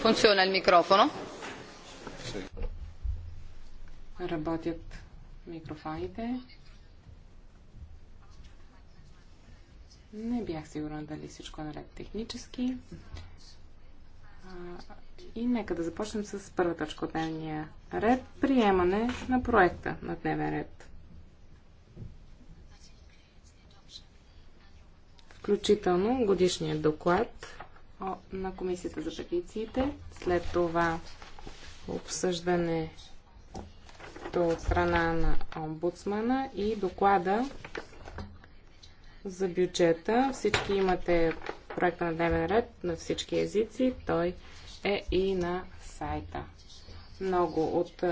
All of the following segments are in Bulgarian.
Функциона il Работят микрофоните. Не бях сигурна дали всичко е наред технически. А, и нека да започнем с първа точка от дневния ред. Приемане на проекта на дневен ред. Включително годишният доклад на Комисията за петициите. След това обсъждане от страна на омбудсмана и доклада за бюджета. Всички имате проекта на дневен ред на всички езици. Той е и на сайта. Много от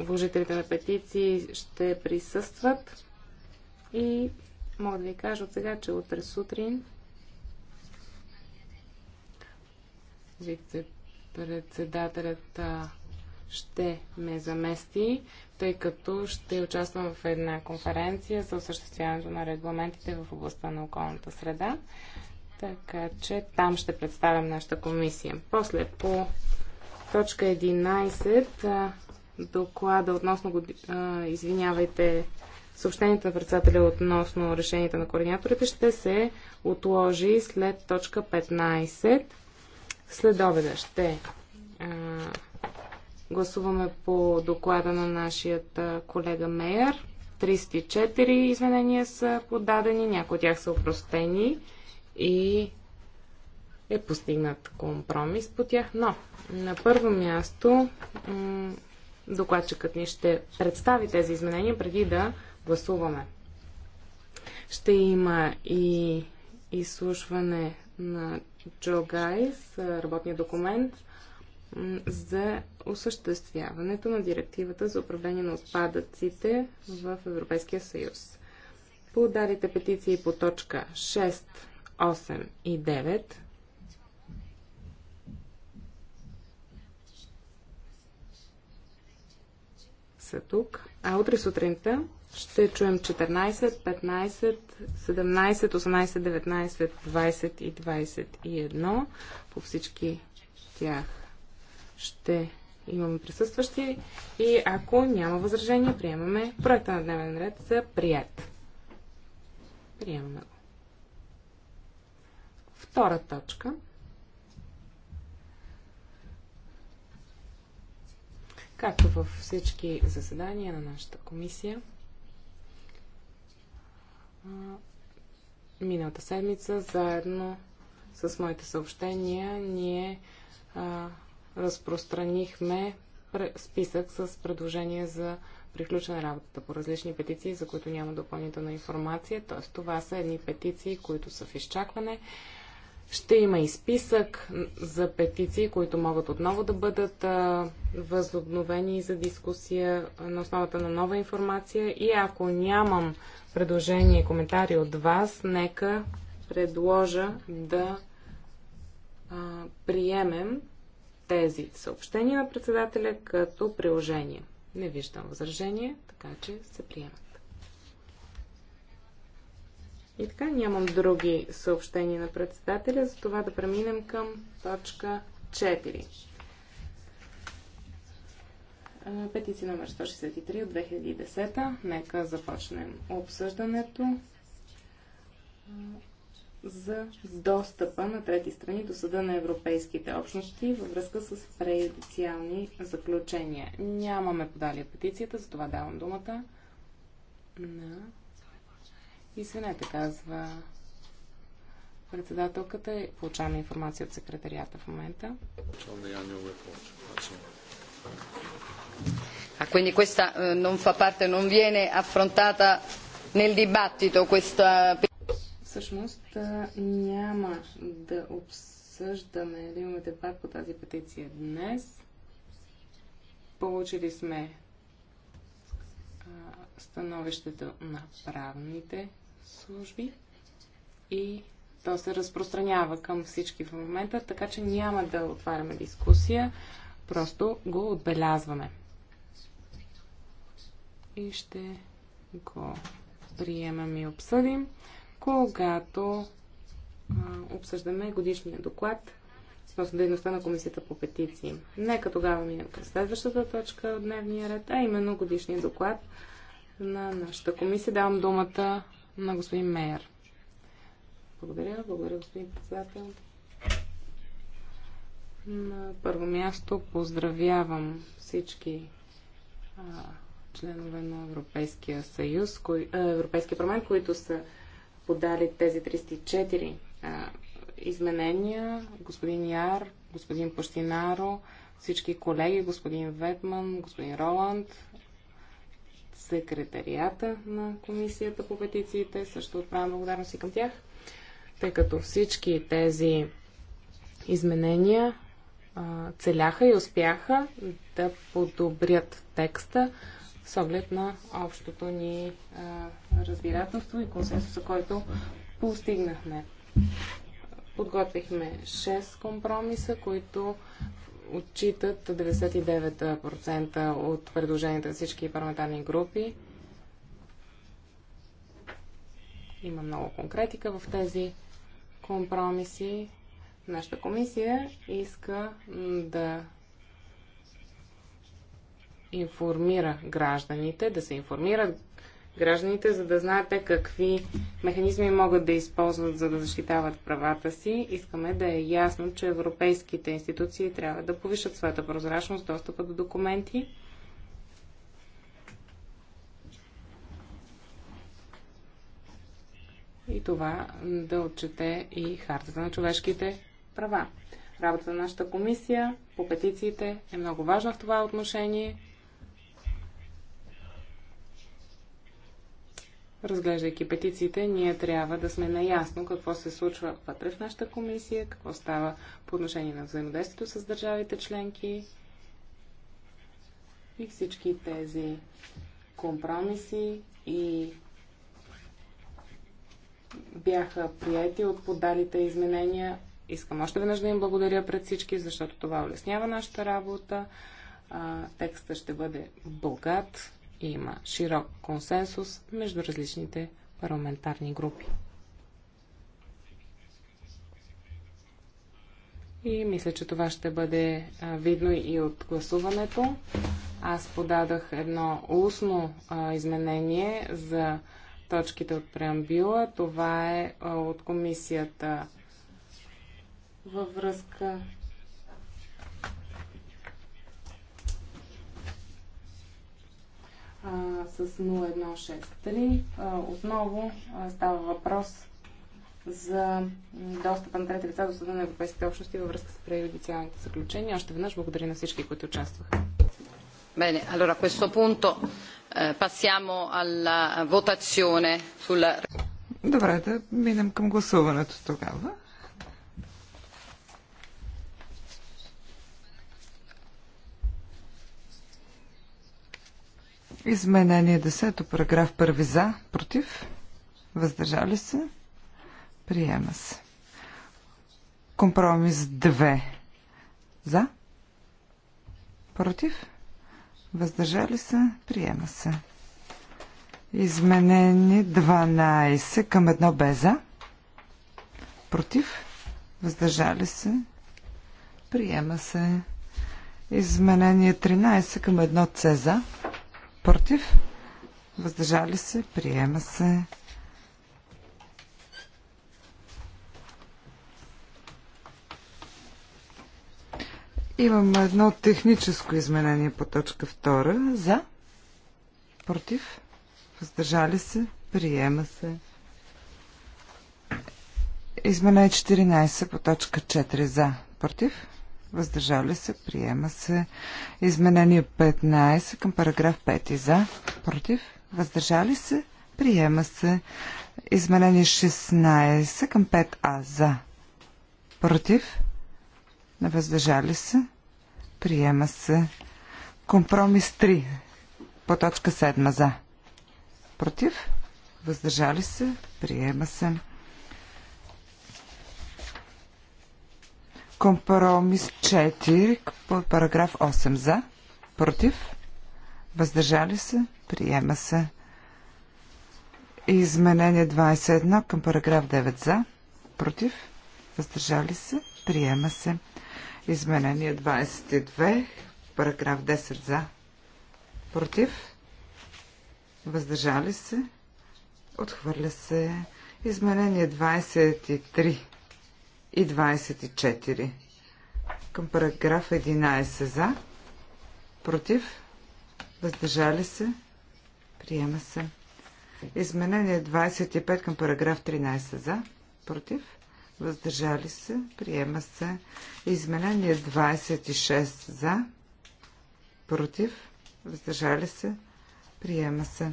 вложителите на петиции ще присъстват и мога да ви кажа от сега, че утре сутрин вице-председателят ще ме замести, тъй като ще участвам в една конференция за осъществяването на регламентите в областта на околната среда. Така че там ще представям нашата комисия. После по точка 11 доклада относно, извинявайте, съобщението на председателя относно решенията на координаторите ще се отложи след точка 15 след обеда ще а, гласуваме по доклада на нашият колега Мейер. 304 изменения са подадени, някои от тях са упростени и е постигнат компромис по тях. Но на първо място докладчикът ни ще представи тези изменения преди да гласуваме. Ще има и изслушване на Джо Гайс, работния документ за осъществяването на директивата за управление на отпадъците в Европейския съюз. Подалите петиции по точка 6, 8 и 9 са тук, а утре сутринта ще чуем 14, 15, 17, 18, 19, 20 и 21. По всички тях ще имаме присъстващи и ако няма възражение, приемаме проекта на дневен ред за прият. Приемаме го. Втора точка. Както във всички заседания на нашата комисия, миналата седмица, заедно с моите съобщения, ние а, разпространихме списък с предложения за приключване работата по различни петиции, за които няма допълнителна информация. Т.е. това са едни петиции, които са в изчакване. Ще има и списък за петиции, които могат отново да бъдат възобновени за дискусия на основата на нова информация. И ако нямам предложение и коментари от вас, нека предложа да а, приемем тези съобщения на председателя като приложение. Не виждам възражение, така че се приема. И така, нямам други съобщения на председателя, за това да преминем към точка 4. Петиция номер 163 от 2010. Нека започнем обсъждането за достъпа на трети страни до Съда на Европейските общности във връзка с преюдициални заключения. Нямаме подали петицията, затова давам думата на свинете, казва председателката. Получаваме информация от секретарията в момента. А, quindi questa eh, non fa parte, non viene affrontata nel dibattito questa... Всъщност няма да обсъждаме, да имаме дебат по тази петиция днес. Получили сме становището на правните служби и то се разпространява към всички в момента, така че няма да отваряме дискусия, просто го отбелязваме. И ще го приемем и обсъдим, когато а, обсъждаме годишния доклад относно дейността на Комисията по петиции. Нека тогава минем към следващата точка от дневния ред, а именно годишния доклад на нашата комисия. Давам думата на господин Мейер. Благодаря, благодаря господин председател. На първо място поздравявам всички а, членове на Европейския съюз, кои, а, Европейския парламент, които са подали тези 34 а, изменения. Господин Яр, господин Пощинаро, всички колеги, господин Ветман, господин Роланд, секретарията на Комисията по петициите. Също отправям благодарност и към тях, тъй като всички тези изменения а, целяха и успяха да подобрят текста с оглед на общото ни а, разбирателство и консенсуса, който постигнахме. Подготвихме 6 компромиса, които отчитат 99% от предложенията на всички парламентарни групи. Има много конкретика в тези компромиси. Нашата комисия иска да информира гражданите, да се информират гражданите, за да знаете какви механизми могат да използват, за да защитават правата си. Искаме да е ясно, че европейските институции трябва да повишат своята прозрачност, достъпа до документи. И това да отчете и хартата на човешките права. Работата на нашата комисия по петициите е много важна в това отношение. разглеждайки петициите, ние трябва да сме наясно какво се случва вътре в нашата комисия, какво става по отношение на взаимодействието с държавите членки и всички тези компромиси и бяха прияти от подалите изменения. Искам още веднъж да им благодаря пред всички, защото това улеснява нашата работа. Текстът ще бъде богат има широк консенсус между различните парламентарни групи. И мисля, че това ще бъде видно и от гласуването. Аз подадах едно устно изменение за точките от преамбила. Това е от комисията във връзка с 0163. Отново става въпрос за достъпа на трети лица до Съда на Европейските общности във връзка с преюдициалните заключения. Още веднъж благодаря на всички, които участваха. Bene, allora a questo punto eh, passiamo alla votazione sulla... Добре, да минем към гласуването тогава. Изменение 10, параграф 1 за, против, въздържали се, приема се. Компромис 2 за, против, въздържали се, приема се. Изменение 12 към 1 без за, против, въздържали се, приема се. Изменение 13 към 1 це за, Против? Въздържали се? Приема се. Имам едно техническо изменение по точка 2. За? Против? Въздържали се? Приема се. Изменение 14 по точка 4. За? Против? въздържали се, приема се. Изменение 15 към параграф 5 за, против, въздържали се, приема се. Изменение 16 към 5а за, против, въздържали се, приема се. Компромис 3 по точка 7 за, против, въздържали се, приема се. Компромис 4 параграф 8 за. Против. Въздържали се. Приема се. Изменение 21 към параграф 9 за. Против. Въздържали се. Приема се. Изменение 22. Параграф 10 за. Против. Въздържали се. Отхвърля се. Изменение 23 и 24. Към параграф 11 за, против, въздържали се, приема се. Изменение 25 към параграф 13 за, против, въздържали се, приема се. Изменение 26 за, против, въздържали се, приема се.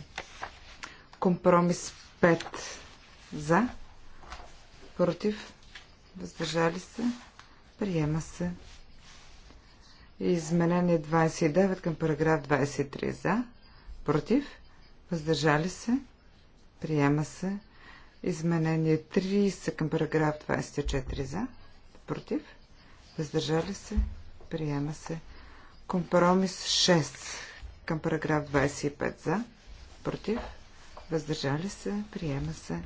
Компромис 5 за, против, въздържали се, приема се. Изменение 29 към параграф 23 за, против, въздържали се, приема се. Изменение 30 към параграф 24 за, против, въздържали се, приема се. Компромис 6 към параграф 25 за, против, въздържали се, приема се.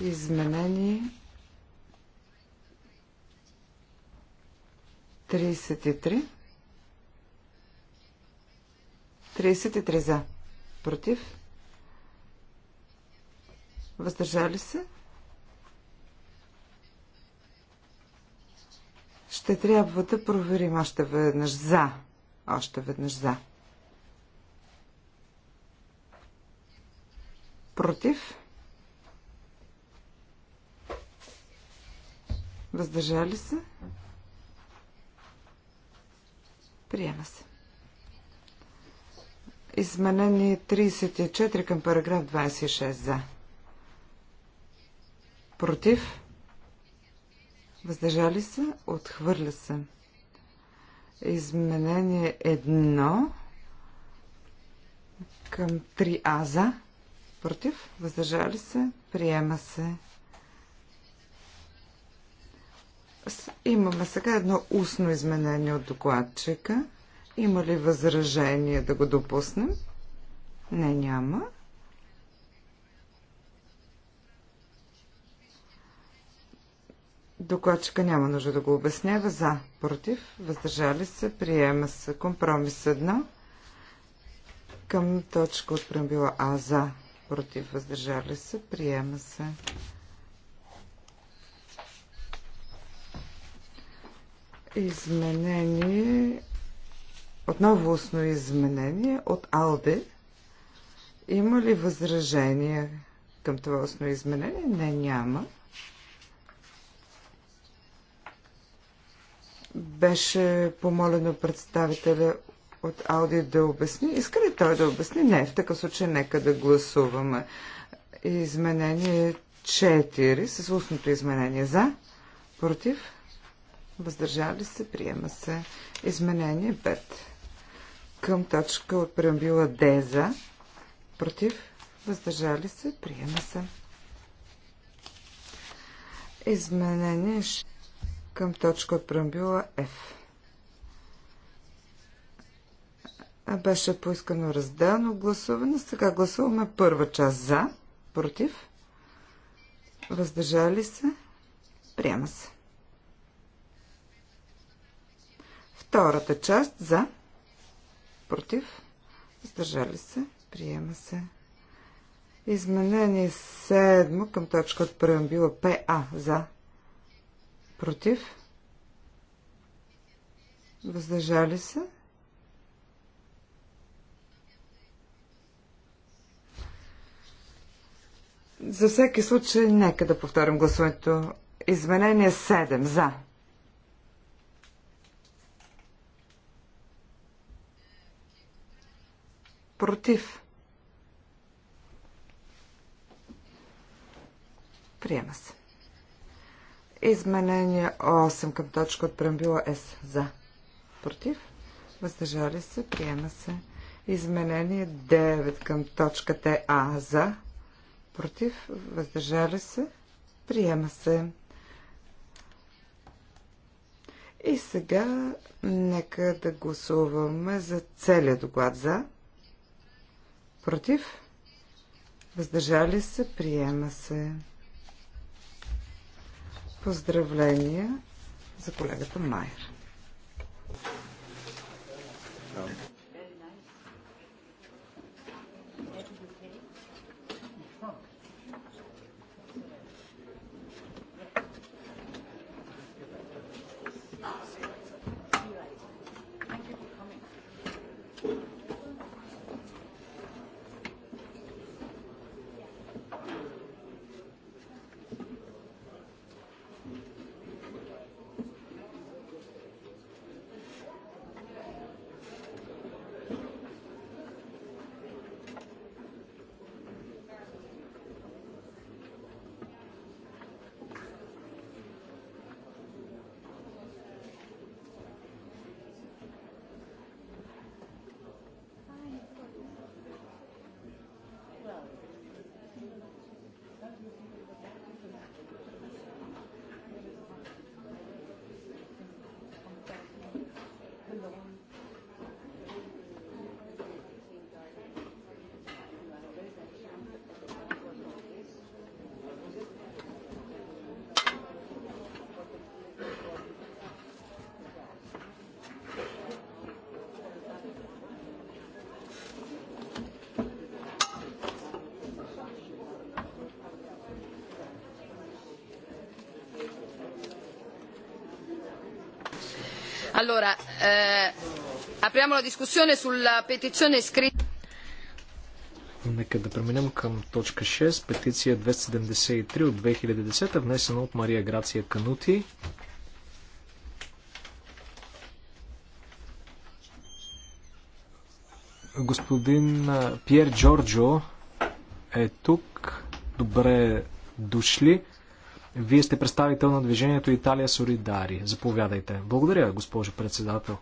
Изменение 33. 33 за. Против. Въздържали се? Ще трябва да проверим още веднъж за. Още веднъж за. Против. Въздържали се? Приема се. Изменение 34 към параграф 26 за. Против? Въздържали се? Отхвърля се. Изменение 1 към 3А за. Против? Въздържали се? Приема се. Имаме сега едно устно изменение от докладчика. Има ли възражение да го допуснем? Не, няма. Докладчика няма нужда да го обяснява. За, против, въздържали се, приема се. Компромис едно към точка от правила А. За, против, въздържали се, приема се. изменение, отново устно изменение от Алде. Има ли възражения към това устно изменение? Не, няма. Беше помолено представителя от Ауди да обясни. Иска ли той да обясни? Не, в такъв случай нека да гласуваме. Изменение 4 с устното изменение за, против, въздържали се, приема се. Изменение 5 към точка от преамбила Д за, против, въздържали се, приема се. Изменение към точка от преамбила F. Беше поискано разделно гласуване. Сега гласуваме първа част за, против, въздържали се, приема се. Втората част за, против, Сдържали се, приема се. Изменение 7 към точка от преамбила ПА за, против, въздържали се. За всеки случай, нека да повторим гласуването. Изменение 7 за. Против. Приема се. Изменение 8 към точка от преамбюла С. За. Против. Въздържали се. Приема се. Изменение 9 към точка А. За. Против. Въздържали се. Приема се. И сега нека да гласуваме за целият доклад за. Против? Въздържали се? Приема се. Поздравления за колегата Майер. Allora, eh, apriamo la discussione sulla petizione scritta. Нека да преминем към точка 6, петиция 273 от 2010, внесена от Мария Грация Канути. Господин Пьер Джорджо е тук. Добре дошли. Вие сте представител на движението Италия Солидари. Заповядайте. Благодаря, госпожо председател.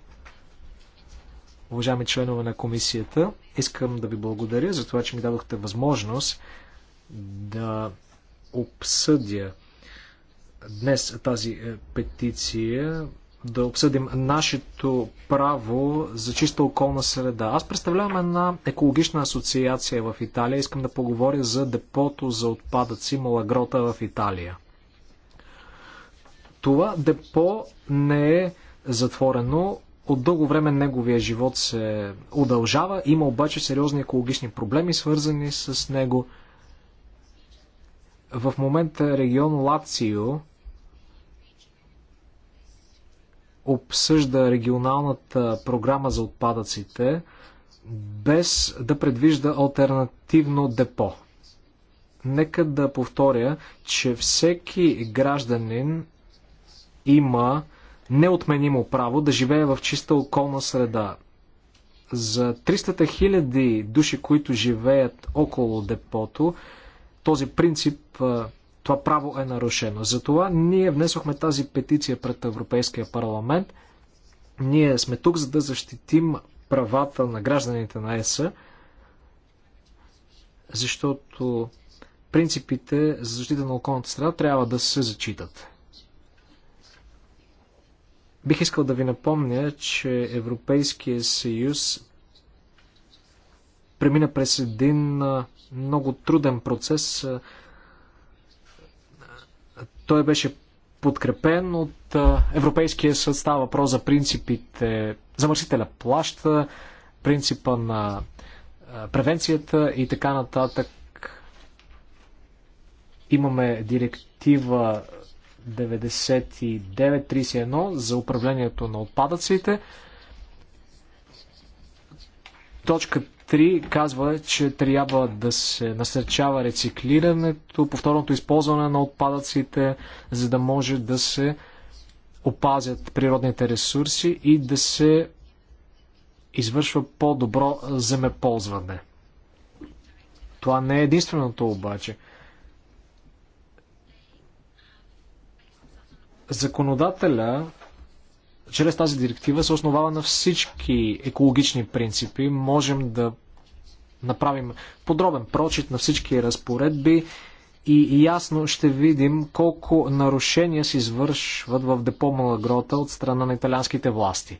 Уважаеми членове на комисията, искам да ви благодаря за това, че ми дадохте възможност да обсъдя днес тази е, петиция, да обсъдим нашето право за чиста околна среда. Аз представлявам една екологична асоциация в Италия. Искам да поговоря за депото за отпадъци Малагрота в Италия. Това депо не е затворено. От дълго време неговия живот се удължава. Има обаче сериозни екологични проблеми, свързани с него. В момента регион Лацио обсъжда регионалната програма за отпадъците, без да предвижда альтернативно депо. Нека да повторя, че всеки гражданин има неотменимо право да живее в чиста околна среда. За 300 хиляди души, които живеят около депото, този принцип, това право е нарушено. Затова ние внесохме тази петиция пред Европейския парламент. Ние сме тук, за да защитим правата на гражданите на ЕСА, защото принципите за защита на околната среда трябва да се зачитат. Бих искал да ви напомня, че Европейския съюз премина през един много труден процес. Той беше подкрепен от Европейския съд. Става въпрос за принципите замърсителя плаща, принципа на превенцията и така нататък. Имаме директива 9931 за управлението на отпадъците. Точка 3 казва, че трябва да се насърчава рециклирането, повторното използване на отпадъците, за да може да се опазят природните ресурси и да се извършва по-добро земеползване. Това не е единственото обаче – Законодателя чрез тази директива се основава на всички екологични принципи. Можем да направим подробен прочит на всички разпоредби и ясно ще видим колко нарушения се извършват в депо Малагрота от страна на италианските власти.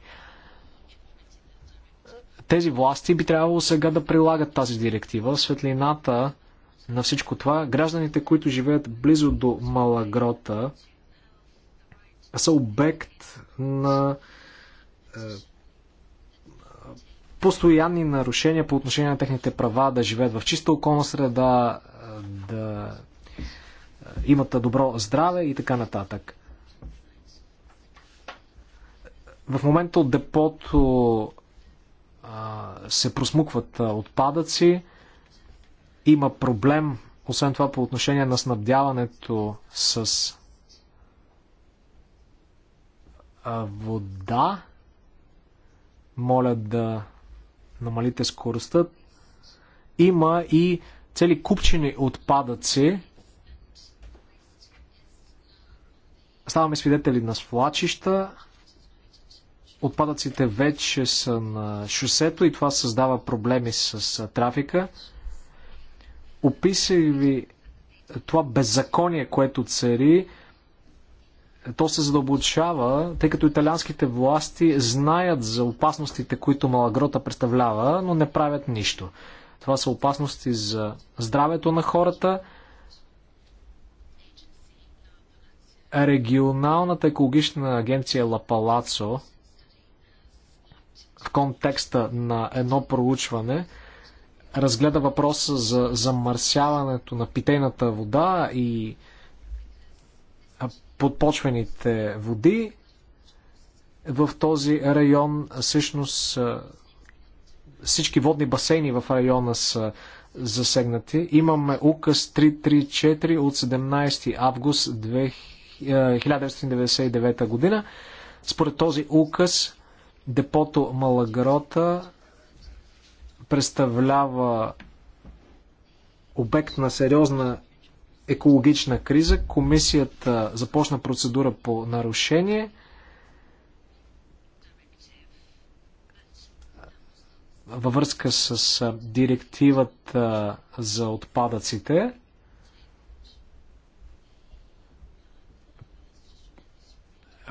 Тези власти би трябвало сега да прилагат тази директива. Светлината на всичко това, гражданите, които живеят близо до Малагрота, са обект на е, постоянни нарушения по отношение на техните права да живеят в чиста околна среда, е, да е, имат добро здраве и така нататък. В момента от депото се просмукват отпадъци. Има проблем, освен това, по отношение на снабдяването с вода. Моля да намалите скоростта. Има и цели купчини отпадъци. Ставаме свидетели на свлачища. Отпадъците вече са на шосето и това създава проблеми с трафика. Описай ви това беззаконие, което цари, то се задълбочава, тъй като италианските власти знаят за опасностите, които Малагрота представлява, но не правят нищо. Това са опасности за здравето на хората. Регионалната екологична агенция Ла Палацо в контекста на едно проучване разгледа въпроса за замърсяването на питейната вода и подпочвените води в този район. Всъщност всички водни басейни в района са засегнати. Имаме указ 334 от 17 август 1999 година. Според този указ депото Малагрота представлява обект на сериозна екологична криза. Комисията започна процедура по нарушение. Във връзка с директивата за отпадъците.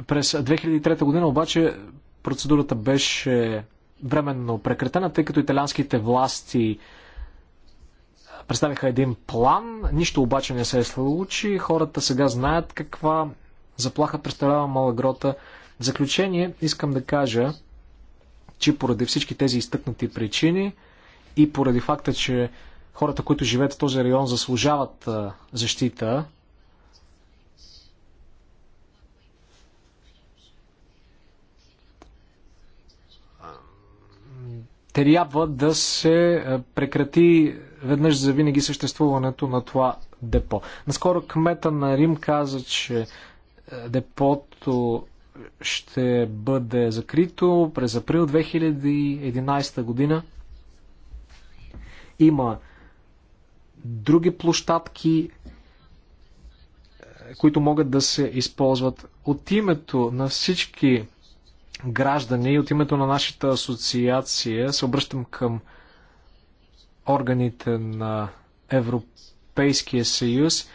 През 2003 година обаче процедурата беше временно прекратена, тъй като италианските власти представиха един план, нищо обаче не се е случи, хората сега знаят каква заплаха представлява Малагрота. В заключение искам да кажа, че поради всички тези изтъкнати причини и поради факта, че хората, които живеят в този район, заслужават защита, трябва да се прекрати веднъж за винаги съществуването на това депо. Наскоро кмета на Рим каза, че е, депото ще бъде закрито през април 2011 година. Има други площадки, е, които могат да се използват от името на всички граждани, от името на нашата асоциация, се обръщам към органите на Европейския съюз.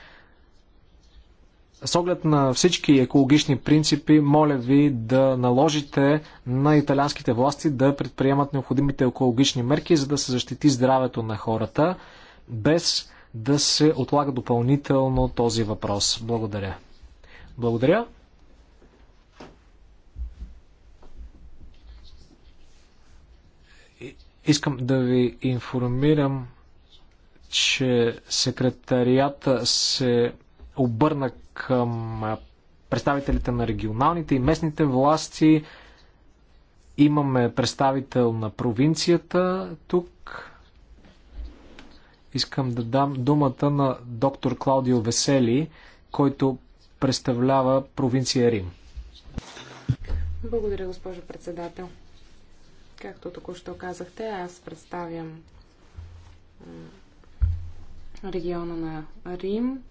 С оглед на всички екологични принципи, моля ви да наложите на италианските власти да предприемат необходимите екологични мерки, за да се защити здравето на хората, без да се отлага допълнително този въпрос. Благодаря. Благодаря. Искам да ви информирам, че секретарията се обърна към представителите на регионалните и местните власти. Имаме представител на провинцията тук. Искам да дам думата на доктор Клаудио Весели, който представлява провинция Рим. Благодаря, госпожо председател. Както току-що казахте, аз представям региона на Рим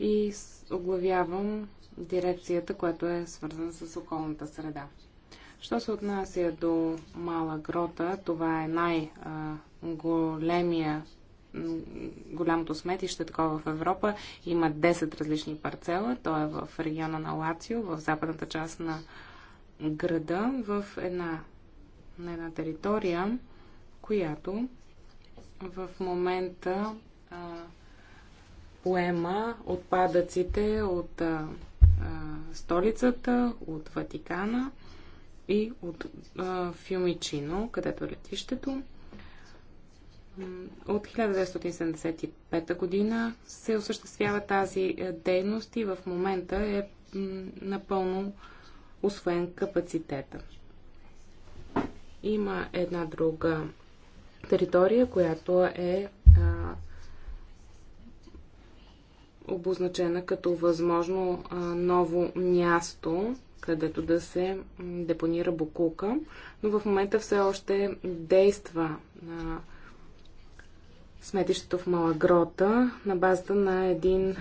и оглавявам дирекцията, която е свързана с околната среда. Що се отнася до Мала Грота, това е най-големия голямото сметище такова в Европа. Има 10 различни парцела. То е в региона на Лацио, в западната част на града, в една на една територия, която в момента а, поема отпадъците от а, столицата, от Ватикана и от а, Фюмичино, където е летището. От 1975 година се осъществява тази е, дейност и в момента е напълно освоен капацитета. Има една друга територия, която е а, обозначена като възможно а, ново място, където да се депонира букулка, но в момента все още действа на сметището в Малагрота на базата на един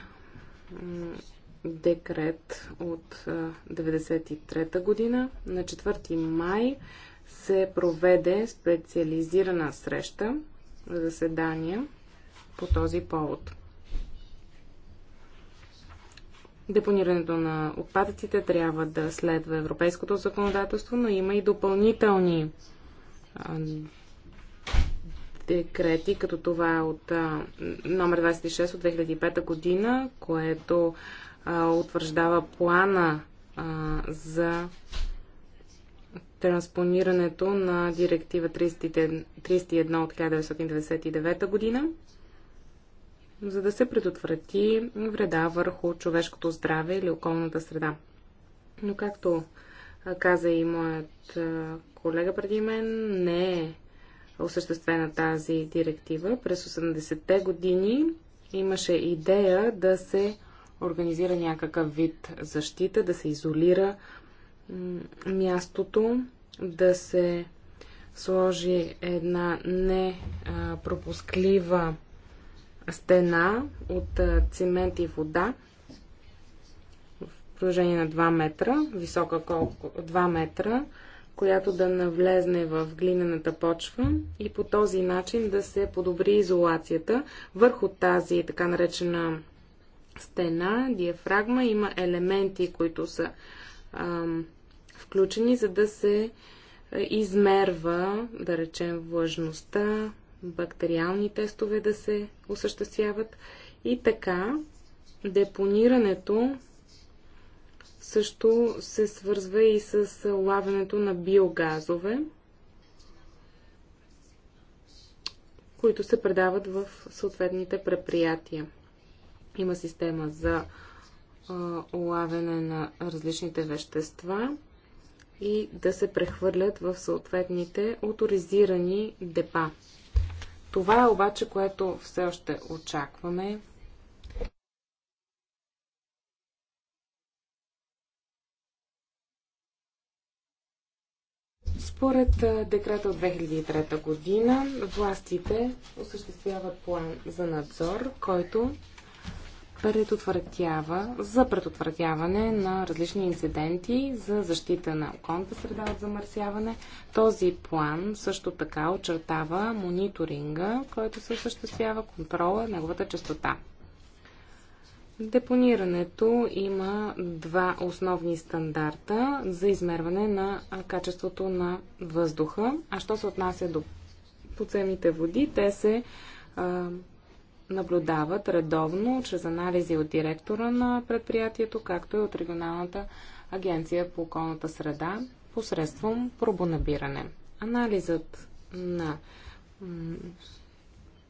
декрет от 1993 година. На 4 май се проведе специализирана среща, заседание по този повод. Депонирането на отпадъците трябва да следва европейското законодателство, но има и допълнителни а, декрети, като това от а, номер 26 от 2005 година, което а, утвърждава плана а, за транспонирането на директива 31 от 1999 година, за да се предотврати вреда върху човешкото здраве или околната среда. Но както каза и моят колега преди мен, не е осъществена тази директива. През 80-те години имаше идея да се организира някакъв вид защита, да се изолира мястото да се сложи една непропусклива стена от цимент и вода в продължение на 2 метра, висока колко 2 метра, която да навлезне в глинената почва и по този начин да се подобри изолацията. Върху тази така наречена стена, диафрагма, има елементи, които са а, включени, за да се е, измерва, да речем, влажността, бактериални тестове да се осъществяват и така депонирането също се свързва и с лавенето на биогазове, които се предават в съответните предприятия. Има система за улавяне на различните вещества и да се прехвърлят в съответните авторизирани депа. Това е обаче, което все още очакваме. Според декрета от 2003 година, властите осъществяват план за надзор, който предотвратява, за предотвратяване на различни инциденти за защита на околната среда от замърсяване. Този план също така очертава мониторинга, който се осъществява, контрола, неговата частота. Депонирането има два основни стандарта за измерване на качеството на въздуха. А що се отнася до подземните води, те се наблюдават редовно чрез анализи от директора на предприятието, както и от регионалната агенция по околната среда посредством пробонабиране. Анализът на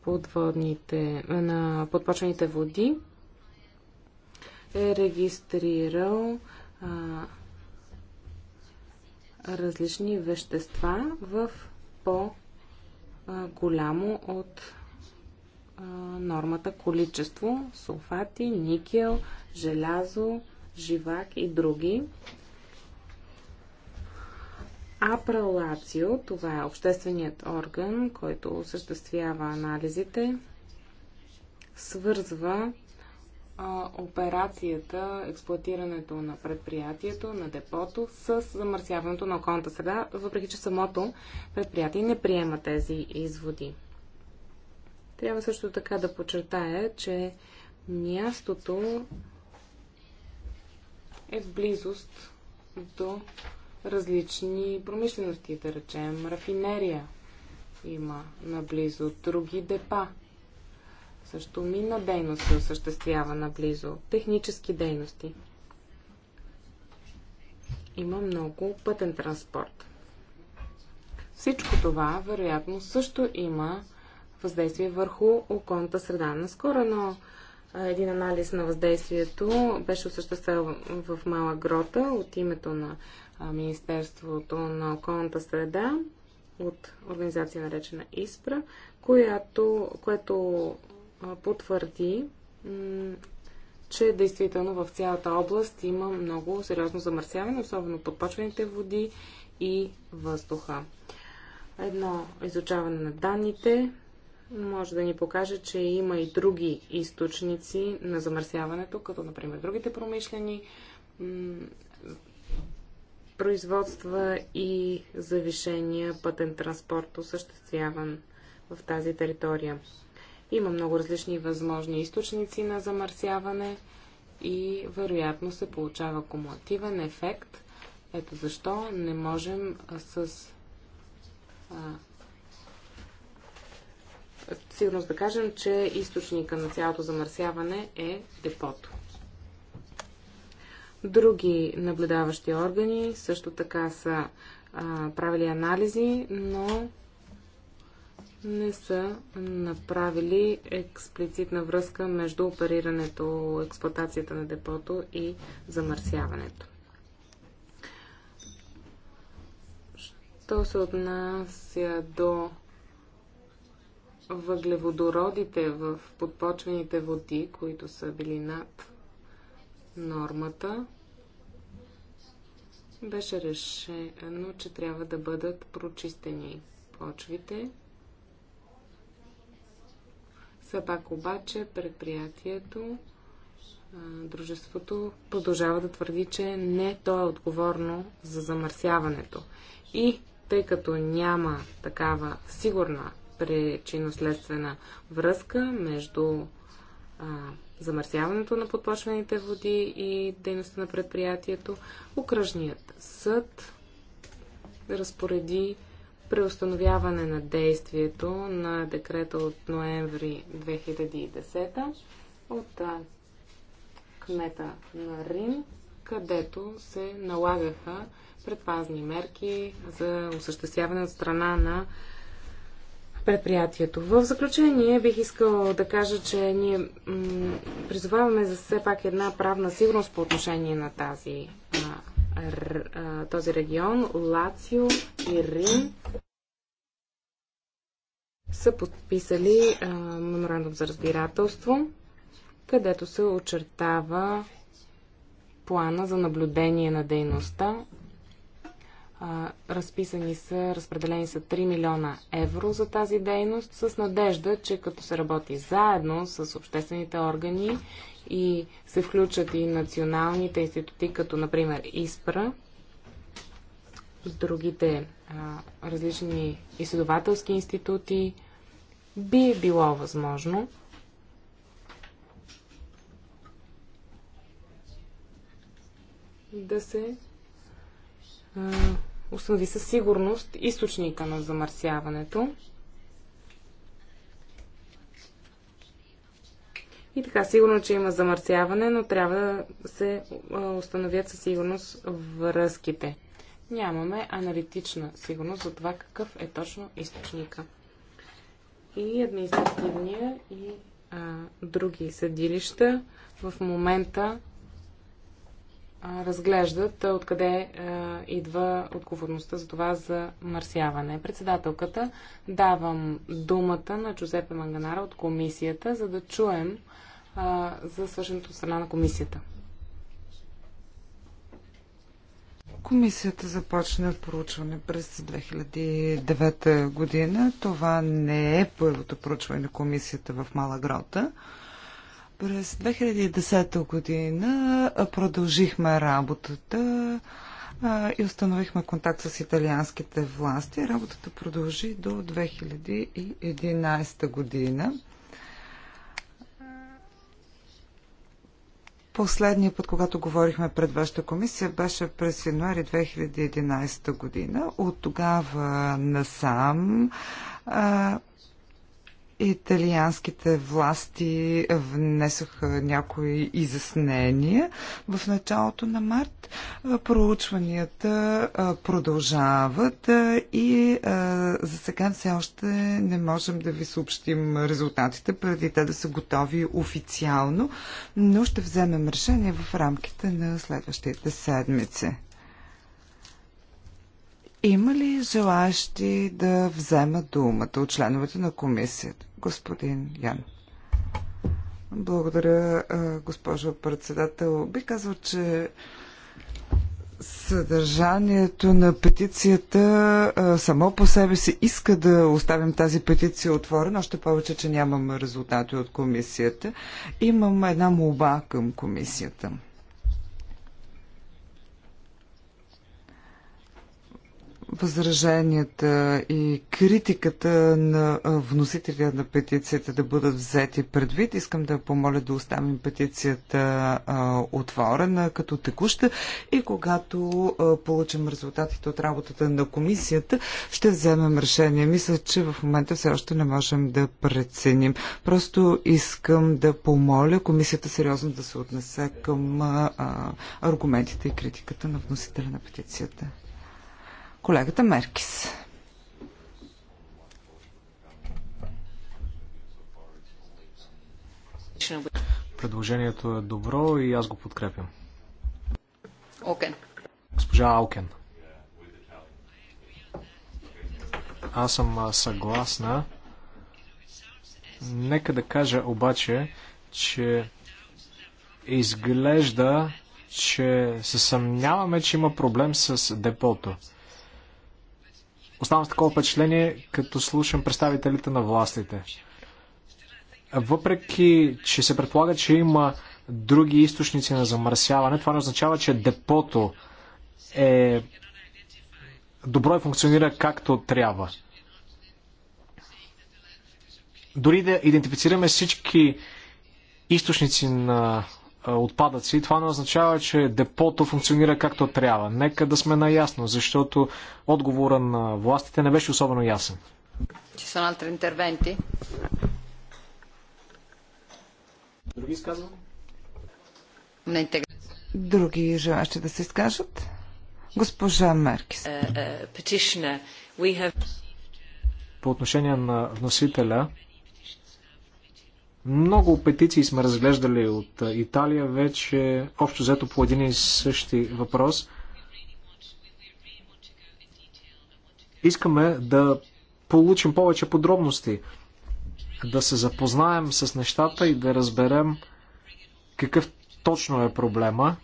подводните, на подпочвените води е регистрирал а, различни вещества в по-голямо от а, нормата количество сулфати, никел, желязо, живак и други. Апралацио, това е общественият орган, който осъществява анализите, свързва а, операцията, експлуатирането на предприятието, на депото с замърсяването на околната среда, въпреки че самото предприятие не приема тези изводи. Трябва също така да подчертая, че мястото е в близост до различни промишлености, да речем. Рафинерия има наблизо, други депа. Също мина дейност се осъществява наблизо, технически дейности. Има много пътен транспорт. Всичко това, вероятно, също има въздействие върху околната среда. Наскоро, но един анализ на въздействието беше осъществен в Мала Грота от името на Министерството на околната среда от организация наречена ИСПРА, която, което потвърди, че действително в цялата област има много сериозно замърсяване, особено подпочвените води и въздуха. Едно изучаване на данните може да ни покаже, че има и други източници на замърсяването, като например другите промишлени производства и завишения пътен транспорт, осъществяван в тази територия. Има много различни възможни източници на замърсяване и вероятно се получава кумулативен ефект. Ето защо не можем с сигурност да кажем, че източника на цялото замърсяване е депото. Други наблюдаващи органи също така са а, правили анализи, но не са направили експлицитна връзка между оперирането, експлуатацията на депото и замърсяването. Що се отнася до въглеводородите в подпочвените води, които са били над нормата, беше решено, че трябва да бъдат прочистени почвите. Все пак обаче предприятието, дружеството продължава да твърди, че не то е отговорно за замърсяването. И тъй като няма такава сигурна причинно-следствена връзка между а, замърсяването на подпочвените води и дейността на предприятието. Окръжният съд разпореди преустановяване на действието на декрета от ноември 2010 от а, кмета на Рим, където се налагаха предпазни мерки за осъществяване от страна на предприятието. В заключение бих искал да кажа, че ние призоваваме за все пак една правна сигурност по отношение на тази, а, този регион. Лацио и Рим са подписали а, меморандум за разбирателство, където се очертава плана за наблюдение на дейността разписани са, разпределени са 3 милиона евро за тази дейност, с надежда, че като се работи заедно с обществените органи и се включат и националните институти, като например ИСПРА, другите а, различни изследователски институти, би било възможно да се установи със сигурност източника на замърсяването. И така, сигурно, че има замърсяване, но трябва да се установят със сигурност връзките. Нямаме аналитична сигурност за това какъв е точно източника. И административния, и а, други съдилища в момента разглеждат откъде идва отговорността за това за марсяване. Председателката давам думата на Джузепе Манганара от комисията, за да чуем за свършеното страна на комисията. Комисията започна проучване през 2009 година. Това не е първото проучване на комисията в Мала Грота. През 2010 година продължихме работата и установихме контакт с италианските власти. Работата продължи до 2011 година. Последния път, когато говорихме пред вашата комисия, беше през януари 2011 година. От тогава насам Италианските власти внесоха някои изяснения в началото на март. Проучванията продължават и за сега все още не можем да ви съобщим резултатите, преди те да са готови официално, но ще вземем решение в рамките на следващите седмици. Има ли желаящи да вземат думата от членовете на комисията? господин Ян. Благодаря, госпожо председател. Би казал, че съдържанието на петицията само по себе си иска да оставим тази петиция отворена, още повече, че нямаме резултати от комисията. Имам една молба към комисията. възраженията и критиката на вносителя на петицията да бъдат взети предвид. Искам да помоля да оставим петицията отворена като текуща и когато получим резултатите от работата на комисията, ще вземем решение. Мисля, че в момента все още не можем да преценим. Просто искам да помоля комисията сериозно да се отнесе към аргументите и критиката на вносителя на петицията колегата Меркис. Предложението е добро и аз го подкрепям. Окен. Госпожа Алкен. Аз съм съгласна. Нека да кажа обаче, че изглежда, че се съмняваме, че има проблем с депото. Оставам с такова впечатление, като слушам представителите на властите. Въпреки, че се предполага, че има други източници на замърсяване, това не означава, че депото е добро и функционира както трябва. Дори да идентифицираме всички източници на отпадъци, това не означава, че депото функционира както трябва. Нека да сме наясно, защото отговора на властите не беше особено ясен. Ти са на altri интервенти. Други изказвания? Други желащи да се изкажат? Госпожа Меркис. Е, е, По отношение на вносителя, много петиции сме разглеждали от Италия вече, общо взето по един и същи въпрос. Искаме да получим повече подробности, да се запознаем с нещата и да разберем какъв точно е проблема.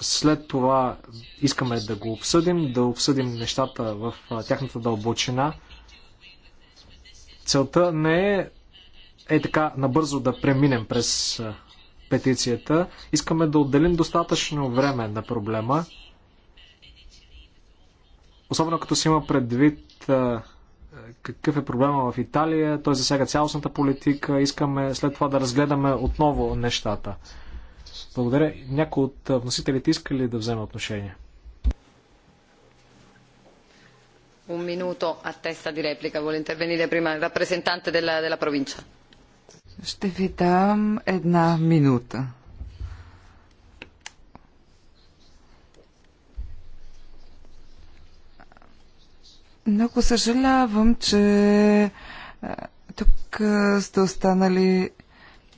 След това искаме да го обсъдим, да обсъдим нещата в тяхната дълбочина. Целта не е е така набързо да преминем през петицията. Искаме да отделим достатъчно време на проблема. Особено като си има предвид какъв е проблема в Италия, той засяга цялостната политика. Искаме след това да разгледаме отново нещата. Благодаря. Някой от вносителите иска ли да вземе отношение? Un minuto a testa di replica, vuole intervenire prima il rappresentante della, della provincia. Ще ви дам една минута. Много съжалявам, че тук сте останали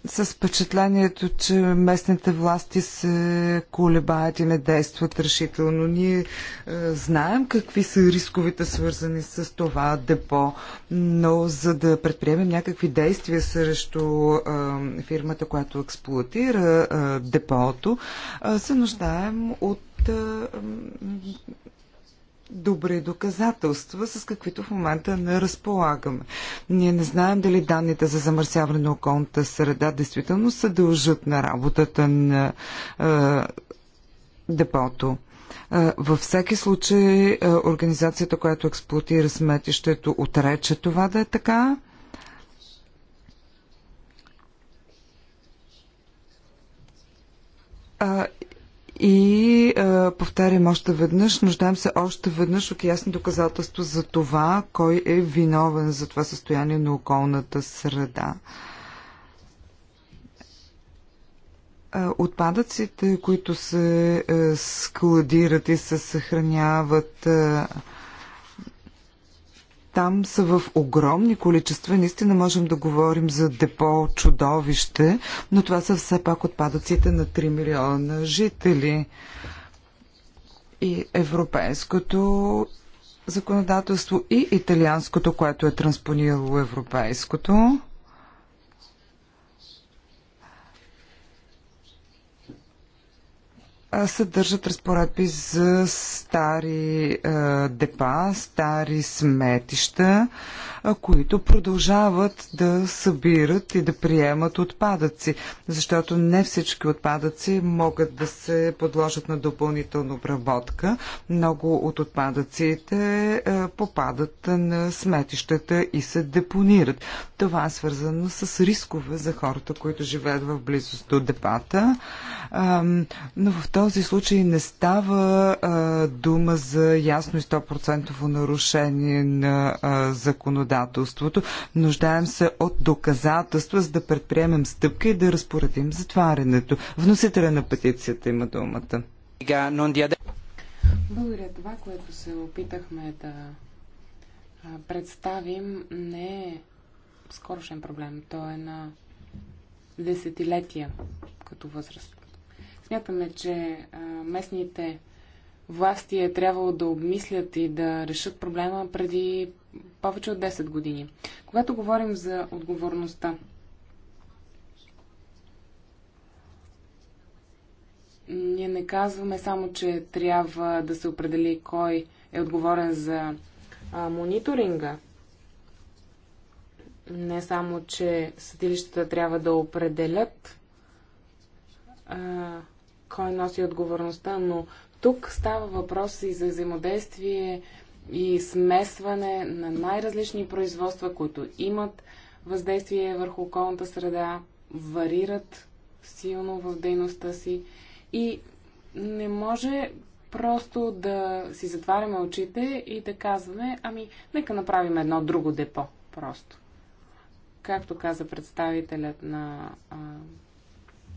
с впечатлението, че местните власти се колебаят и не действат решително. Ние е, знаем какви са рисковите свързани с това депо, но за да предприемем някакви действия срещу е, фирмата, която експлуатира е, депото, е, се нуждаем от е, добри доказателства, с каквито в момента не разполагаме. Ние не знаем дали данните за замърсяване на околната среда действително се дължат на работата на е, депото. Във всеки случай организацията, която експлуатира сметището, отрече това да е така. И е, повтарям още веднъж, нуждаем се още веднъж от ясни доказателства за това, кой е виновен за това състояние на околната среда. Е, отпадъците, които се е, складират и се съхраняват е, там са в огромни количества. Наистина можем да говорим за депо чудовище, но това са все пак отпадъците на 3 милиона жители. И европейското законодателство и италианското, което е транспонирало европейското. съдържат разпоредби за стари е, депа, стари сметища които продължават да събират и да приемат отпадъци, защото не всички отпадъци могат да се подложат на допълнителна обработка. Много от отпадъците попадат на сметищата и се депонират. Това е свързано с рискове за хората, които живеят в близост до депата. Но в този случай не става дума за ясно и 100% нарушение на законодателството законодателството. Нуждаем се от доказателства, за да предприемем стъпка и да разпоредим затварянето. Вносителя на петицията има думата. Благодаря. Това, което се опитахме да представим, не е скорошен проблем. Той е на десетилетия като възраст. Смятаме, че местните власти е трябвало да обмислят и да решат проблема преди повече от 10 години. Когато говорим за отговорността, ние не казваме само, че трябва да се определи кой е отговорен за а, мониторинга. Не само, че съдилищата трябва да определят а, кой носи отговорността, но тук става въпрос и за взаимодействие и смесване на най-различни производства, които имат въздействие върху околната среда, варират силно в дейността си и не може просто да си затваряме очите и да казваме, ами, нека направим едно друго депо, просто. Както каза представителят на а,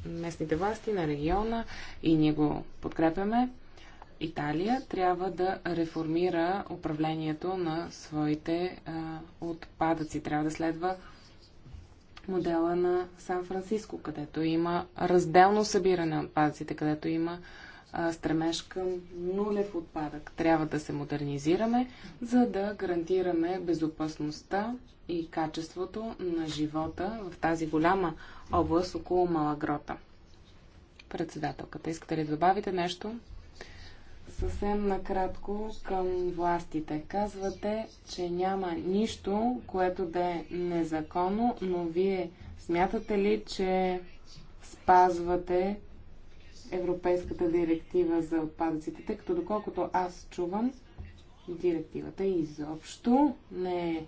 местните власти, на региона, и ние го подкрепяме, Италия трябва да реформира управлението на своите а, отпадъци. Трябва да следва модела на Сан-Франциско, където има разделно събиране на отпадъците, където има а, стремеж към нулев отпадък. Трябва да се модернизираме, за да гарантираме безопасността и качеството на живота в тази голяма област около Малагрота. Председателката, искате ли да добавите нещо? съвсем накратко към властите. Казвате, че няма нищо, което да е незаконно, но вие смятате ли, че спазвате Европейската директива за отпадъците, тъй като доколкото аз чувам, директивата изобщо не е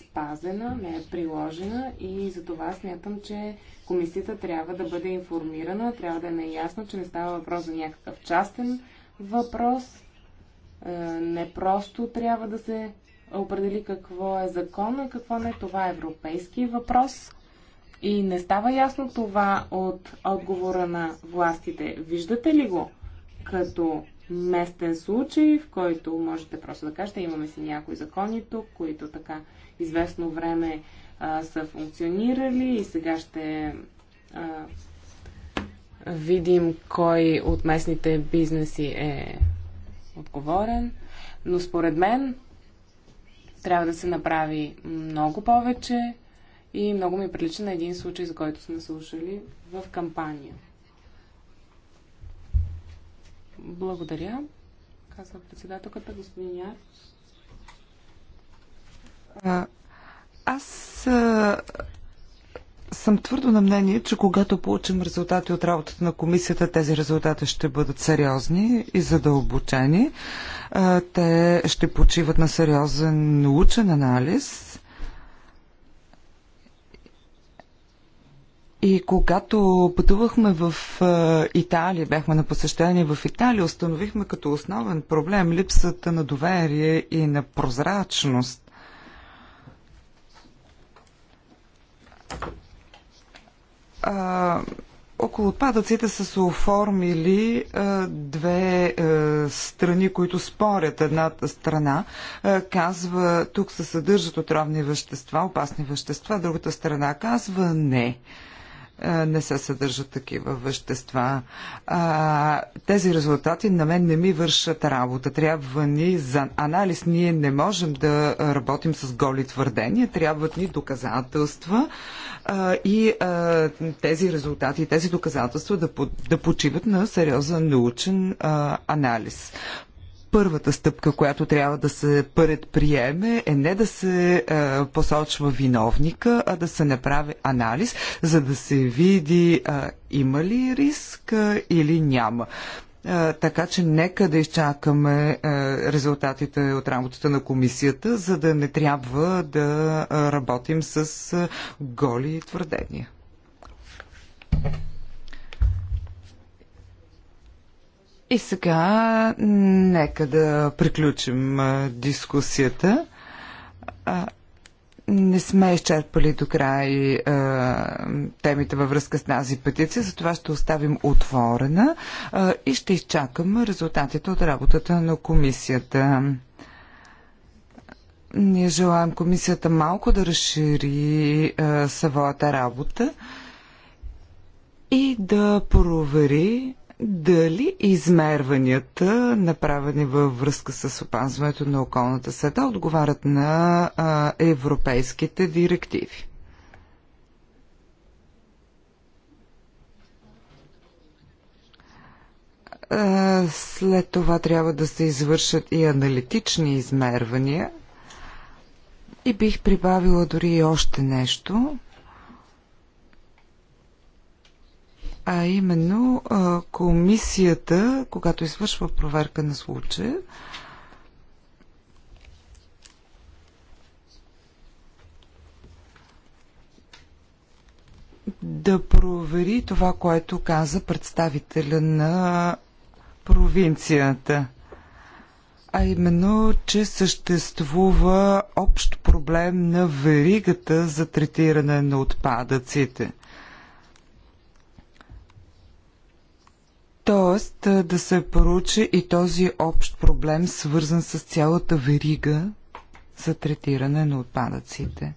спазена, не е приложена и за това смятам, че комисията трябва да бъде информирана, трябва да е наясно, че не става въпрос за някакъв частен въпрос. Е, не просто трябва да се определи какво е закон, и какво не. Това е европейски въпрос. И не става ясно това от отговора на властите. Виждате ли го като местен случай, в който можете просто да кажете, имаме си някои закони тук, които така известно време а, са функционирали и сега ще а, видим кой от местните бизнеси е отговорен, но според мен трябва да се направи много повече и много ми прилича на един случай, за който сме слушали в кампания. Благодаря, казва председателката господин Яр. А, аз а, съм твърдо на мнение, че когато получим резултати от работата на комисията, тези резултати ще бъдат сериозни и задълбочени. Те ще почиват на сериозен научен анализ И когато пътувахме в Италия, бяхме на посещение в Италия, установихме като основен проблем липсата на доверие и на прозрачност. А, около отпадъците са се оформили а, две а, страни, които спорят. Едната страна а, казва, тук се съдържат отравни вещества, опасни вещества, другата страна казва не. А, не се съдържат такива вещества. А, тези резултати на мен не ми вършат работа. Трябва ни за анализ. Ние не можем да работим с голи твърдения. Трябват ни доказателства а, и а, тези резултати и тези доказателства да, да почиват на сериозен научен а, анализ първата стъпка, която трябва да се предприеме, е не да се е, посочва виновника, а да се направи анализ, за да се види е, има ли риск е, или няма. Е, така че нека да изчакаме е, резултатите от работата на комисията, за да не трябва да е, работим с е, голи твърдения. И сега нека да приключим дискусията. Не сме изчерпали до край а, темите във връзка с тази петиция, затова ще оставим отворена а, и ще изчакам резултатите от работата на комисията. Ние желаем комисията малко да разшири а, своята работа и да провери дали измерванията, направени във връзка с опазването на околната среда, отговарят на а, европейските директиви. След това трябва да се извършат и аналитични измервания. И бих прибавила дори и още нещо. а именно комисията, когато извършва проверка на случая, да провери това, което каза представителя на провинцията. А именно, че съществува общ проблем на веригата за третиране на отпадъците. Тоест да се поручи и този общ проблем, свързан с цялата верига за третиране на отпадъците.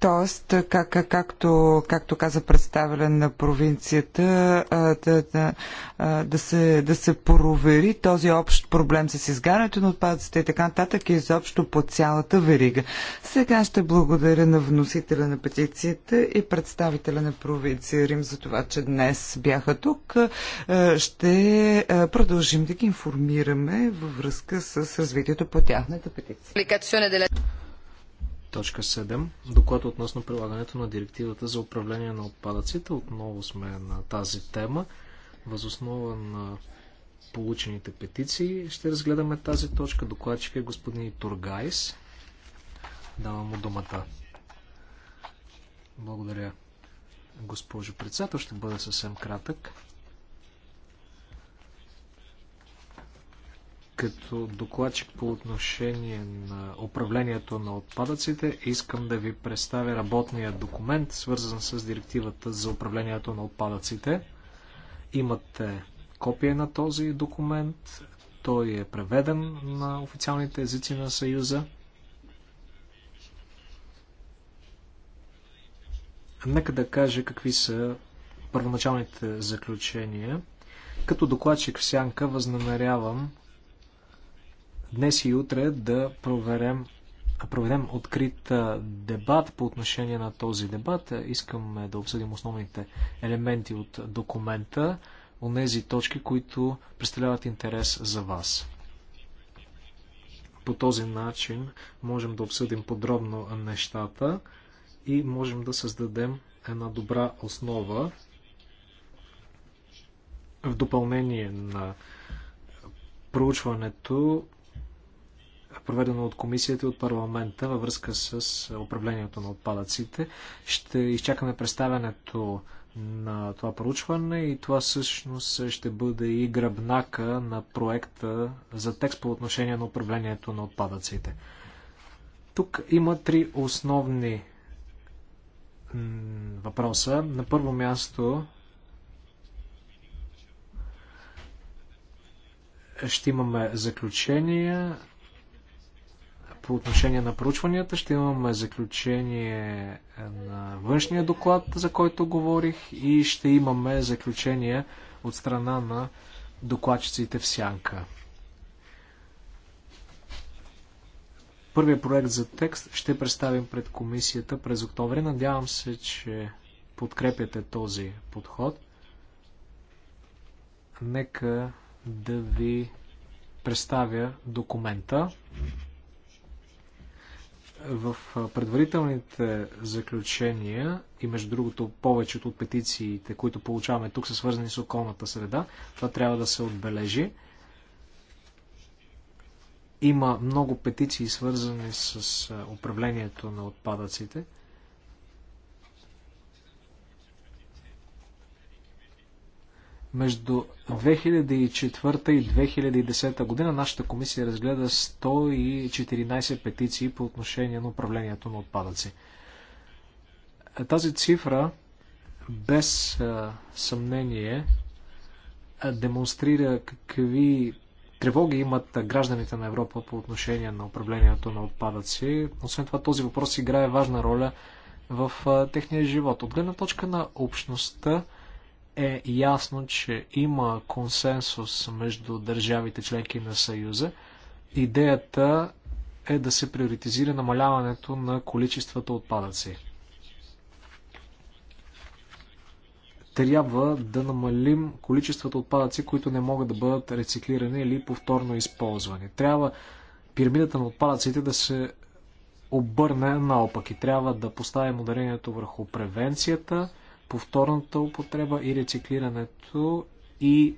Тоест, как, как, както, както каза представен на провинцията, да, да, да, се, да се провери този общ проблем с изгарянето на отпадъците и така нататък и изобщо по цялата верига. Сега ще благодаря на вносителя на петицията и представителя на провинция Рим за това, че днес бяха тук. Ще продължим да ги информираме във връзка с развитието по тяхната петиция. Точка 7. Доклад относно прилагането на директивата за управление на отпадъците. Отново сме на тази тема. Възоснова на получените петиции ще разгледаме тази точка. Докладчик е господин Тургайс. Давам му думата. Благодаря, госпожо председател. Ще бъда съвсем кратък. като докладчик по отношение на управлението на отпадъците, искам да ви представя работния документ, свързан с директивата за управлението на отпадъците. Имате копия на този документ. Той е преведен на официалните езици на Съюза. Нека да кажа какви са първоначалните заключения. Като докладчик в Сянка възнамерявам днес и утре да проверем проведем открит дебат по отношение на този дебат. Искаме да обсъдим основните елементи от документа, от тези точки, които представляват интерес за вас. По този начин можем да обсъдим подробно нещата и можем да създадем една добра основа в допълнение на проучването проведено от комисията и от парламента във връзка с управлението на отпадъците. Ще изчакаме представянето на това проучване и това всъщност ще бъде и гръбнака на проекта за текст по отношение на управлението на отпадъците. Тук има три основни въпроса. На първо място ще имаме заключения по отношение на проучванията. Ще имаме заключение е, на външния доклад, за който говорих и ще имаме заключение от страна на докладчиците в сянка. Първият проект за текст ще представим пред комисията през октомври. Надявам се, че подкрепяте този подход. Нека да ви представя документа в предварителните заключения и между другото повечето от петициите, които получаваме тук са свързани с околната среда, това трябва да се отбележи. Има много петиции свързани с управлението на отпадъците – Между 2004 и 2010 година нашата комисия разгледа 114 петиции по отношение на управлението на отпадъци. Тази цифра без съмнение демонстрира какви тревоги имат гражданите на Европа по отношение на управлението на отпадъци. Освен това, този въпрос играе важна роля в техния живот. От гледна точка на общността, е ясно, че има консенсус между държавите членки на Съюза. Идеята е да се приоритизира намаляването на количествата отпадъци. Трябва да намалим количествата отпадъци, които не могат да бъдат рециклирани или повторно използвани. Трябва пирамидата на отпадъците да се обърне наопаки. Трябва да поставим ударението върху превенцията, повторната употреба и рециклирането и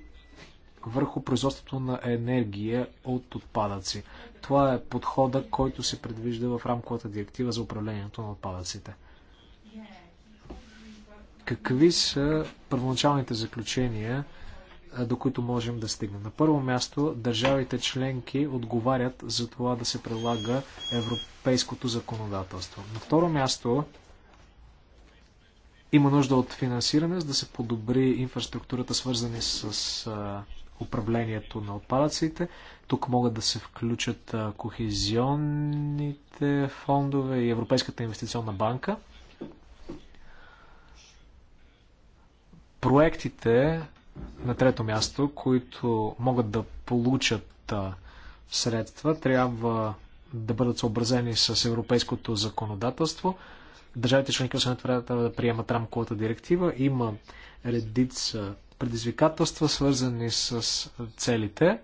върху производството на енергия от отпадъци. Това е подхода, който се предвижда в рамковата директива за управлението на отпадъците. Какви са първоначалните заключения, до които можем да стигнем? На първо място, държавите членки отговарят за това да се прилага европейското законодателство. На второ място, има нужда от финансиране, за да се подобри инфраструктурата, свързани с управлението на отпадъците. Тук могат да се включат кохезионните фондове и Европейската инвестиционна банка. Проектите на трето място, които могат да получат средства, трябва да бъдат съобразени с европейското законодателство – държавите членки освен това трябва да приемат рамковата директива. Има редица предизвикателства, свързани с целите.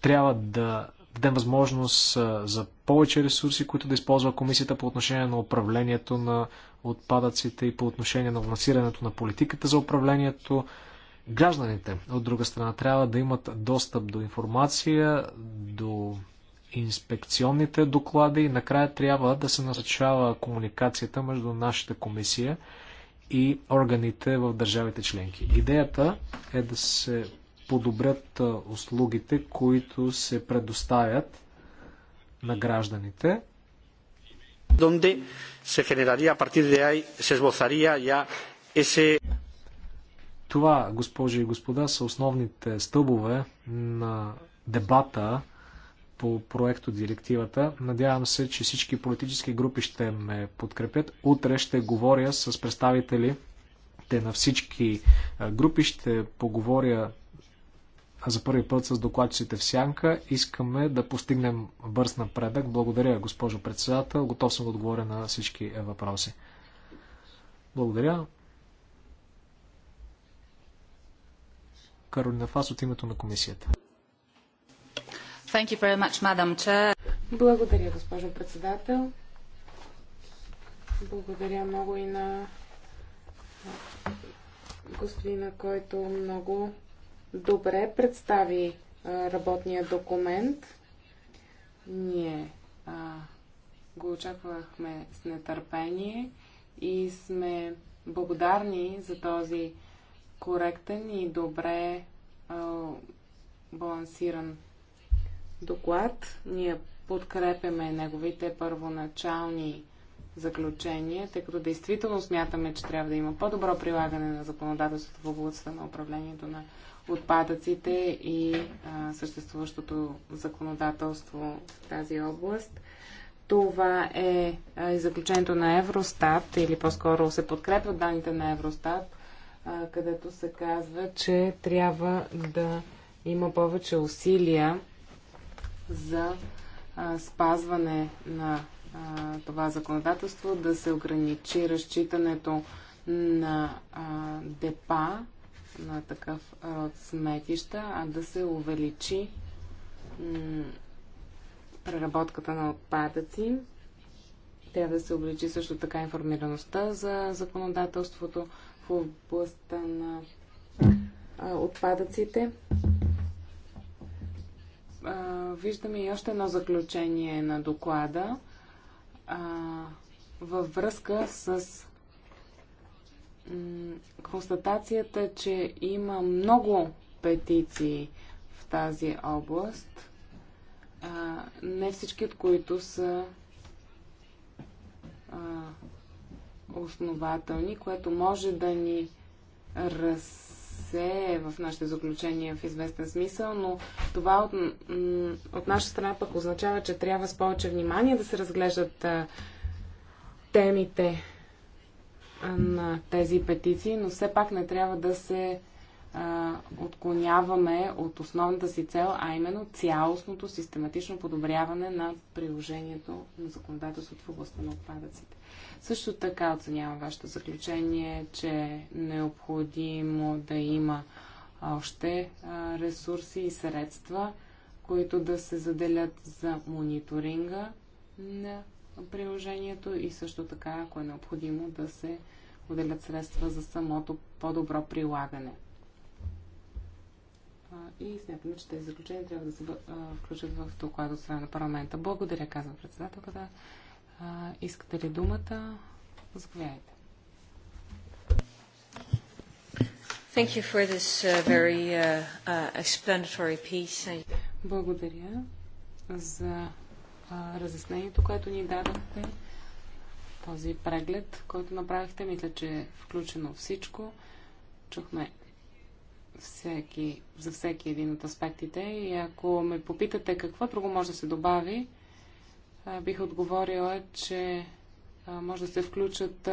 Трябва да дадем възможност за повече ресурси, които да използва комисията по отношение на управлението на отпадъците и по отношение на лансирането на политиката за управлението. Гражданите, от друга страна, трябва да имат достъп до информация, до инспекционните доклади и накрая трябва да се насърчава комуникацията между нашата комисия и органите в държавите членки. Идеята е да се подобрят услугите, които се предоставят на гражданите. Донде се генерария, a partir de ahí se esbozaría ya Това, госпожи и господа, са основните стълбове на дебата по проекто директивата. Надявам се, че всички политически групи ще ме подкрепят. Утре ще говоря с представители на всички групи, ще поговоря за първи път с докладчиците в Сянка. Искаме да постигнем бърз напредък. Благодаря, госпожо председател. Готов съм да отговоря на всички е, въпроси. Благодаря. Каролина Фас от името на комисията. Much, Благодаря, госпожо председател. Благодаря много и на господина, който много добре представи работния документ. Ние а, го очаквахме с нетърпение и сме благодарни за този коректен и добре а, балансиран доклад. Ние подкрепяме неговите първоначални заключения, тъй като действително смятаме, че трябва да има по-добро прилагане на законодателството в областта на управлението на отпадъците и а, съществуващото законодателство в тази област. Това е а, и заключението на Евростат, или по-скоро се подкрепят данните на Евростат, а, където се казва, че трябва да има повече усилия за а, спазване на а, това законодателство, да се ограничи разчитането на а, депа, на такъв род сметища, а да се увеличи преработката на отпадъци. Трябва да се увеличи също така информираността за законодателството в областта на отпадъците виждаме и още едно заключение на доклада във връзка с констатацията, че има много петиции в тази област, не всички от които са основателни, което може да ни раз се е в нашите заключения в известен смисъл, но това от, от наша страна пък означава, че трябва с повече внимание да се разглеждат а, темите на тези петиции, но все пак не трябва да се а, отклоняваме от основната си цел, а именно цялостното систематично подобряване на приложението на законодателството в областта на отпадъците. Също така оценявам вашето заключение, че е необходимо да има още ресурси и средства, които да се заделят за мониторинга на приложението и също така, ако е необходимо, да се отделят средства за самото по-добро прилагане. И смятаме, че тези заключения трябва да се включат в доклада от страна на парламента. Благодаря, казва председателката. Да искате ли думата? Заповядайте. Thank you for this uh, very uh, uh, explanatory piece. Благодаря за разяснението, което ни дадахте, този преглед, който направихте. Мисля, че е включено всичко. Чухме всеки, за всеки един от аспектите и ако ме попитате какво друго може да се добави, бих отговорила, че може да се включат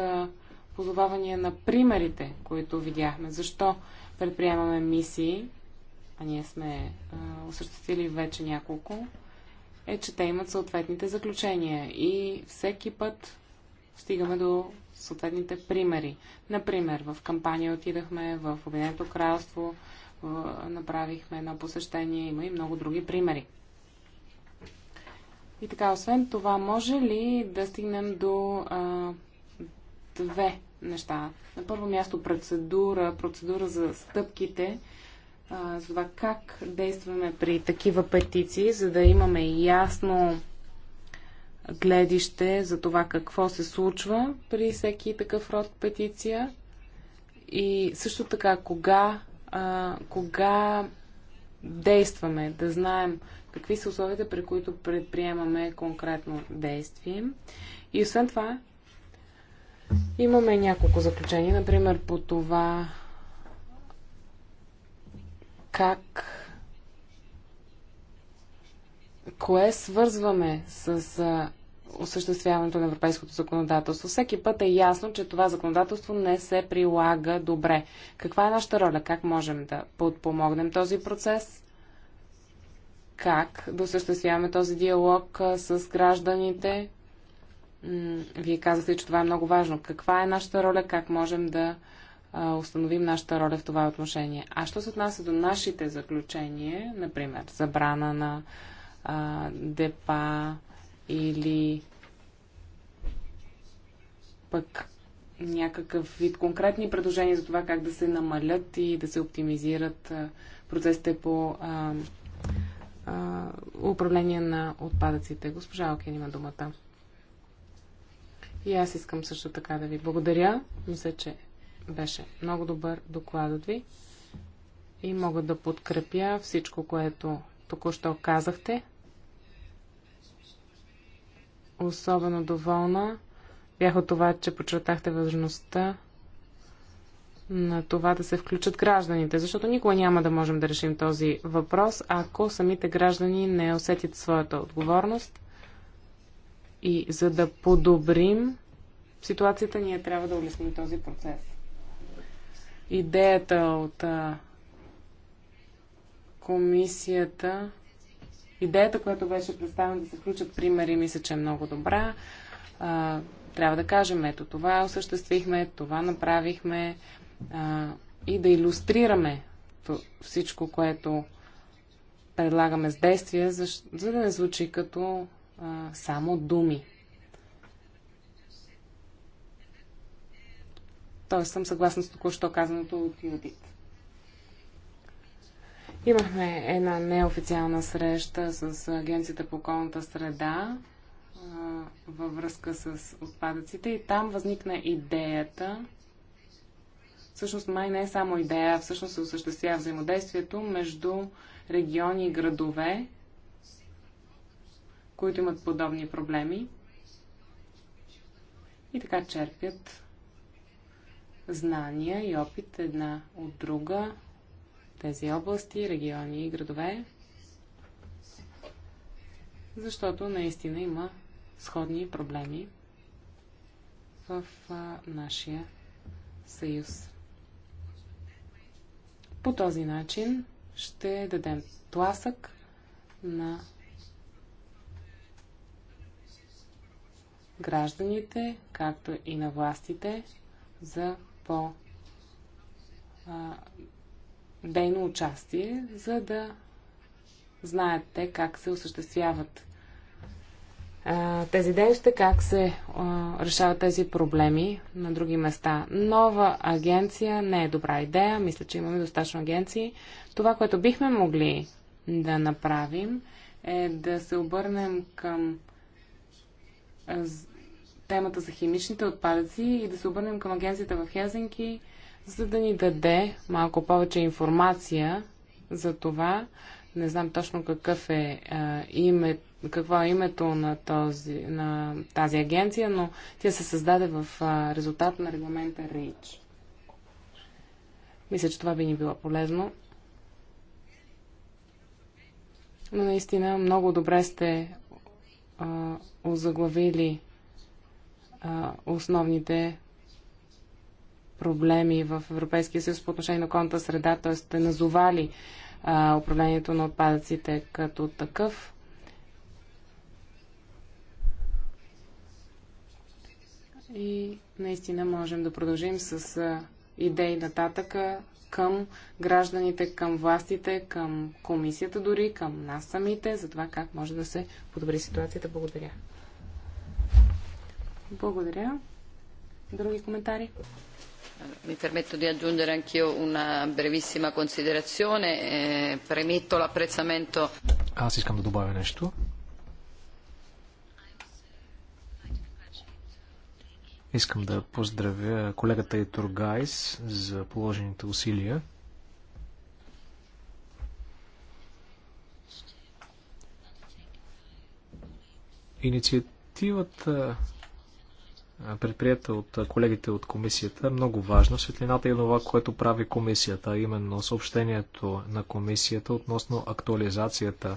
позовавания на примерите, които видяхме. Защо предприемаме мисии, а ние сме осъществили вече няколко, е, че те имат съответните заключения. И всеки път стигаме до съответните примери. Например, в кампания отидахме в Обединеното кралство, направихме едно посещение, има и много други примери. И така, освен това, може ли да стигнем до а, две неща? На първо място процедура, процедура за стъпките, а, за това как действаме при такива петиции, за да имаме ясно гледище за това какво се случва при всеки такъв род петиция. И също така, кога, а, кога действаме, да знаем Какви са условията, при които предприемаме конкретно действие? И освен това, имаме няколко заключения, например по това как кое свързваме с осъществяването на европейското законодателство. Всеки път е ясно, че това законодателство не се прилага добре. Каква е нашата роля? Как можем да подпомогнем този процес? как да осъществяваме този диалог с гражданите. Вие казахте, че това е много важно. Каква е нашата роля, как можем да установим нашата роля в това отношение. А що се отнася до нашите заключения, например, забрана на а, депа или пък някакъв вид конкретни предложения за това как да се намалят и да се оптимизират процесите по а, а, управление на отпадъците. Госпожа Окин има думата. И аз искам също така да ви благодаря. Мисля, че беше много добър докладът ви и мога да подкрепя всичко, което току-що казахте. Особено доволна бях от това, че подчертахте възможността на това да се включат гражданите, защото никога няма да можем да решим този въпрос, ако самите граждани не усетят своята отговорност. И за да подобрим ситуацията, ние трябва да улесним този процес. Идеята от комисията, идеята, която беше представена да се включат примери, мисля, че е много добра трябва да кажем, ето това осъществихме, това направихме, а, и да иллюстрираме всичко, което предлагаме с действия, за, за да не звучи като а, само думи. Тоест съм съгласна с току-що казаното от Юдит. Имахме една неофициална среща с Агенцията по околната среда а, във връзка с отпадъците и там възникна идеята всъщност май не е само идея, всъщност се осъществява взаимодействието между региони и градове, които имат подобни проблеми и така черпят знания и опит една от друга тези области, региони и градове, защото наистина има сходни проблеми в нашия съюз. По този начин ще дадем тласък на гражданите, както и на властите за по- дейно участие, за да знаят те как се осъществяват тези дейности, как се решават тези проблеми на други места. Нова агенция не е добра идея. Мисля, че имаме достатъчно агенции. Това, което бихме могли да направим, е да се обърнем към темата за химичните отпадъци и да се обърнем към агенцията в Хелзинки, за да ни даде малко повече информация за това. Не знам точно какъв е а, името какво е името на, този, на тази агенция, но тя се създаде в резултат на регламента РИЧ. Мисля, че това би ни било полезно. Но наистина много добре сте а, озаглавили а, основните проблеми в Европейския съюз по отношение на конта среда, т.е. сте назовали а, управлението на отпадъците като такъв. и наистина можем да продължим с идеи нататъка към гражданите, към властите, към комисията дори, към нас самите, за това как може да се подобри ситуацията. Благодаря. Благодаря. Други коментари? Mi permetto di aggiungere anch'io una brevissima considerazione, eh, premetto l'apprezzamento. Аз искам да добавя нещо. Искам да поздравя колегата Итор Гайс за положените усилия. Инициативата, предприятел от колегите от комисията, е много важна. Светлината е това, което прави комисията, а именно съобщението на комисията относно актуализацията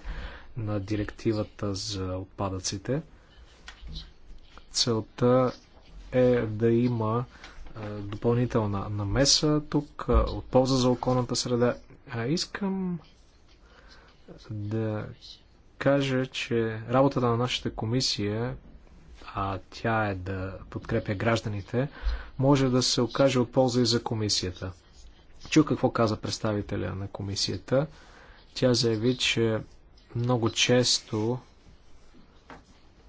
на директивата за отпадъците. Целта е да има е, допълнителна намеса тук е, от полза за околната среда. А искам да кажа, че работата на нашата комисия, а тя е да подкрепя гражданите, може да се окаже от полза и за комисията. Чу какво каза представителя на комисията. Тя заяви, че много често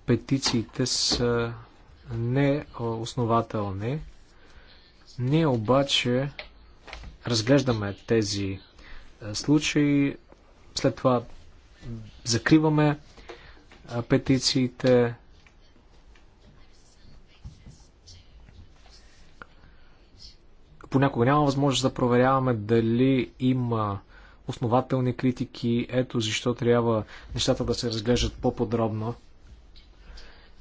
петициите са не основателни. Ние обаче разглеждаме тези е, случаи, след това закриваме е, петициите. Понякога няма възможност да проверяваме дали има основателни критики. Ето защо трябва нещата да се разглеждат по-подробно.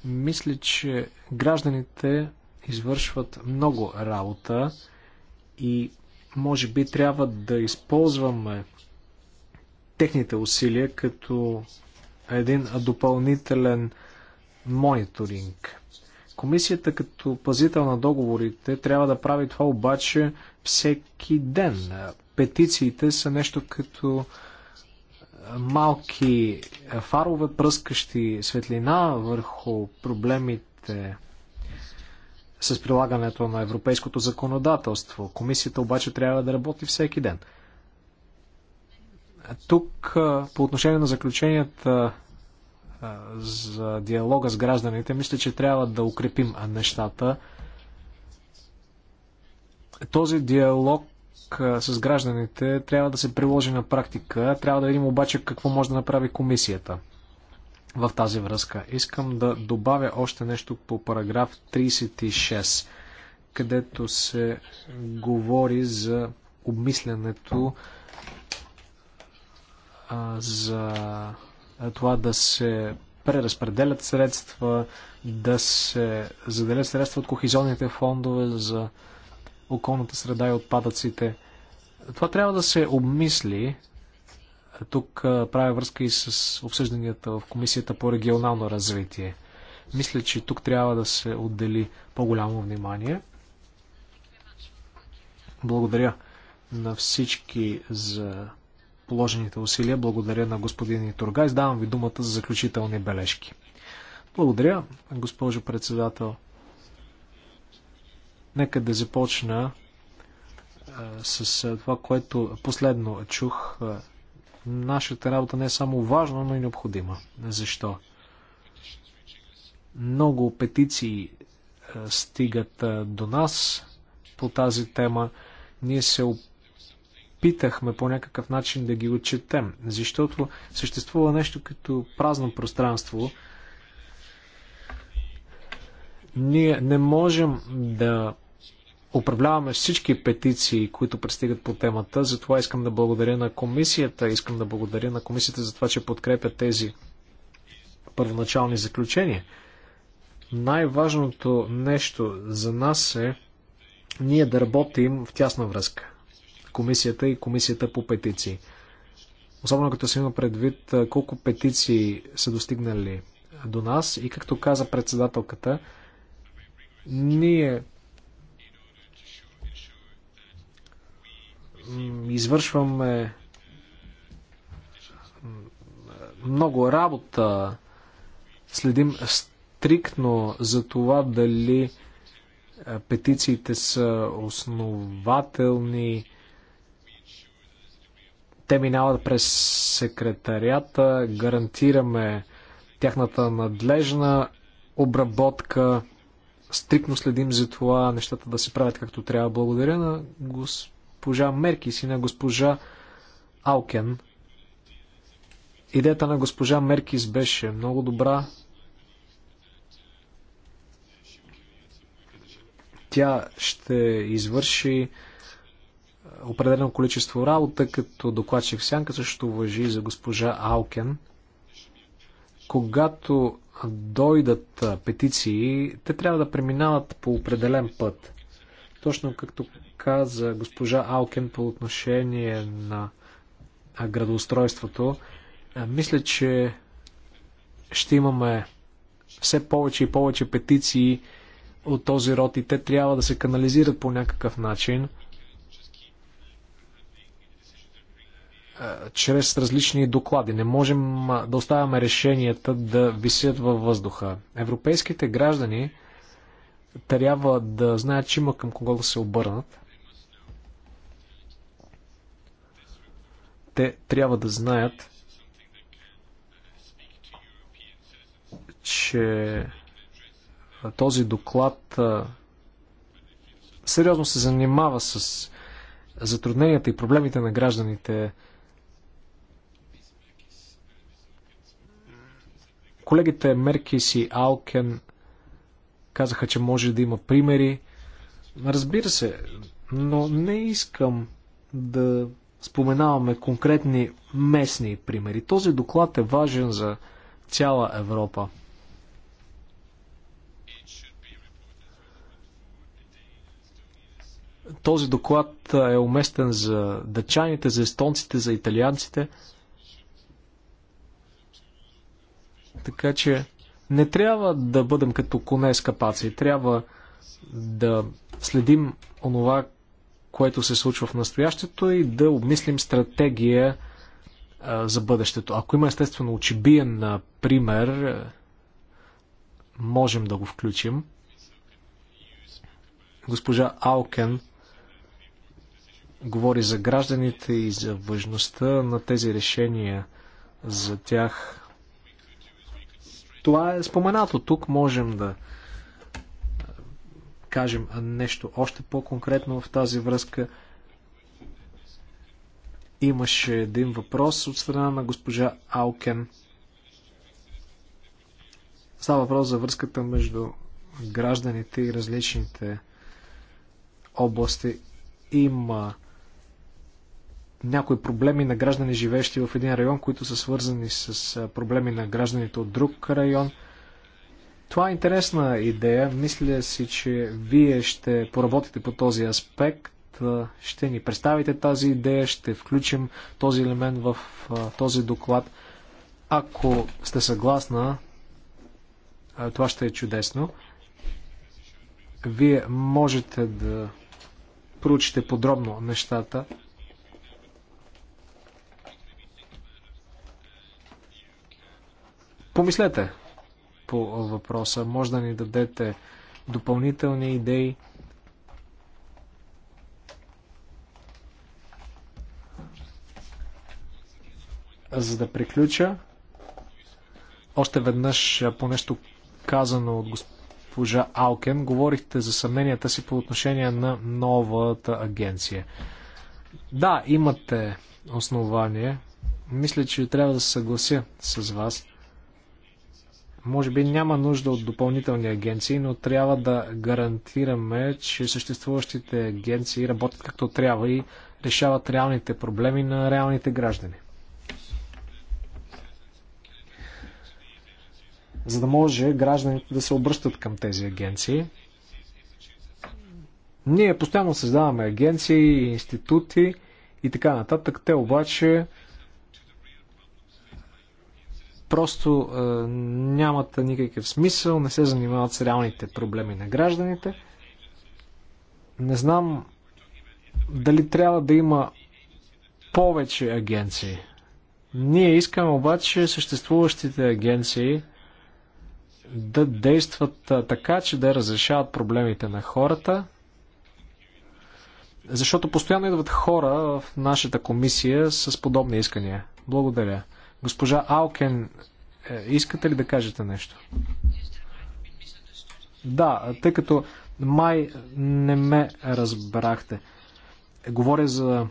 Мисля, че гражданите извършват много работа и може би трябва да използваме техните усилия като един допълнителен мониторинг. Комисията като пазител на договорите трябва да прави това обаче всеки ден. Петициите са нещо като малки фарове, пръскащи светлина върху проблемите с прилагането на европейското законодателство. Комисията обаче трябва да работи всеки ден. Тук по отношение на заключенията за диалога с гражданите, мисля, че трябва да укрепим нещата. Този диалог с гражданите трябва да се приложи на практика. Трябва да видим обаче какво може да направи комисията в тази връзка. Искам да добавя още нещо по параграф 36, където се говори за обмислянето за това да се преразпределят средства, да се заделят средства от кохизионните фондове за околната среда и отпадъците. Това трябва да се обмисли. Тук правя връзка и с обсъжданията в Комисията по регионално развитие. Мисля, че тук трябва да се отдели по-голямо внимание. Благодаря на всички за положените усилия. Благодаря на господин Итургай. Издавам ви думата за заключителни бележки. Благодаря, госпожо председател. Нека да започна с това, което последно чух. Нашата работа не е само важна, но и необходима. Защо? Много петиции стигат до нас по тази тема. Ние се опитахме по някакъв начин да ги отчетем, защото съществува нещо като празно пространство. Ние не можем да управляваме всички петиции, които пристигат по темата. Затова искам да благодаря на комисията. Искам да благодаря на комисията за това, че подкрепя тези първоначални заключения. Най-важното нещо за нас е ние да работим в тясна връзка. Комисията и комисията по петиции. Особено като се има предвид колко петиции са достигнали до нас и както каза председателката, ние извършваме много работа, следим стриктно за това дали е, петициите са основателни, те минават през секретарията, гарантираме тяхната надлежна обработка, стрикно следим за това нещата да се правят както трябва. Благодаря на господин госпожа Меркис и на госпожа Алкен. Идеята на госпожа Меркис беше много добра. Тя ще извърши определено количество работа, като докладчик в сянка също въжи за госпожа Алкен. Когато дойдат петиции, те трябва да преминават по определен път. Точно както каза госпожа Алкен по отношение на градоустройството, мисля, че ще имаме все повече и повече петиции от този род и те трябва да се канализират по някакъв начин чрез различни доклади. Не можем да оставяме решенията да висят във въздуха. Европейските граждани трябва да знаят, че има към кого да се обърнат. Те трябва да знаят, че този доклад сериозно се занимава с затрудненията и проблемите на гражданите. Колегите Меркис и Алкен казаха, че може да има примери. Разбира се, но не искам да споменаваме конкретни местни примери. Този доклад е важен за цяла Европа. Този доклад е уместен за дъчаните, за естонците, за италианците. Така че не трябва да бъдем като коне с капаци. Трябва да следим онова, което се случва в настоящето и да обмислим стратегия за бъдещето. Ако има естествено очебиен пример, можем да го включим. Госпожа Алкен говори за гражданите и за важността на тези решения за тях. Това е споменато. Тук можем да кажем нещо още по-конкретно в тази връзка. Имаше един въпрос от страна на госпожа Алкен. Става въпрос за връзката между гражданите и различните области. Има някои проблеми на граждани, живеещи в един район, които са свързани с проблеми на гражданите от друг район – това е интересна идея. Мисля си, че вие ще поработите по този аспект. Ще ни представите тази идея, ще включим този елемент в този доклад. Ако сте съгласна, това ще е чудесно. Вие можете да проучите подробно нещата. Помислете по въпроса. Може да ни дадете допълнителни идеи. За да приключа, още веднъж по нещо казано от госпожа Алкен, говорихте за съмненията си по отношение на новата агенция. Да, имате основание. Мисля, че трябва да се съглася с вас. Може би няма нужда от допълнителни агенции, но трябва да гарантираме, че съществуващите агенции работят както трябва и решават реалните проблеми на реалните граждани. За да може гражданите да се обръщат към тези агенции. Ние постоянно създаваме агенции, институти и така нататък. Те обаче просто е, нямат никакъв смисъл, не се занимават с реалните проблеми на гражданите. Не знам дали трябва да има повече агенции. Ние искаме обаче съществуващите агенции да действат е, така, че да разрешават проблемите на хората, защото постоянно идват хора в нашата комисия с подобни искания. Благодаря. Госпожа Алкен, е, искате ли да кажете нещо? Да, тъй като май не ме разбрахте. Говоря за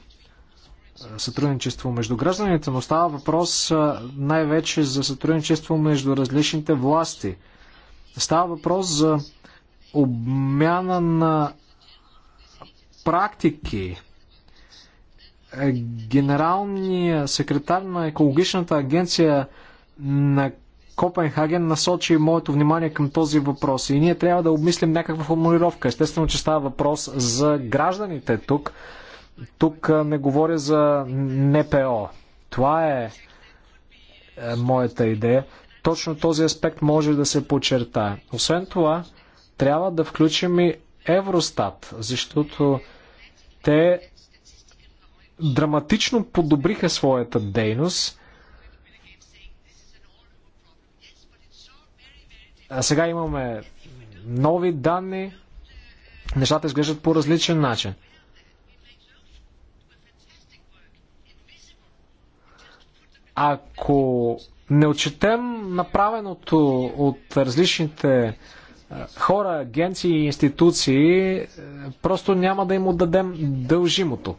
е, сътрудничество между гражданите, но става въпрос е, най-вече за сътрудничество между различните власти. Става въпрос за обмяна на практики, е, генералният секретар на екологичната агенция на Копенхаген насочи моето внимание към този въпрос. И ние трябва да обмислим някаква формулировка. Естествено, че става въпрос за гражданите тук. Тук не говоря за НПО. Това е, е моята идея. Точно този аспект може да се подчертае. Освен това, трябва да включим и Евростат, защото те драматично подобриха своята дейност. А сега имаме нови данни, нещата изглеждат по различен начин. Ако не отчетем направеното от различните хора, агенции и институции, просто няма да им отдадем дължимото.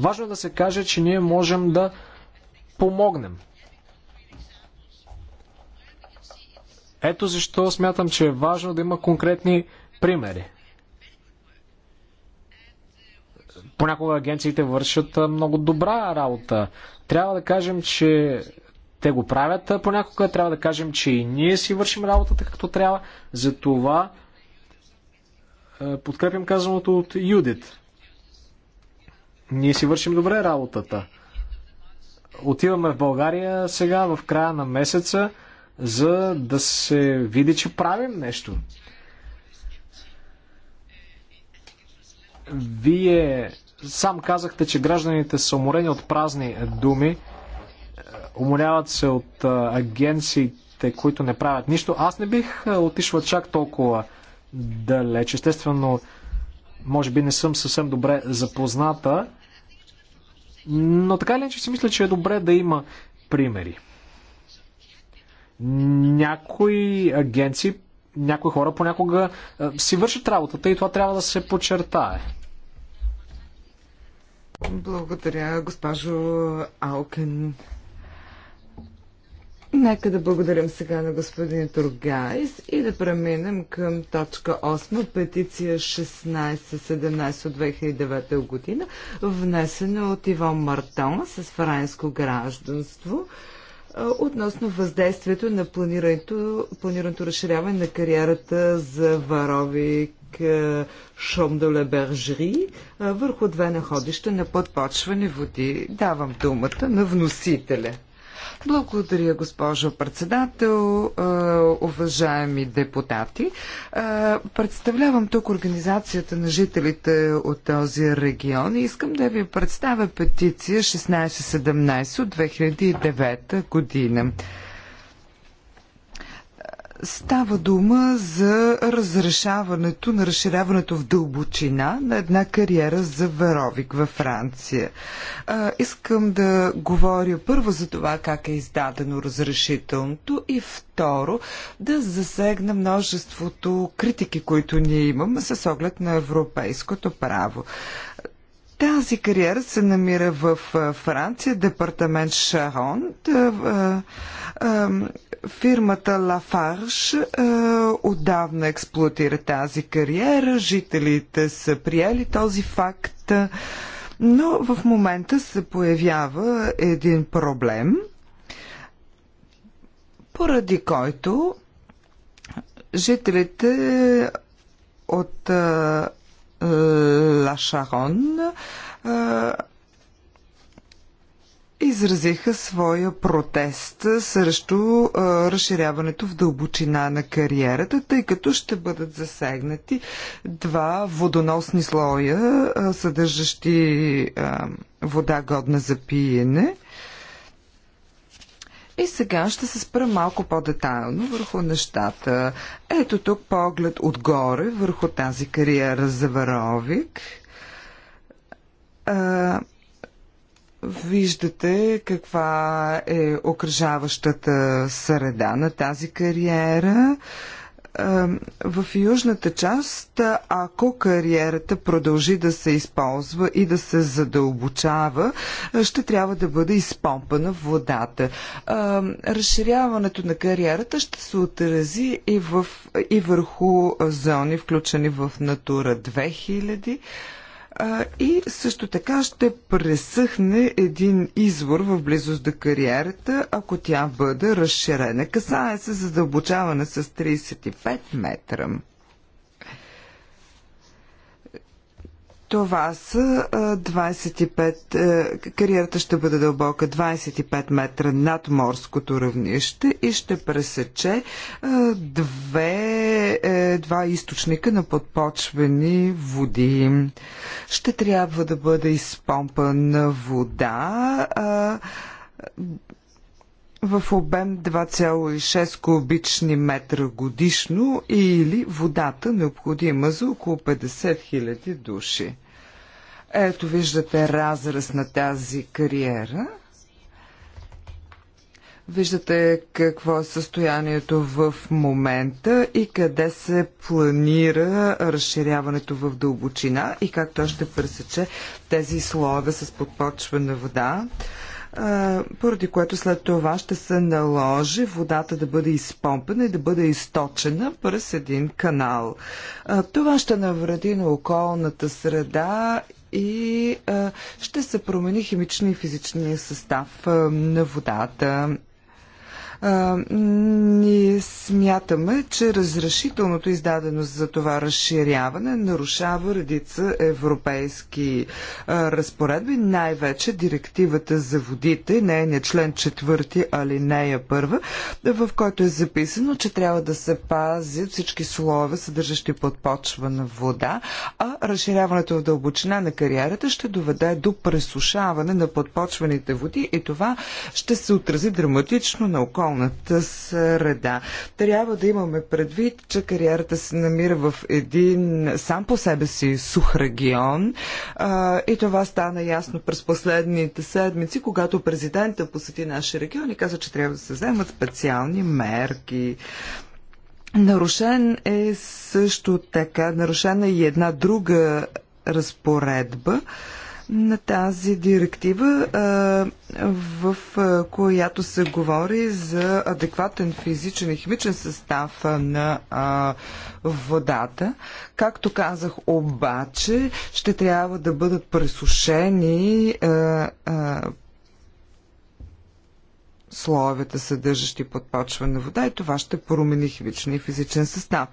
Важно е да се каже, че ние можем да помогнем. Ето защо смятам, че е важно да има конкретни примери. Понякога агенциите вършат много добра работа. Трябва да кажем, че те го правят понякога. Трябва да кажем, че и ние си вършим работата както трябва. Затова подкрепям казаното от Юдит. Ние си вършим добре работата. Отиваме в България сега в края на месеца, за да се види, че правим нещо. Вие сам казахте, че гражданите са уморени от празни думи, уморяват се от агенциите, които не правят нищо. Аз не бих отишла чак толкова далеч. Естествено, може би не съм съвсем добре запозната, но така или иначе си мисля, че е добре да има примери. Някои агенции, някои хора понякога е, си вършат работата и това трябва да се подчертае. Благодаря, госпожо Алкен. Нека да благодарим сега на господин Тургайс и да преминем към точка 8, петиция 16-17 от 2009 година, внесена от Иван Мартон с франско гражданство относно въздействието на планирането, планирането разширяване на кариерата за Варовик Шом до Бержери върху две находища на подпочване води. Давам думата на вносителя. Благодаря, госпожо председател, уважаеми депутати. Представлявам тук Организацията на жителите от този регион и искам да ви представя петиция 1617 от 2009 година. Става дума за разрешаването на разширяването в дълбочина на една кариера за Веровик във Франция. А, искам да говоря първо за това как е издадено разрешителното и второ да засегна множеството критики, които ние имаме с оглед на европейското право. Тази кариера се намира в Франция, департамент Шарон. Да, Фирмата Лафарш е, отдавна експлуатира тази кариера, жителите са приели този факт, е, но в момента се появява един проблем, поради който жителите от е, Лашарон е, изразиха своя протест срещу а, разширяването в дълбочина на кариерата, тъй като ще бъдат засегнати два водоносни слоя, а, съдържащи а, вода годна за пиене. И сега ще се спра малко по-детайлно върху нещата. Ето тук поглед отгоре върху тази кариера за Варовик виждате каква е окружаващата среда на тази кариера. В южната част, ако кариерата продължи да се използва и да се задълбочава, ще трябва да бъде изпомпана в водата. Разширяването на кариерата ще се отрази и, в, и върху зони, включени в Натура 2000 и също така ще пресъхне един извор в близост до кариерата, ако тя бъде разширена. Касае се задълбочаване с 35 метра. Това са 25, е, кариерата ще бъде дълбока 25 метра над морското равнище и ще пресече две, е, два източника на подпочвени води. Ще трябва да бъде изпомпана вода в обем 2,6 кубични метра годишно или водата необходима за около 50 000 души. Ето виждате разраз на тази кариера. Виждате какво е състоянието в момента и къде се планира разширяването в дълбочина и как то ще пресече тези слоеве с подпочвена вода поради което след това ще се наложи водата да бъде изпомпена и да бъде източена през един канал. Това ще навреди на околната среда и ще се промени химичния и физичния състав на водата. А, ние смятаме, че разрешителното издадено за това разширяване нарушава редица европейски а, разпоредби, най-вече директивата за водите, нейният член 4 алинея 1, в който е записано, че трябва да се пазят всички слове, съдържащи подпочвана вода, а разширяването в дълбочина на кариерата ще доведе до пресушаване на подпочваните води и това ще се отрази драматично на околната околната среда. Трябва да имаме предвид, че кариерата се намира в един сам по себе си сух регион а, и това стана ясно през последните седмици, когато президента посети нашия регион и каза, че трябва да се вземат специални мерки. Нарушен е също така, нарушена е и една друга разпоредба, на тази директива, в която се говори за адекватен физичен и химичен състав на водата. Както казах, обаче ще трябва да бъдат пресушени слоевете, съдържащи на вода и това ще промени химичния и физичен състав.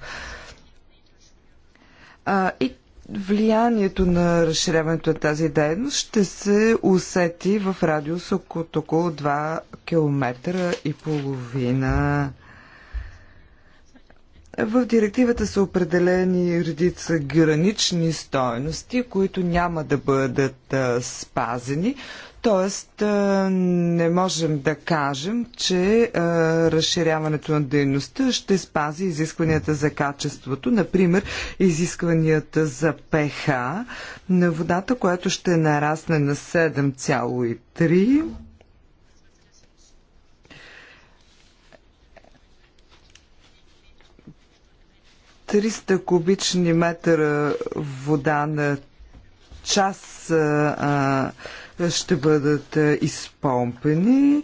и влиянието на разширяването на тази дейност ще се усети в радиус от около 2 км и половина. В директивата са определени редица гранични стоености, които няма да бъдат спазени, Тоест, не можем да кажем, че разширяването на дейността ще спази изискванията за качеството, например, изискванията за ПХ на водата, която ще нарасне на 7,3. Триста кубични метра вода на час а, ще бъдат е, изпомпени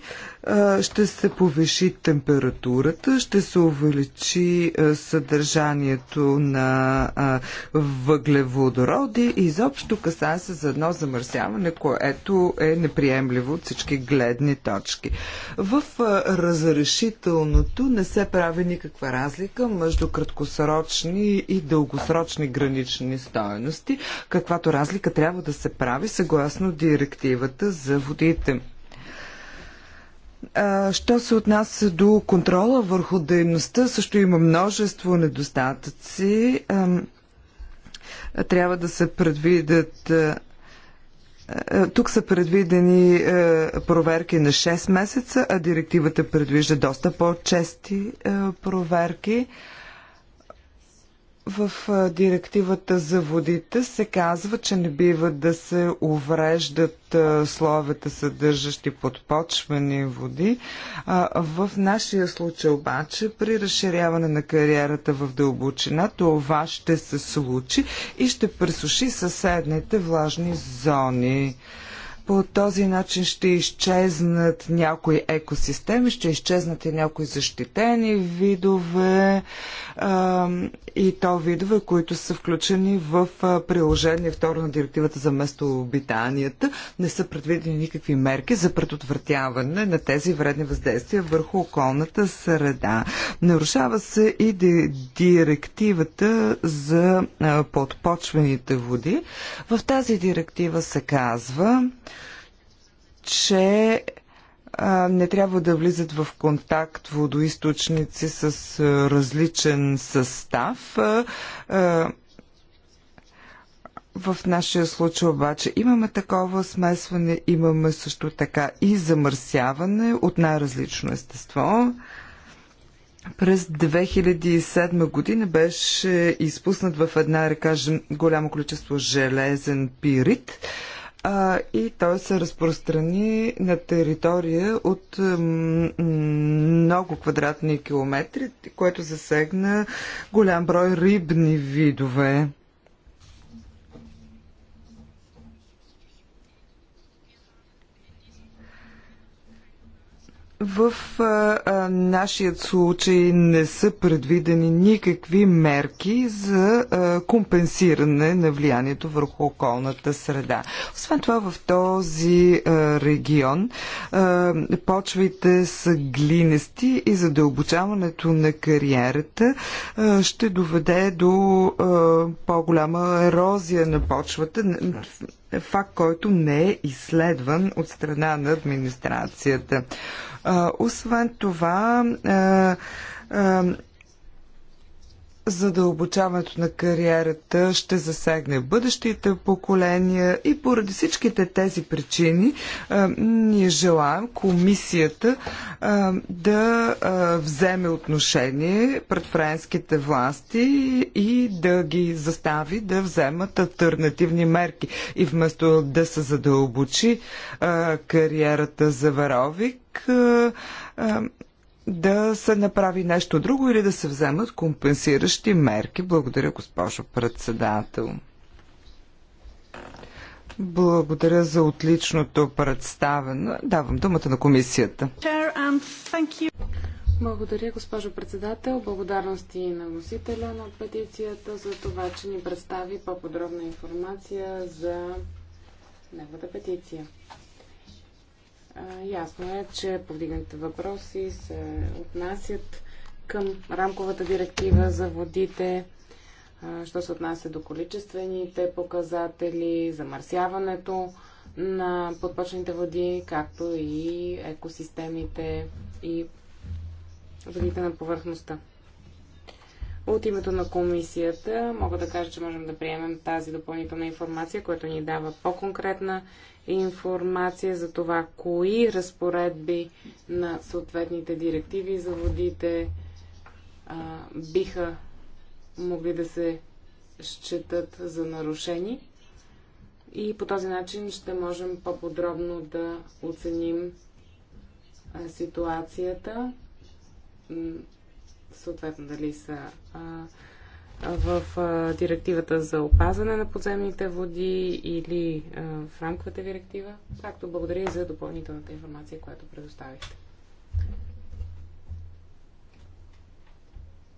ще се повиши температурата, ще се увеличи съдържанието на въглеводороди и изобщо касае се за едно замърсяване, което е неприемливо от всички гледни точки. В разрешителното не се прави никаква разлика между краткосрочни и дългосрочни гранични стоености, каквато разлика трябва да се прави съгласно директивата за водите. Що се отнася до контрола върху дейността, също има множество недостатъци. Трябва да се предвидят тук са предвидени проверки на 6 месеца, а директивата предвижда доста по-чести проверки. В директивата за водите се казва, че не бива да се увреждат словета, съдържащи подпочвени води. В нашия случай обаче, при разширяване на кариерата в дълбочина, това ще се случи и ще пресуши съседните влажни зони. По този начин ще изчезнат някои екосистеми, ще изчезнат и някои защитени видове а, и то видове, които са включени в приложение второ на директивата за местообитанията. Не са предвидени никакви мерки за предотвратяване на тези вредни въздействия върху околната среда. Нарушава се и директивата за подпочвените води. В тази директива се казва, че не трябва да влизат в контакт водоисточници с различен състав. В нашия случай обаче имаме такова смесване, имаме също така и замърсяване от най-различно естество. През 2007 година беше изпуснат в една река голямо количество железен пирит а, и той се разпространи на територия от много квадратни километри, което засегна голям брой рибни видове. В а, а, нашият случай не са предвидени никакви мерки за а, компенсиране на влиянието върху околната среда. Освен това, в този а, регион а, почвите са глинести и задълбочаването на кариерата а, ще доведе до а, по-голяма ерозия на почвата факт, който не е изследван от страна на администрацията. Освен това, задълбочаването на кариерата ще засегне бъдещите поколения и поради всичките тези причини а, ние желаем комисията а, да а, вземе отношение пред френските власти и да ги застави да вземат альтернативни мерки. И вместо да се задълбочи кариерата за Веровик, да се направи нещо друго или да се вземат компенсиращи мерки. Благодаря, госпожо председател. Благодаря за отличното представене. Давам думата на комисията. Um, Благодаря, госпожо председател. Благодарности на носителя на петицията за това, че ни представи по-подробна информация за неговата петиция ясно е, че повдигнатите въпроси се отнасят към рамковата директива за водите, що се отнася до количествените показатели, замърсяването на подпочвените води, както и екосистемите и водите на повърхността. От името на комисията мога да кажа, че можем да приемем тази допълнителна информация, която ни дава по-конкретна информация за това, кои разпоредби на съответните директиви за водите а, биха могли да се считат за нарушени. И по този начин ще можем по-подробно да оценим ситуацията съответно дали са а, в а, директивата за опазване на подземните води или а, в рамковата директива. Както благодаря и за допълнителната информация, която предоставихте.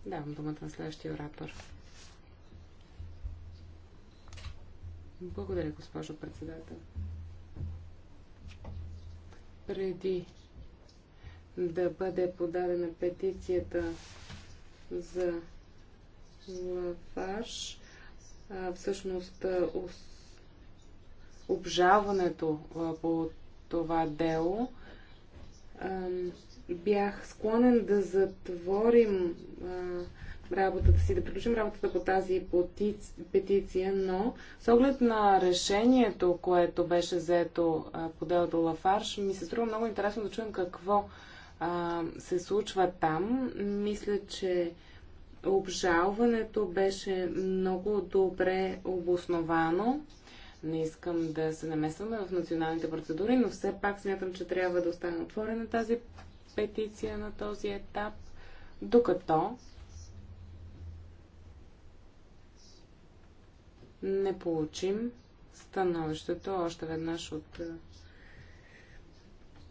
Давам думата на следващия оратор. Благодаря, госпожо председател. Преди да бъде подадена петицията за лаваш. Всъщност обжалването по това дело бях склонен да затворим работата си, да приключим работата по тази петиция, но с оглед на решението, което беше взето по делото Лафарш, ми се струва много интересно да чуем какво а, се случва там. Мисля, че обжалването беше много добре обосновано. Не искам да се намесваме в националните процедури, но все пак смятам, че трябва да остане отворена тази петиция на този етап, докато не получим становището още веднъж от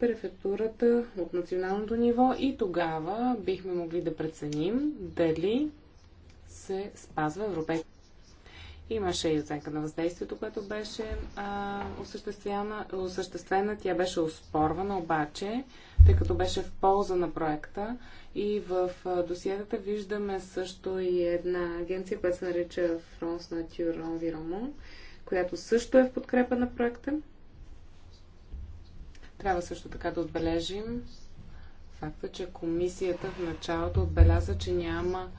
префектурата от националното ниво и тогава бихме могли да преценим дали се спазва европейски. Имаше и оценка на въздействието, което беше а, осъществена, осъществена. Тя беше оспорвана обаче, тъй като беше в полза на проекта. И в досиетата виждаме също и една агенция, която се нарича France Nature Environment, която също е в подкрепа на проекта. Трябва също така да отбележим факта, че комисията в началото отбеляза, че няма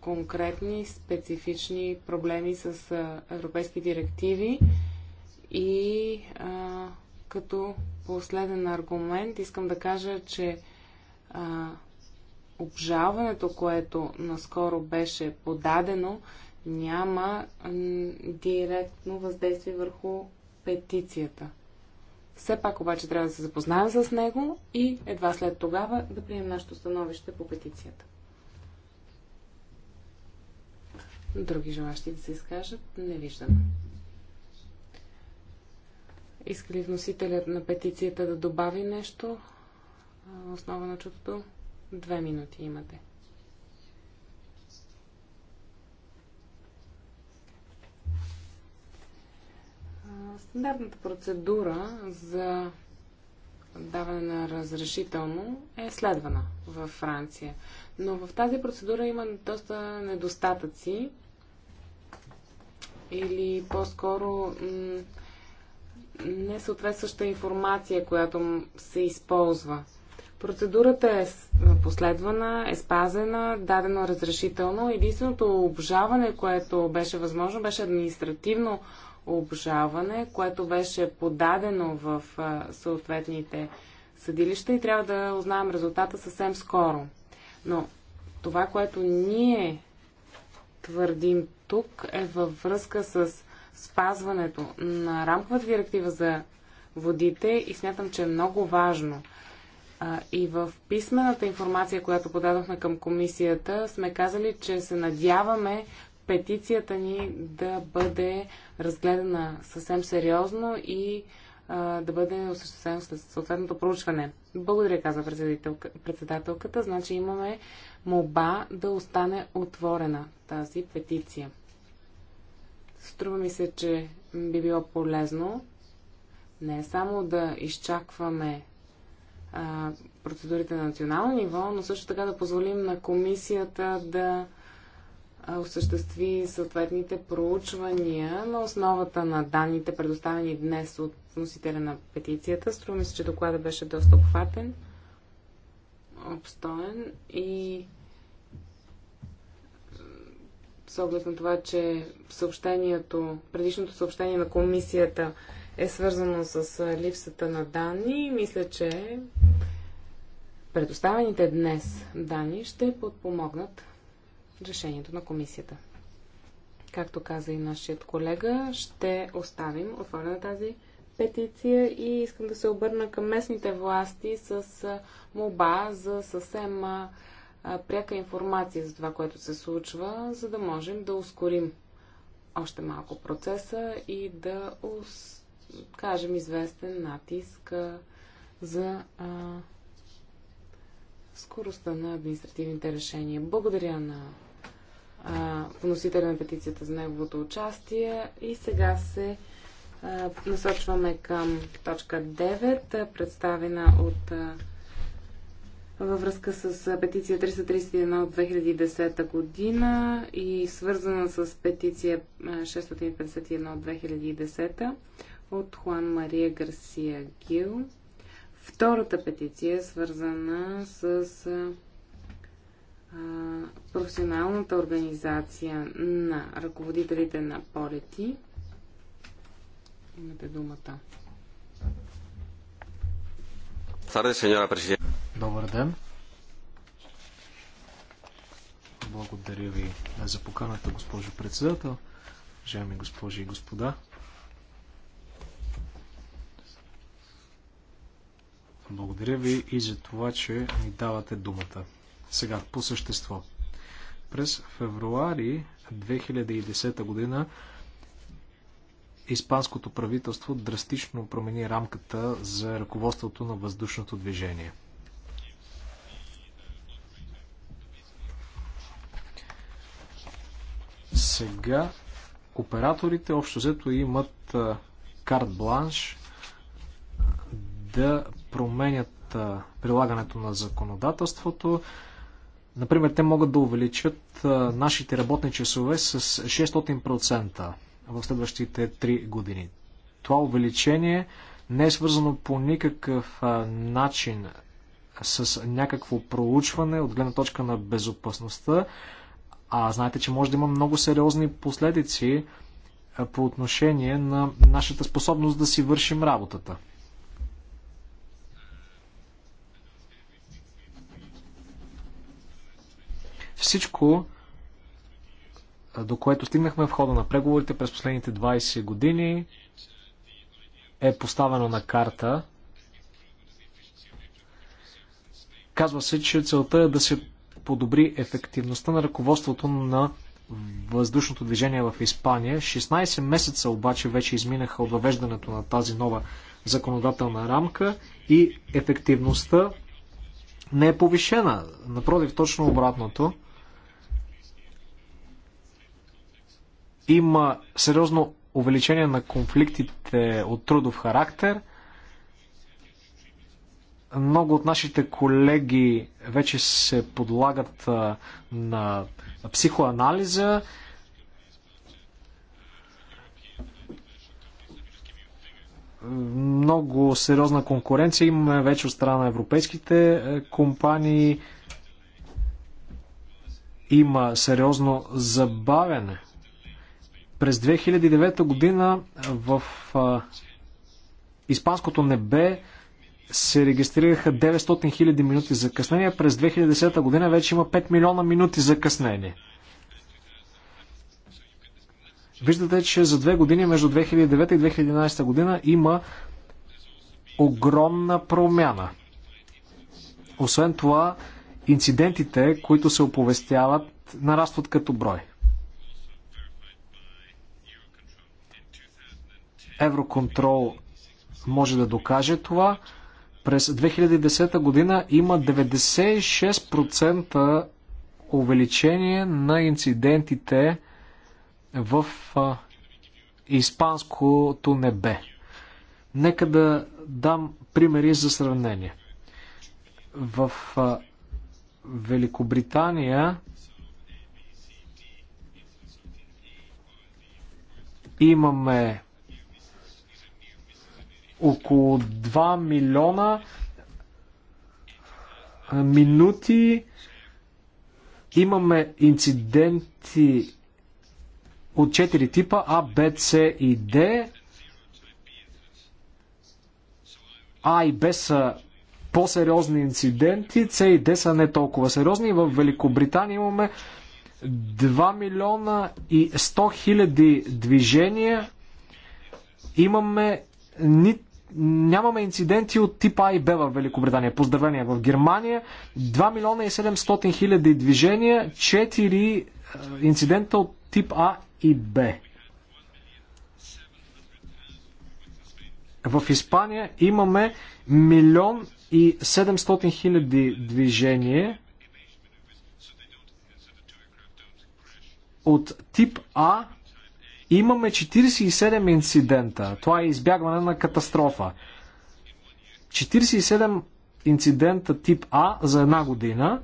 конкретни, специфични проблеми с европейски директиви и а, като последен аргумент искам да кажа, че а, обжалването, което наскоро беше подадено, няма директно въздействие върху петицията. Все пак обаче трябва да се запознаем с него и едва след тогава да приемем нашето становище по петицията. Други желащи да се изкажат? Не виждам. Иска ли вносителят на петицията да добави нещо? Основа на чутото? Две минути имате. Стандартната процедура за даване на разрешително е следвана във Франция. Но в тази процедура има доста недостатъци или по-скоро несъответстваща информация, която се използва. Процедурата е последвана, е спазена, дадено разрешително. Единственото обжаване, което беше възможно, беше административно обжаване, което беше подадено в съответните съдилища и трябва да узнаем резултата съвсем скоро. Но това, което ние твърдим тук е във връзка с спазването на рамковата директива за водите и смятам, че е много важно. И в писмената информация, която подадохме към комисията, сме казали, че се надяваме петицията ни да бъде разгледана съвсем сериозно и а, да бъде осъществено след съответното проучване. Благодаря, каза председателката. Значи имаме моба да остане отворена тази петиция. Струва ми се, че би било полезно не само да изчакваме а, процедурите на национално ниво, но също така да позволим на комисията да осъществи съответните проучвания на основата на данните, предоставени днес от носителя на петицията. Струва ми се, че докладът беше доста обхватен, обстоен и с оглед на това, че съобщението, предишното съобщение на комисията е свързано с липсата на данни, мисля, че предоставените днес данни ще подпомогнат решението на комисията. Както каза и нашият колега, ще оставим отворена тази петиция и искам да се обърна към местните власти с молба за съвсем пряка информация за това, което се случва, за да можем да ускорим още малко процеса и да кажем известен натиск за а, скоростта на административните решения. Благодаря на вносителя на петицията за неговото участие. И сега се а, насочваме към точка 9, представена от а, във връзка с петиция 331 от 2010 година и свързана с петиция 651 от 2010 от Хуан Мария Гарсия Гил. Втората петиция е свързана с професионалната организация на ръководителите на полети. Имате думата. Добър ден. Благодаря ви за поканата, госпожо председател. Уважаеми госпожи и господа. Благодаря ви и за това, че ми давате думата. Сега, по същество. През февруари 2010 година Испанското правителство драстично промени рамката за ръководството на въздушното движение. Сега операторите общо взето имат карт бланш да променят прилагането на законодателството, Например, те могат да увеличат нашите работни часове с 600% в следващите 3 години. Това увеличение не е свързано по никакъв начин с някакво проучване от гледна точка на безопасността, а знаете, че може да има много сериозни последици по отношение на нашата способност да си вършим работата. Всичко, до което стигнахме в хода на преговорите през последните 20 години, е поставено на карта. Казва се, че целта е да се подобри ефективността на ръководството на въздушното движение в Испания. 16 месеца обаче вече изминаха от въвеждането на тази нова законодателна рамка и ефективността не е повишена. Напротив, точно обратното. Има сериозно увеличение на конфликтите от трудов характер. Много от нашите колеги вече се подлагат на психоанализа. Много сериозна конкуренция имаме вече от страна на европейските е, компании. Има сериозно забавяне през 2009 година в а, Испанското небе се регистрираха 900 000 минути къснение. През 2010 година вече има 5 милиона минути закъснение. Виждате, че за две години между 2009 и 2011 година има огромна промяна. Освен това, инцидентите, които се оповестяват, нарастват като брой. Евроконтрол може да докаже това. През 2010 година има 96% увеличение на инцидентите в испанското небе. Нека да дам примери за сравнение. В Великобритания имаме около 2 милиона минути. Имаме инциденти от 4 типа А, Б, С и Д. А и Б са по-сериозни инциденти, С и Д са не толкова сериозни. В Великобритания имаме 2 милиона и 100 хиляди движения. Имаме нито нямаме инциденти от типа А и Б в Великобритания. Поздравления в Германия. 2 милиона и 700 хиляди движения, 4 е, инцидента от тип А и Б. В Испания имаме милион и 700 хиляди движения от тип А Имаме 47 инцидента. Това е избягване на катастрофа. 47 инцидента тип А за една година.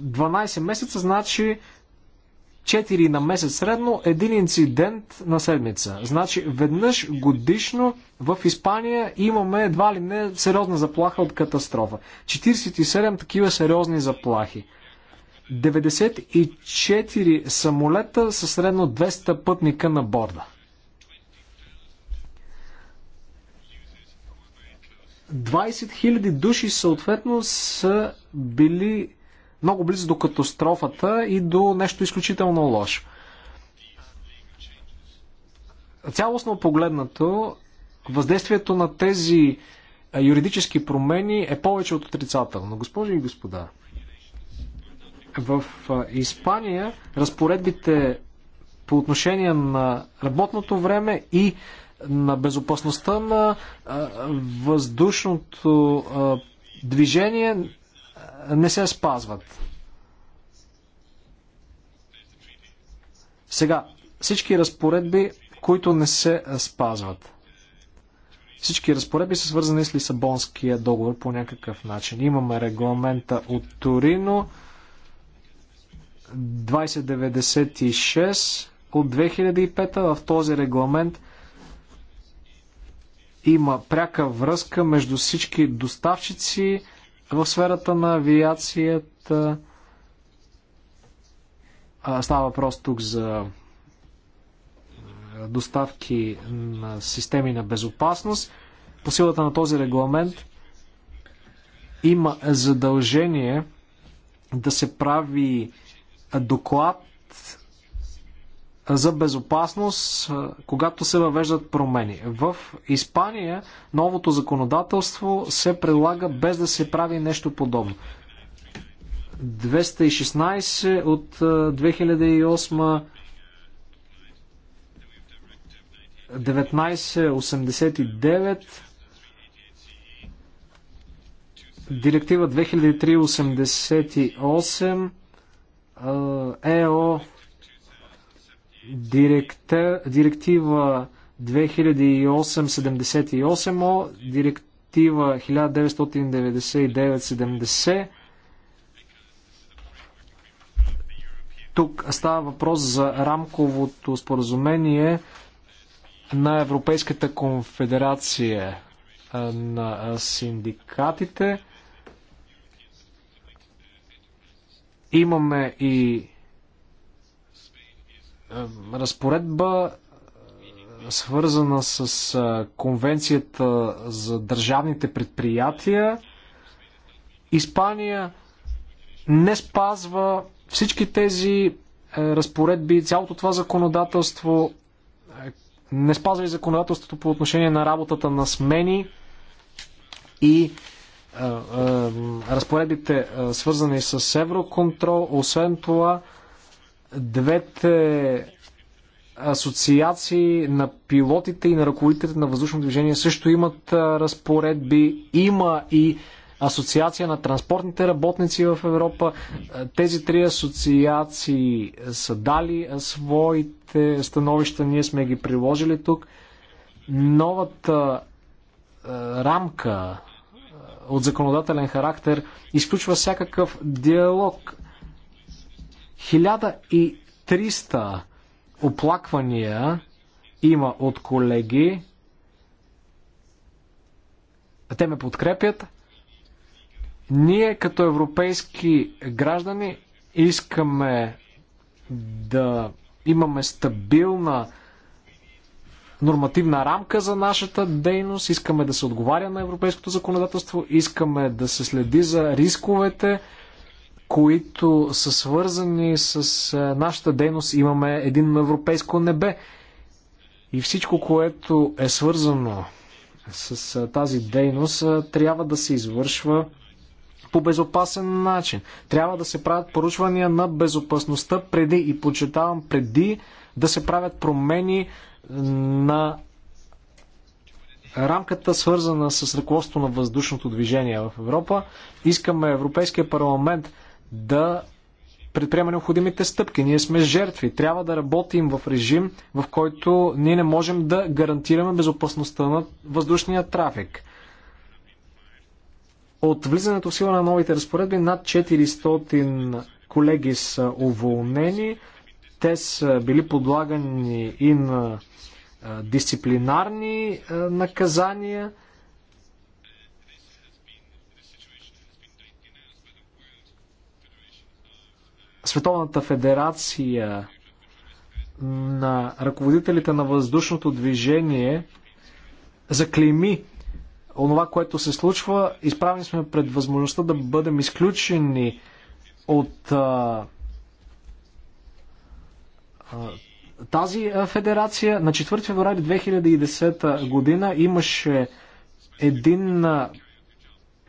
12 месеца значи 4 на месец средно, един инцидент на седмица. Значи веднъж годишно в Испания имаме едва ли не сериозна заплаха от катастрофа. 47 такива сериозни заплахи. 94 самолета със средно 200 пътника на борда. 20 000 души съответно са били много близо до катастрофата и до нещо изключително лошо. Цялостно погледнато, въздействието на тези юридически промени е повече от отрицателно. Госпожи и господа, в Испания разпоредбите по отношение на работното време и на безопасността на въздушното движение не се спазват. Сега, всички разпоредби, които не се спазват. Всички разпоредби са свързани с Лисабонския договор по някакъв начин. Имаме регламента от Торино, 2096 от 2005 в този регламент има пряка връзка между всички доставчици в сферата на авиацията. Става въпрос тук за доставки на системи на безопасност. По силата на този регламент има задължение да се прави доклад за безопасност, когато се въвеждат промени. В Испания новото законодателство се предлага без да се прави нещо подобно. 216 от 2008 1989 Директива 2388 ЕО е, директива 2008-78, директива 1999-70. Тук става въпрос за рамковото споразумение на Европейската конфедерация на синдикатите. Имаме и разпоредба, е, свързана с е, конвенцията за държавните предприятия. Испания не спазва всички тези е, разпоредби, цялото това законодателство, не спазва и законодателството по отношение на работата на смени и разпоредбите свързани с Евроконтрол. Освен това, двете асоциации на пилотите и на ръководителите на въздушно движение също имат разпоредби. Има и Асоциация на транспортните работници в Европа. Тези три асоциации са дали своите становища, ние сме ги приложили тук. Новата рамка, от законодателен характер изключва всякакъв диалог. 1300 оплаквания има от колеги. Те ме подкрепят. Ние като европейски граждани искаме да имаме стабилна нормативна рамка за нашата дейност, искаме да се отговаря на европейското законодателство, искаме да се следи за рисковете, които са свързани с нашата дейност. Имаме един европейско небе. И всичко, което е свързано с тази дейност, трябва да се извършва по безопасен начин. Трябва да се правят поручвания на безопасността преди и почитавам преди да се правят промени на рамката, свързана с ръководство на въздушното движение в Европа. Искаме Европейския парламент да предприема необходимите стъпки. Ние сме жертви. Трябва да работим в режим, в който ние не можем да гарантираме безопасността на въздушния трафик. От влизането в сила на новите разпоредби над 400 колеги са уволнени. Те са били подлагани и на дисциплинарни наказания. Световната федерация на ръководителите на въздушното движение заклейми онова, което се случва. Изправени сме пред възможността да бъдем изключени от а, а, тази е, федерация на 4 феврари 2010 година имаше един е,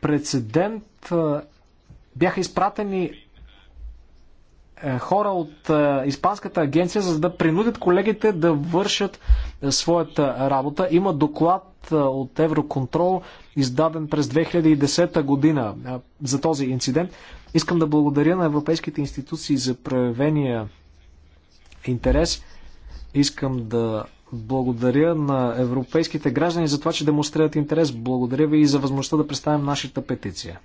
прецедент. Е, бяха изпратени хора от Испанската агенция, за да принудят колегите да вършат своята работа. Има доклад от Евроконтрол, издаден през 2010 година за този инцидент. Искам да благодаря на европейските институции за проявения интерес. Искам да благодаря на европейските граждани за това, че демонстрират интерес. Благодаря ви и за възможността да представим нашата петиция.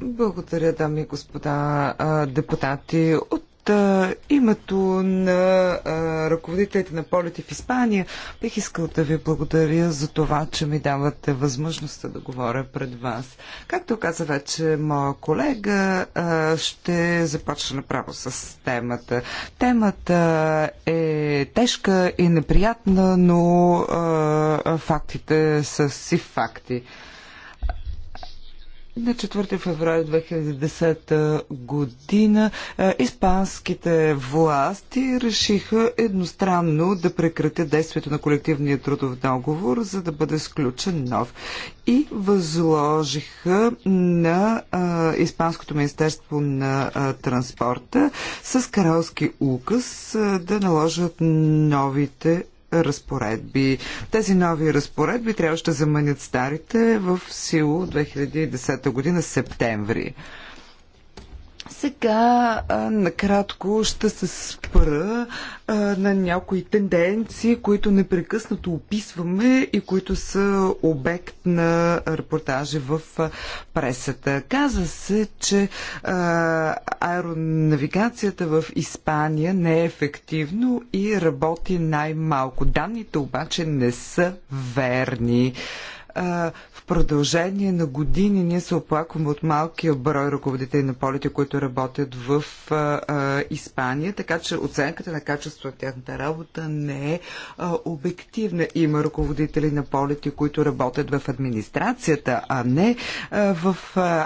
Благодаря, дами и господа депутати. От а, името на а, ръководителите на полети в Испания бих искал да ви благодаря за това, че ми давате възможността да говоря пред вас. Както каза вече моя колега, а, ще започна направо с темата. Темата е тежка и неприятна, но а, фактите са си факти. На 4 февруари 2010 година испанските власти решиха едностранно да прекратят действието на колективния трудов договор, за да бъде сключен нов. И възложиха на а, Испанското министерство на а, транспорта с каралски указ а, да наложат новите разпоредби. Тези нови разпоредби трябваше да заменят старите в сила 2010 година септември. Сега а, накратко ще се спра а, на някои тенденции, които непрекъснато описваме и които са обект на репортажи в пресата. Каза се, че а, аеронавигацията в Испания не е ефективно и работи най-малко. Данните обаче не са верни. А, в продължение на години ние се оплакваме от малкия брой ръководители на полите, които работят в Испания, така че оценката на качеството на тяхната работа не е обективна. Има ръководители на полите, които работят в администрацията, а не в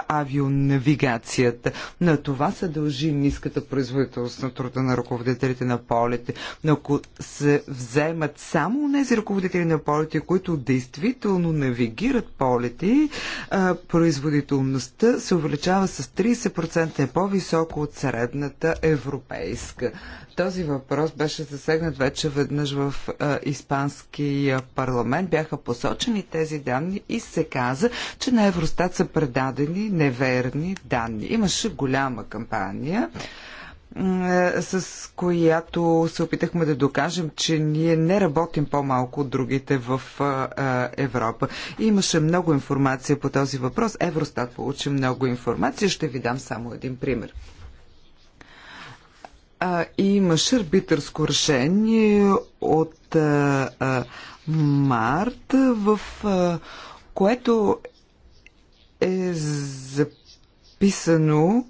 авионавигацията. На това се дължи ниската производителност на труда на ръководителите на полите. Но ако се вземат само тези ръководители на полите, които действително навигат, навигират полети, производителността се увеличава с 30% е по-високо от средната европейска. Този въпрос беше засегнат вече веднъж в а, Испанския парламент. Бяха посочени тези данни и се каза, че на Евростат са предадени неверни данни. Имаше голяма кампания. Е, с която се опитахме да докажем, че ние не работим по-малко от другите в е, е, Европа. Имаше много информация по този въпрос. Евростат получи много информация. Ще ви дам само един пример И имаше арбитърско решение от март, в което е записано,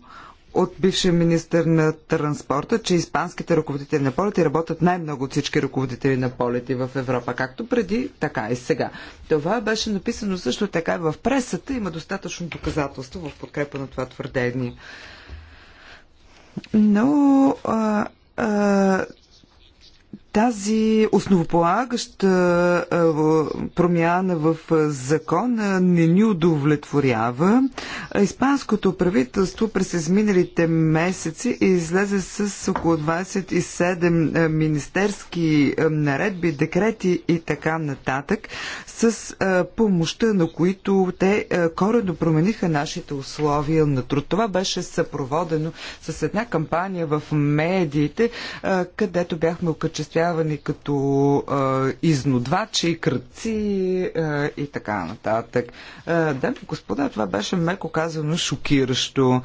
от бившия министр на транспорта, че испанските ръководители на полети работят най-много от всички ръководители на полети в Европа, както преди, така и сега. Това беше написано също така в пресата. Има достатъчно доказателство в подкрепа на това твърдение. Но а, а, тази основополагаща е, промяна в е, закона не ни удовлетворява. Испанското правителство през изминалите месеци излезе с около 27 е, министерски наредби, декрети и така нататък, с помощта на които те коренно промениха нашите условия на труд. Това беше съпроводено с една кампания в медиите, където бяхме окачествени ощетявани като а, изнодвачи, кръци а, и така нататък. Дами господа, това беше меко казано шокиращо.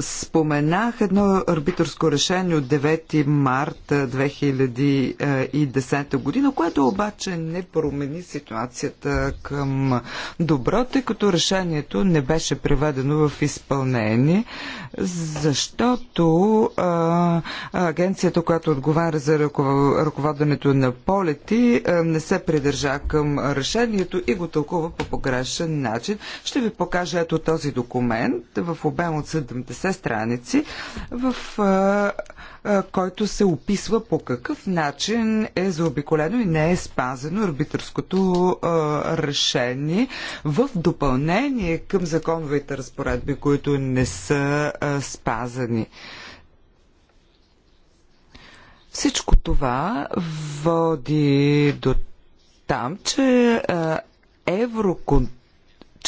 Споменах едно арбитърско решение от 9 марта 2010 година, което обаче не промени ситуацията към добро, тъй като решението не беше преведено в изпълнение, защото а, агенцията, която отговаря за ръководенето на полети, не се придържа към решението и го тълкува по погрешен начин. Ще ви покажа ето този документ в обем от 7 70 страници, в който се описва по какъв начин е заобиколено и не е спазено арбитърското решение в допълнение към законовите разпоредби, които не са спазани. Всичко това води до там, че Евроконтрол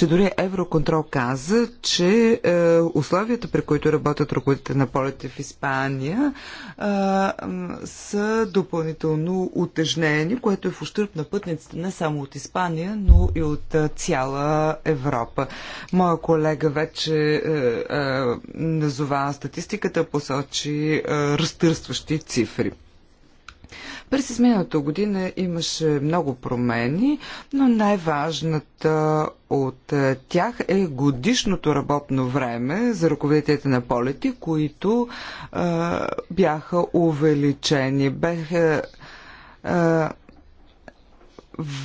че дори Евроконтрол каза, че е, условията, при които работят ръководите на полете в Испания, е, е, са допълнително утежнени, което е в ущърп на пътниците не само от Испания, но и от е, цяла Европа. Моя колега вече е, е, назова статистиката, посочи е, разтърстващи цифри. През изминалата година имаше много промени, но най-важната от е, тях е годишното работно време за ръководителите на полети, които а, е, бяха увеличени. Беха е,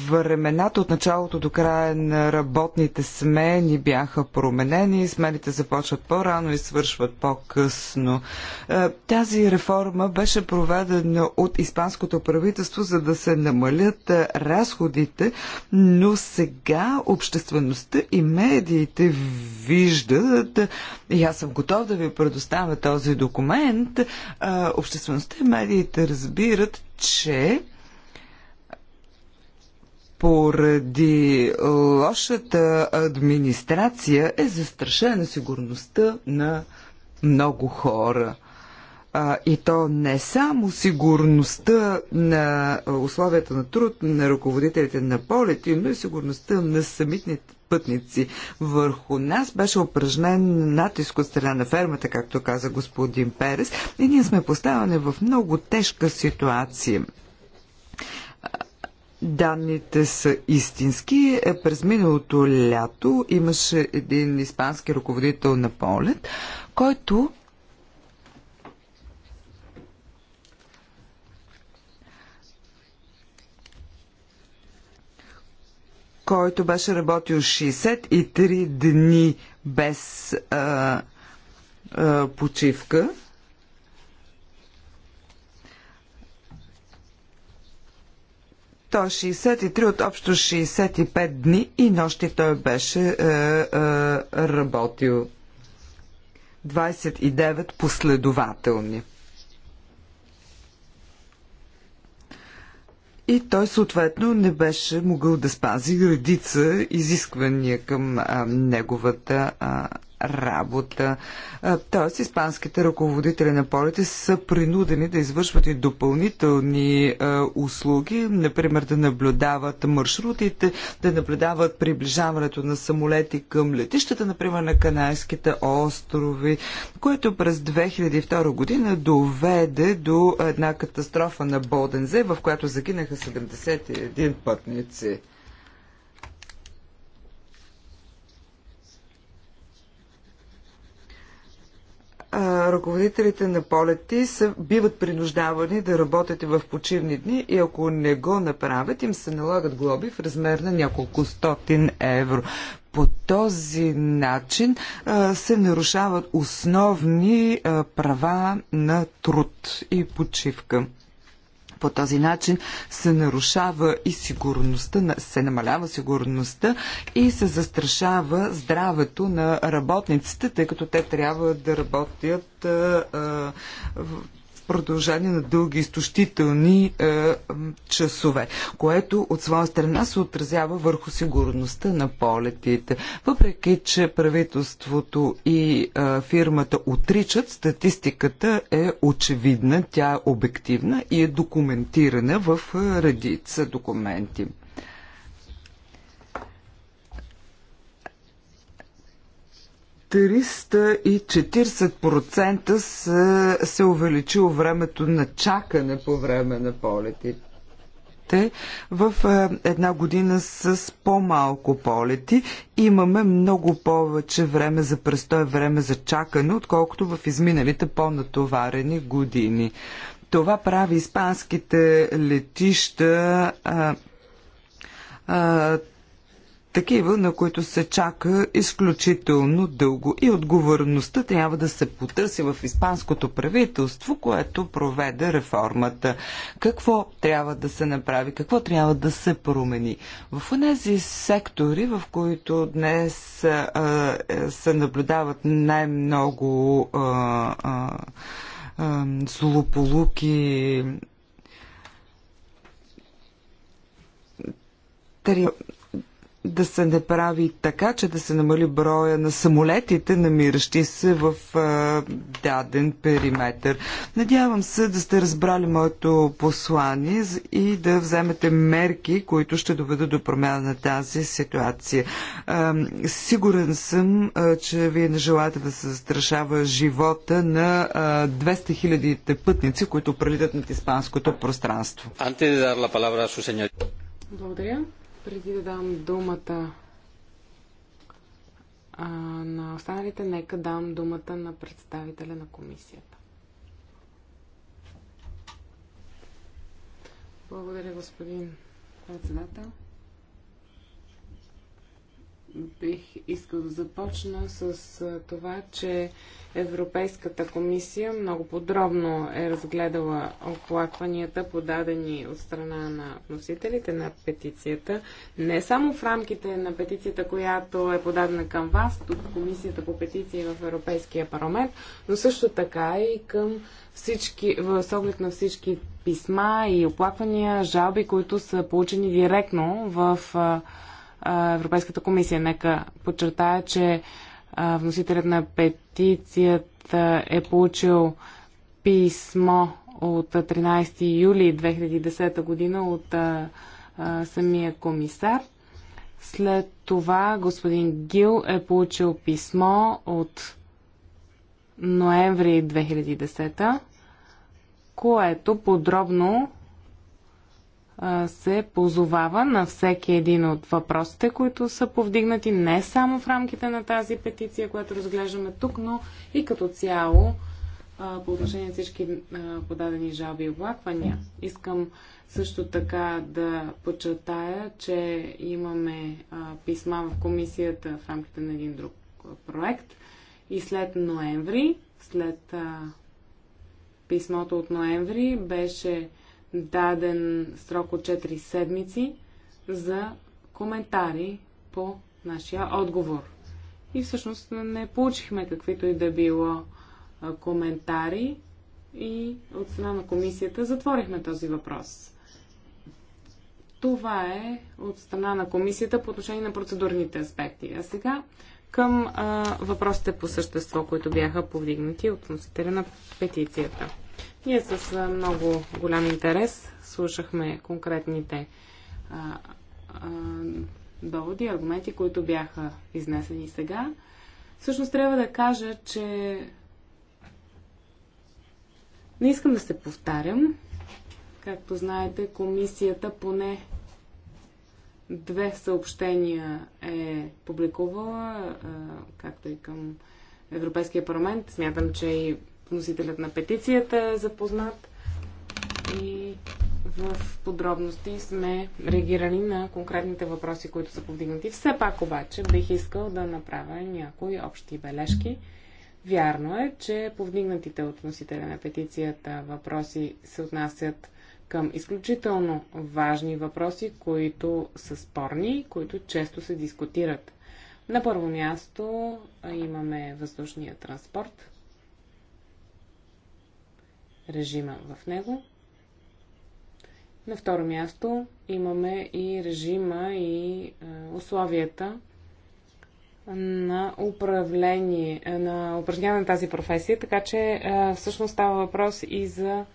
времената от началото до края на работните смени бяха променени, смените започват по-рано и свършват по-късно. Е, тази реформа беше проведена от испанското правителство, за да се намалят е, разходите, но сега обществеността и медиите виждат, и аз съм готов да ви предоставя този документ, е, обществеността и медиите разбират, че поради е, лошата администрация е застрашена сигурността на много хора. А, и то не само сигурността на условията на труд на ръководителите на полети, но и сигурността на самитните пътници. Върху нас беше упражнен натиск от страна на фермата, както каза господин Перес, и ние сме поставени в много тежка ситуация данните са истински. Е, през миналото лято имаше един испански ръководител на полет, който който беше работил 63 дни без а, а, почивка. 163 от общо 65 дни и нощи той беше е, е, работил. 29 последователни. И той съответно не беше могъл да спази редица изисквания към а, неговата а, работа. Тоест, испанските ръководители на полите са принудени да извършват и допълнителни услуги, например да наблюдават маршрутите, да наблюдават приближаването на самолети към летищата, например на Канайските острови, което през 2002 година доведе до една катастрофа на Болдензе, в която загинаха 71 пътници. а, ръководителите на полети са, биват принуждавани да работят в почивни дни и ако не го направят, им се налагат глоби в размер на няколко стотин евро. По този начин а, се нарушават основни а, права на труд и почивка. По този начин се нарушава и сигурността, се намалява сигурността и се застрашава здравето на работниците, тъй като те трябва да работят продължение на дълги изтощителни е, часове, което от своя страна се отразява върху сигурността на полетите. Въпреки, че правителството и е, фирмата отричат, статистиката е очевидна, тя е обективна и е документирана в е, редица документи. 340% се, се увеличило времето на чакане по време на полетите в е, една година с по-малко полети. Имаме много повече време за престой, време за чакане, отколкото в изминалите по-натоварени години. Това прави испанските летища а, е, а, е, такива, на които се чака изключително дълго. И отговорността трябва да се потърси в испанското правителство, което проведе реформата. Какво трябва да се направи? Какво трябва да се промени? В тези сектори, в които днес а, се наблюдават най-много злополуки, трябва да се направи така, че да се намали броя на самолетите, намиращи се в а, даден периметр. Надявам се да сте разбрали моето послание и да вземете мерки, които ще доведат до промяна на тази ситуация. А, сигурен съм, а, че вие не желаете да се застрашава живота на а, 200 хилядите пътници, които прелитат над испанското пространство. Благодаря. Преди да дам думата а, на останалите, нека дам думата на представителя на комисията. Благодаря, господин председател. Бих искал да започна с това, че Европейската комисия много подробно е разгледала оплакванията, подадени от страна на носителите на петицията. Не само в рамките на петицията, която е подадена към вас, тук комисията по петиции в Европейския парламент, но също така и към всички, В оглед на всички писма и оплаквания, жалби, които са получени директно в Европейската комисия. Нека подчертая, че Вносителят на петицията е получил писмо от 13 юли 2010 година от а, а, самия комисар. След това господин Гил е получил писмо от ноември 2010, което подробно се позовава на всеки един от въпросите, които са повдигнати не само в рамките на тази петиция, която разглеждаме тук, но и като цяло по отношение на всички подадени жалби и оплаквания. Искам също така да подчертая, че имаме писма в комисията в рамките на един друг проект и след ноември, след писмото от ноември беше даден срок от 4 седмици за коментари по нашия отговор. И всъщност не получихме каквито и да било коментари и от страна на комисията затворихме този въпрос. Това е от страна на комисията по отношение на процедурните аспекти. А сега към а, въпросите по същество, които бяха повдигнати от на петицията. Ние с много голям интерес слушахме конкретните а, а, доводи, аргументи, които бяха изнесени сега. Всъщност трябва да кажа, че не искам да се повтарям. Както знаете, комисията поне две съобщения е публикувала, както и към Европейския парламент. Смятам, че и вносителят на петицията е запознат и в подробности сме реагирали на конкретните въпроси, които са повдигнати. Все пак обаче бих искал да направя някои общи бележки. Вярно е, че повдигнатите от носителя на петицията въпроси се отнасят към изключително важни въпроси, които са спорни, които често се дискутират. На първо място имаме въздушния транспорт, режима в него. На второ място имаме и режима и е, условията на управление, е, на упражняване на тази професия, така че е, всъщност става въпрос и за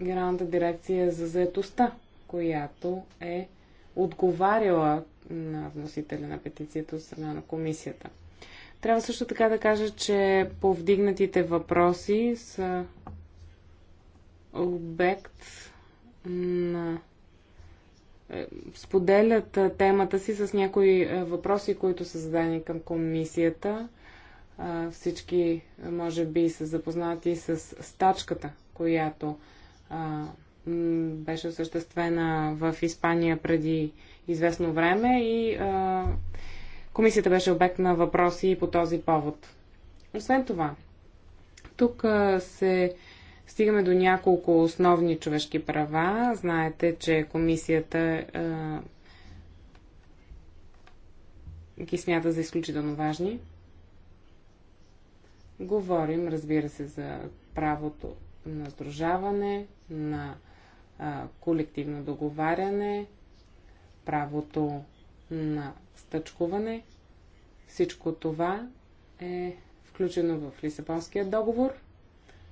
Генералната дирекция за заетостта, която е отговаряла на вносителя на петицията от страна на комисията. Трябва също така да кажа, че повдигнатите въпроси са обект на е, споделят е, темата си с някои е, въпроси, които са зададени към комисията. Всички, може би, са запознати с стачката, която беше осъществена в Испания преди известно време и Комисията беше обект на въпроси и по този повод. Освен това, тук се стигаме до няколко основни човешки права. Знаете, че комисията е ги смята за изключително важни. Говорим, разбира се, за правото на сдружаване, на колективно договаряне, правото на стъчкуване. Всичко това е включено в Лисабонския договор,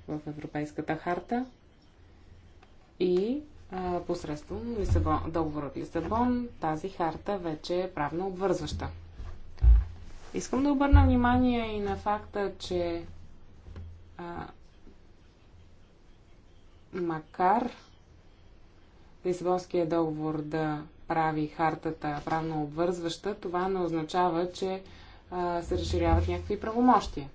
в Европейската харта и а, посредством Лисабон, от Лисабон тази харта вече е правно обвързваща. Искам да обърна внимание и на факта, че а, макар Лисабонския договор да прави хартата правно обвързваща, това не означава, че а, се разширяват някакви правомощия.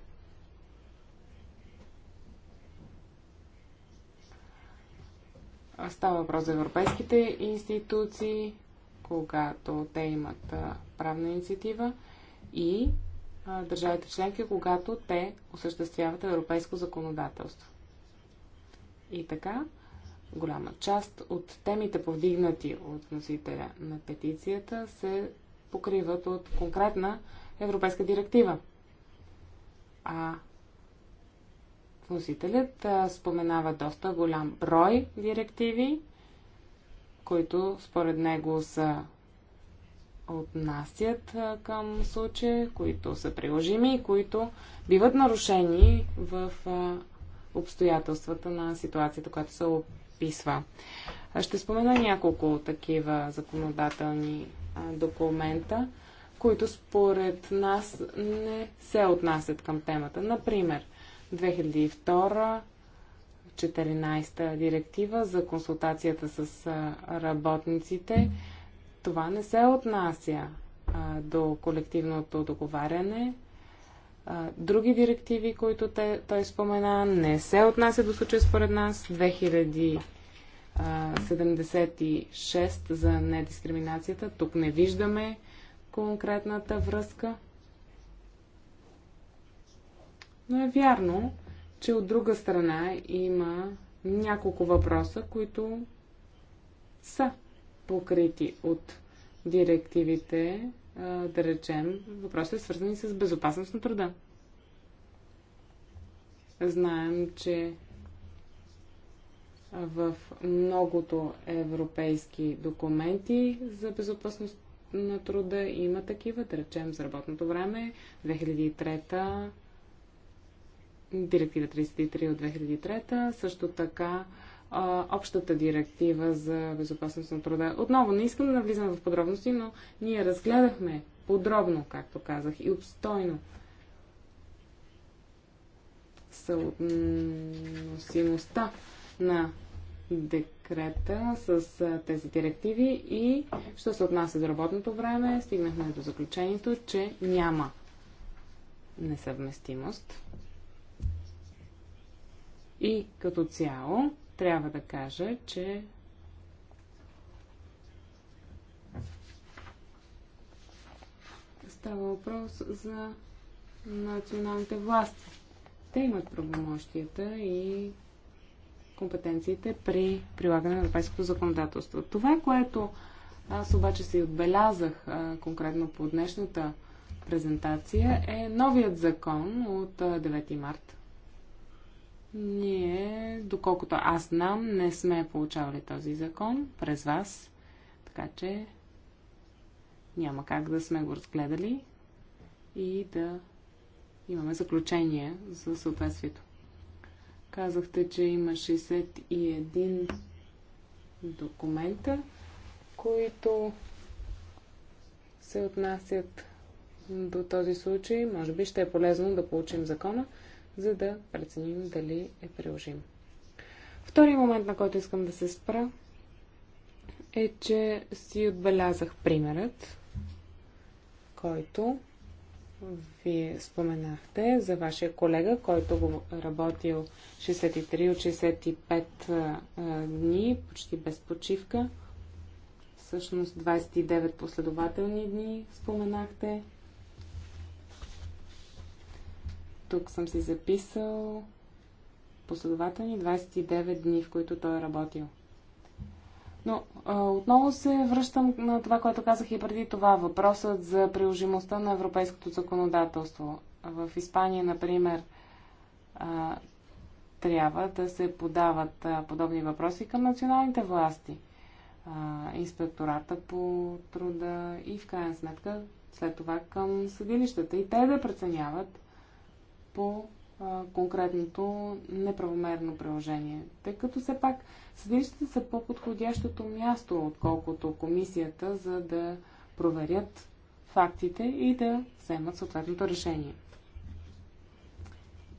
Става въпрос за европейските институции, когато те имат а, правна инициатива и а, държавите членки, когато те осъществяват европейско законодателство. И така, голяма част от темите, повдигнати от носителя на петицията, се покриват от конкретна европейска директива. А вносителят споменава доста голям брой директиви, които според него са отнасят към случая, които са приложими и които биват нарушени в обстоятелствата на ситуацията, която се подписва. Ще спомена няколко такива законодателни документа, които според нас не се отнасят към темата. Например, 2002 14-та директива за консултацията с работниците. Това не се отнася до колективното договаряне, други директиви, които те, той спомена, не се отнася до случая според нас. 2076 за недискриминацията. Тук не виждаме конкретната връзка. Но е вярно, че от друга страна има няколко въпроса, които са покрити от директивите да речем, въпросите свързани с безопасност на труда. Знаем, че в многото европейски документи за безопасност на труда има такива, да речем за работното време, 2003 Директива 33 от 2003, също така а, общата директива за безопасност на труда. Отново, не искам да влизам в подробности, но ние разгледахме подробно, както казах, и обстойно съотносимостта на декрета с а, тези директиви и що се отнася до работното време, стигнахме до заключението, че няма несъвместимост. И като цяло трябва да кажа, че става въпрос за националните власти. Те имат правомощията и компетенциите при прилагане на европейското законодателство. Това, което аз обаче си отбелязах а, конкретно по днешната презентация е новият закон от а, 9 март ние, доколкото аз знам, не сме получавали този закон през вас, така че няма как да сме го разгледали и да имаме заключение за съответствието. Казахте, че има 61 документа, които се отнасят до този случай. Може би ще е полезно да получим закона за да преценим дали е приложим. Втори момент, на който искам да се спра, е, че си отбелязах примерът, който вие споменахте за вашия колега, който го работил 63 от 65 дни, почти без почивка. Всъщност 29 последователни дни споменахте. Тук съм си записал последователни 29 дни, в които той е работил. Но а, отново се връщам на това, което казах и преди това. Въпросът за приложимостта на европейското законодателство. В Испания, например, а, трябва да се подават а, подобни въпроси към националните власти, а, инспектората по труда и в крайна сметка след това към съдилищата. И те да преценяват по конкретното неправомерно приложение. Тъй като все пак съдилищата са по-подходящото място, отколкото комисията, за да проверят фактите и да вземат съответното решение.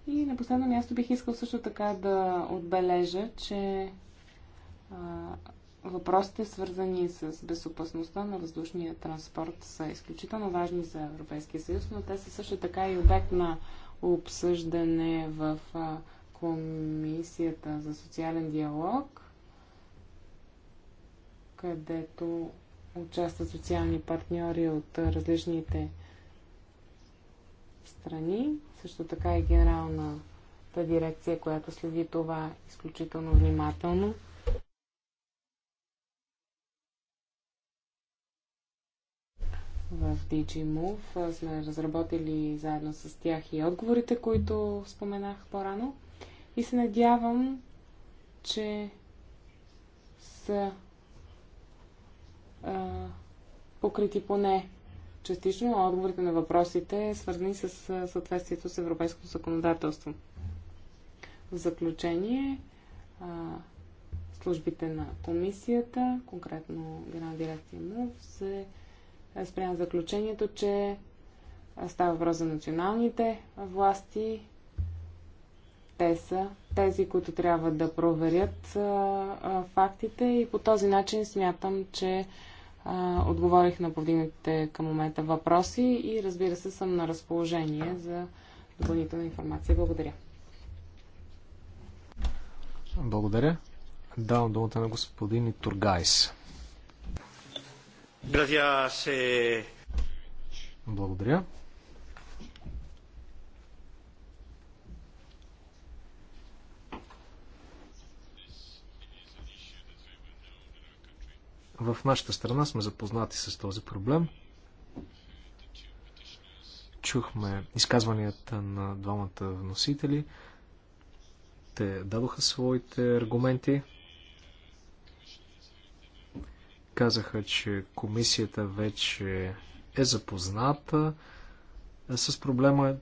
И на последно място бих искал също така да отбележа, че а, въпросите, свързани с безопасността на въздушния транспорт, са изключително важни за Европейския съюз, но те са също така и обект на обсъждане в Комисията за социален диалог, където участват социални партньори от различните страни, също така и генералната дирекция, която следи това изключително внимателно. в DigiMove. Сме разработили заедно с тях и отговорите, които споменах по-рано. И се надявам, че са а, покрити поне частично отговорите на въпросите, свързани с съответствието с европейското законодателство. В заключение, а, службите на комисията, конкретно генерал дирекция МУВ, се е, спрямо заключението, че става въпрос за националните власти. Те са тези, които трябва да проверят а, а, фактите и по този начин смятам, че а, отговорих на повдигнатите към момента въпроси и разбира се съм на разположение за допълнителна информация. Благодаря. Благодаря. Давам думата на господин Тургайс. Eh. Благодаря. В нашата страна сме запознати с този проблем. Чухме изказванията на двамата вносители. Те дадоха своите аргументи. Казаха, че комисията вече е запозната с проблема.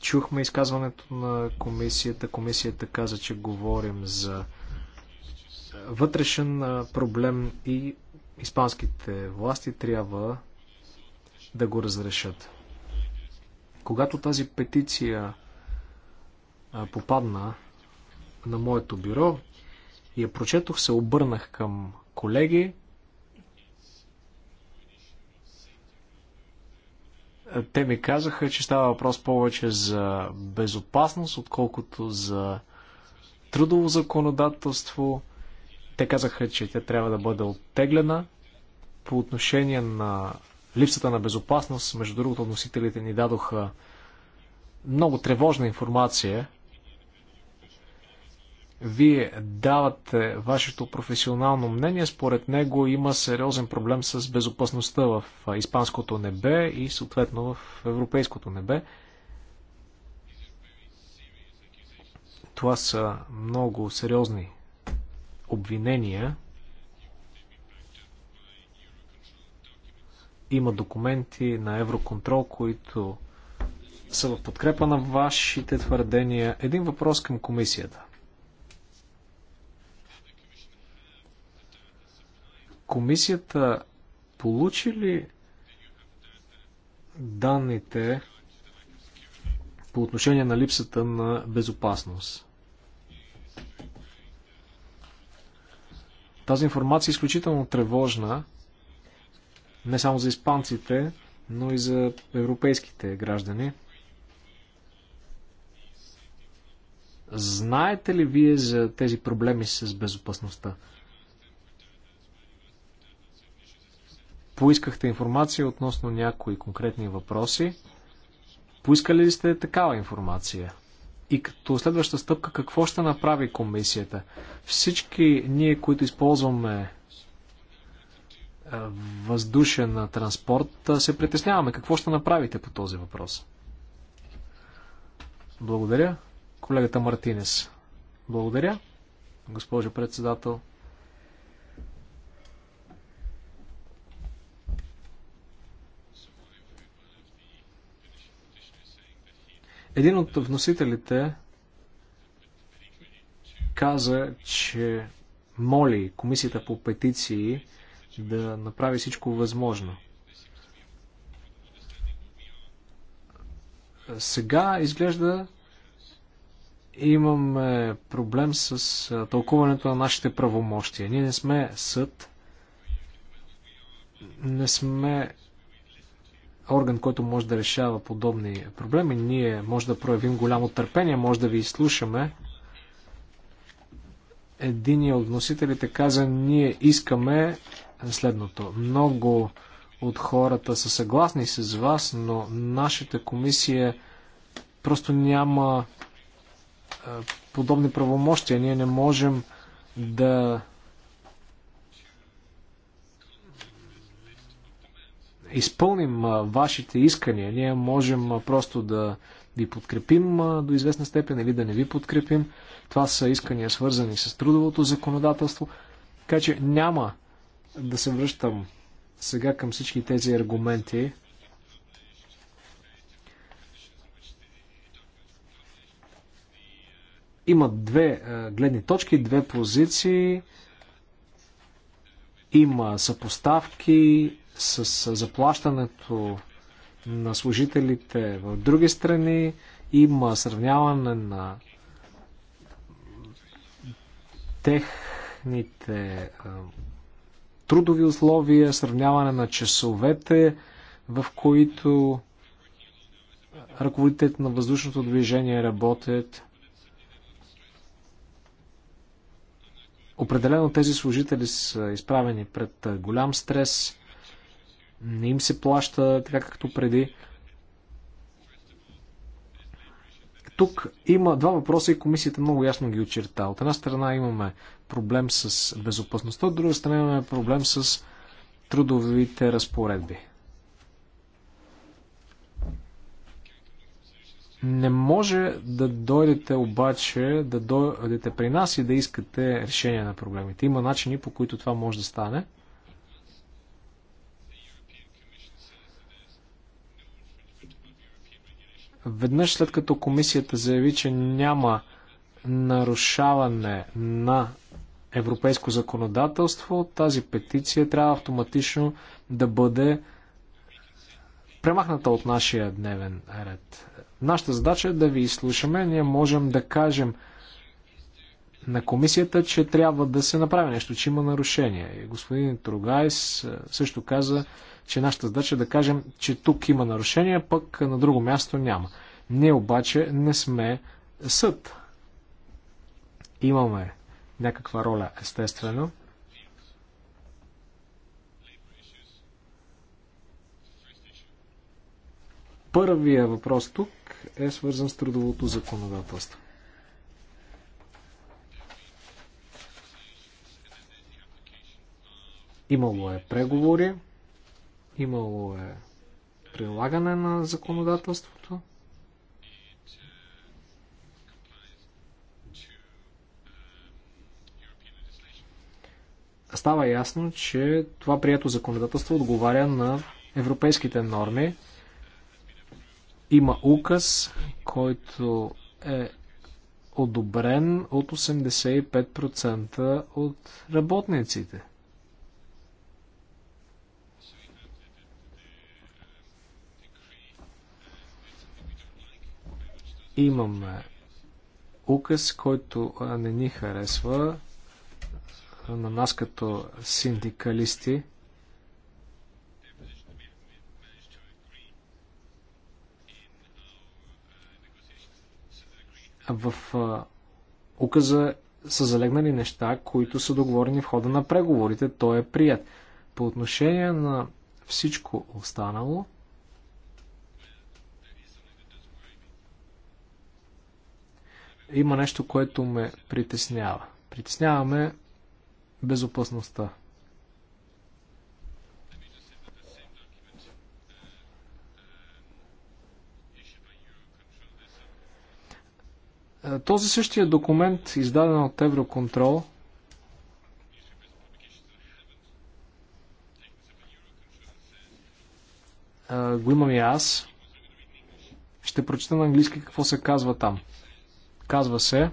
Чухме изказването на комисията. Комисията каза, че говорим за вътрешен проблем и испанските власти трябва да го разрешат. Когато тази петиция попадна на моето бюро и я прочетох, се обърнах към колеги Те ми казаха, че става въпрос повече за безопасност, отколкото за трудово законодателство. Те казаха, че тя трябва да бъде оттеглена. По отношение на липсата на безопасност, между другото, носителите ни дадоха много тревожна информация вие давате вашето професионално мнение. Според него има сериозен проблем с безопасността в испанското небе и съответно в европейското небе. Това са много сериозни обвинения. Има документи на Евроконтрол, които са в подкрепа на вашите твърдения. Един въпрос към комисията – Комисията получи ли данните по отношение на липсата на безопасност? Тази информация е изключително тревожна, не само за испанците, но и за европейските граждани. Знаете ли вие за тези проблеми с безопасността? Поискахте информация относно някои конкретни въпроси. Поискали ли сте такава информация? И като следваща стъпка, какво ще направи комисията? Всички ние, които използваме е, въздушен транспорт, е, се притесняваме. Какво ще направите по този въпрос? Благодаря. Колегата Мартинес. Благодаря, госпожо председател. Един от вносителите каза, че моли комисията по петиции да направи всичко възможно. Сега изглежда имаме проблем с тълкуването на нашите правомощия. Ние не сме съд, не сме орган, който може да решава подобни проблеми. Ние може да проявим голямо търпение, може да ви изслушаме. Единият от вносителите каза, ние искаме следното. Много от хората са съгласни с вас, но нашата комисия просто няма е, подобни правомощия. Ние не можем да изпълним вашите искания, ние можем просто да ви подкрепим до известна степен или да не ви подкрепим. Това са искания свързани с трудовото законодателство. Така че няма да се връщам сега към всички тези аргументи. Има две гледни точки, две позиции. Има съпоставки, с заплащането на служителите в други страни, има сравняване на техните трудови условия, сравняване на часовете, в които ръководителите на въздушното движение работят. Определено тези служители са изправени пред голям стрес не им се плаща така както преди. Тук има два въпроса и комисията много ясно ги очерта. От една страна имаме проблем с безопасността, от друга страна имаме проблем с трудовите разпоредби. Не може да дойдете обаче, да дойдете при нас и да искате решение на проблемите. Има начини по които това може да стане – Веднъж след като комисията заяви, че няма нарушаване на европейско законодателство, тази петиция трябва автоматично да бъде премахната от нашия дневен ред. Нашата задача е да ви изслушаме. Ние можем да кажем на комисията, че трябва да се направи нещо, че има нарушение. И господин Тругайс е, също каза, че нашата задача е да кажем, че тук има нарушения, пък на друго място няма. Ние обаче не сме съд. Имаме някаква роля, естествено. Първия въпрос тук е свързан с трудовото законодателство. Имало е преговори Имало е прилагане на законодателството. Става ясно, че това прието законодателство отговаря на европейските норми. Има указ, който е одобрен от 85% от работниците. Имаме указ, който е, не ни харесва е, на нас като синдикалисти. В е, указа са залегнали неща, които са договорени в хода на преговорите. Той е прият. По отношение на всичко останало, има нещо, което ме притеснява. Притесняваме безопасността. Е, този същия документ, издаден от Евроконтрол, е, го имам и аз. Ще прочета на английски какво се казва там. Казва се,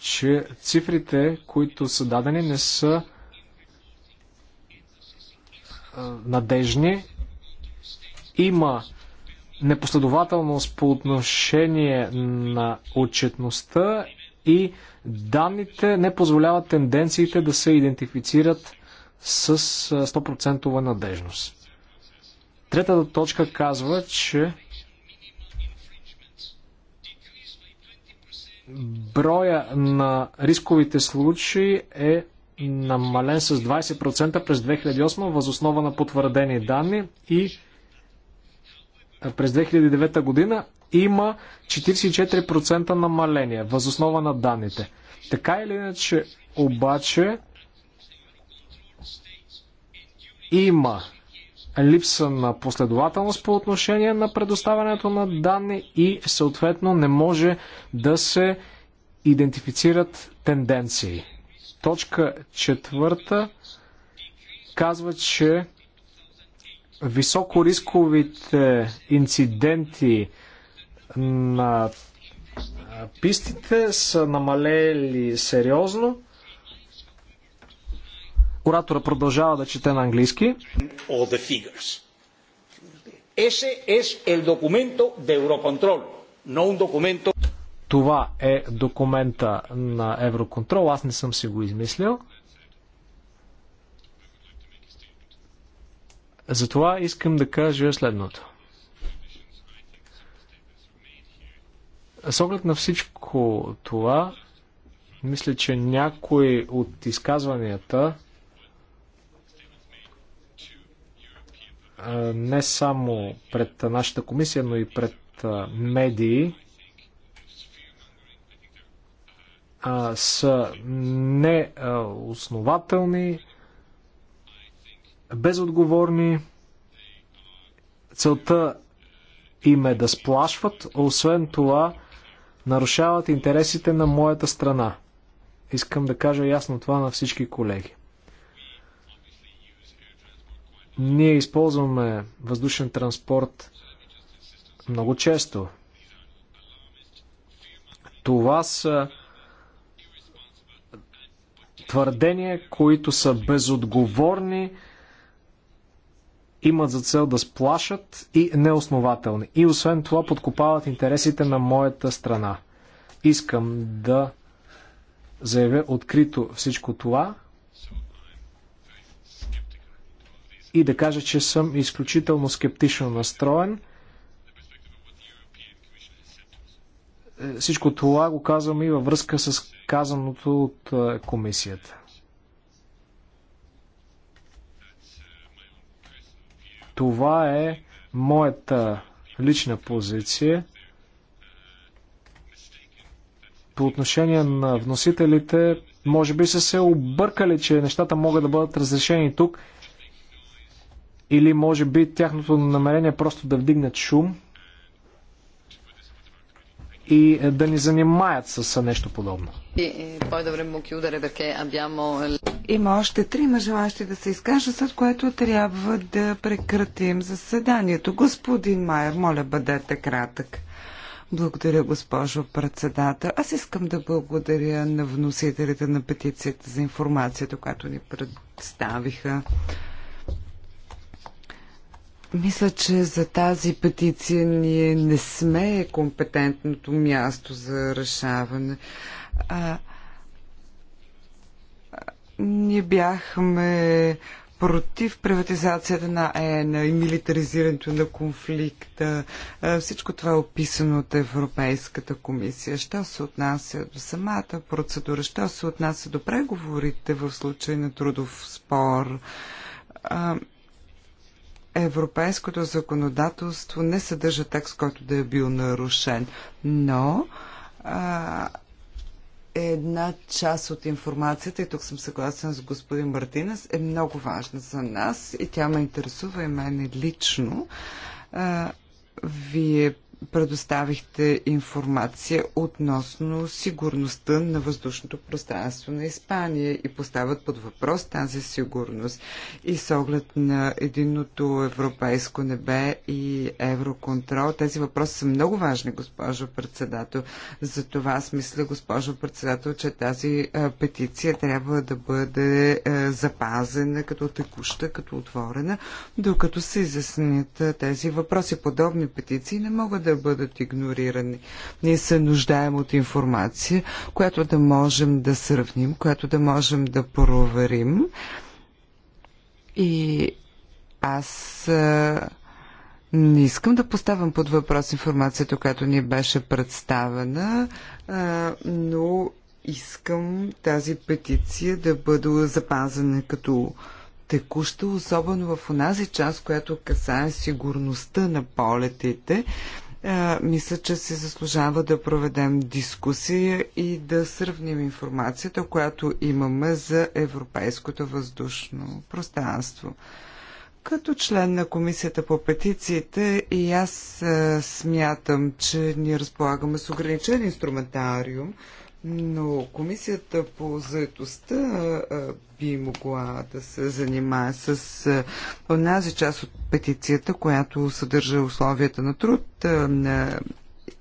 че цифрите, които са дадени, не са надежни. Има непоследователност по отношение на отчетността и данните не позволяват тенденциите да се идентифицират с 100% надежност. Третата точка казва, че броя на рисковите случаи е намален с 20% през 2008 възоснова на потвърдени данни и през 2009 година има 44% намаление възоснова на данните. Така или иначе обаче има липса на последователност по отношение на предоставянето на данни и съответно не може да се идентифицират тенденции. Точка четвърта казва, че високорисковите инциденти на пистите са намалели сериозно Куратора продължава да чете на английски. Това е документа на Евроконтрол. Аз не съм си го измислил. Затова искам да кажа следното. С оглед на всичко това, мисля, че някои от изказванията не само пред нашата комисия, но и пред медии са неоснователни, безотговорни. Целта им е да сплашват, освен това нарушават интересите на моята страна. Искам да кажа ясно това на всички колеги. Ние използваме въздушен транспорт много често. Това са твърдения, които са безотговорни, имат за цел да сплашат и неоснователни. И освен това подкопават интересите на моята страна. Искам да заявя открито всичко това и да кажа, че съм изключително скептично настроен. Е, всичко това го казвам и във връзка с казаното от е, комисията. Това е моята лична позиция. По отношение на вносителите, може би са се объркали, че нещата могат да бъдат разрешени тук – или може би тяхното намерение е просто да вдигнат шум и е, да ни занимаят с нещо подобно. Е, Има още трима желащи да се изкажат, след което трябва да прекратим заседанието. Господин Майер, моля бъдете кратък. Благодаря, госпожо председател. Аз искам да благодаря на вносителите на петицията за информацията, която ни представиха. Мисля, че за тази петиция ние не сме компетентното място за решаване. А, ние бяхме против приватизацията на ЕНА и милитаризирането на конфликта. Всичко това е описано от Европейската комисия. Що се отнася до самата процедура? Що се отнася до преговорите в случай на трудов спор? европейското законодателство не съдържа текст, който да е бил нарушен, но а, една част от информацията, и тук съм съгласен с господин Мартинес, е много важна за нас и тя ме интересува и мен лично. А, вие предоставихте информация относно сигурността на въздушното пространство на Испания и поставят под въпрос тази сигурност и с оглед на единното европейско небе и евроконтрол. Тези въпроси са много важни, госпожо председател. За това аз мисля, госпожо председател, че тази петиция трябва да бъде запазена като текуща, като отворена, докато се изяснят тези въпроси. Подобни петиции не могат да да бъдат игнорирани. Ние се нуждаем от информация, която да можем да сравним, която да можем да проверим. И аз не искам да поставям под въпрос информацията, която ни беше представена, но искам тази петиция да бъде запазена като текуща, особено в онази част, която касае сигурността на полетите. Е, мисля, че се заслужава да проведем дискусия и да сравним информацията, която имаме за европейското въздушно пространство. Като член на Комисията по петициите и аз е, смятам, че ние разполагаме с ограничен инструментариум, но комисията по заедостта би могла да се занимае с онази част от петицията, която съдържа условията на труд на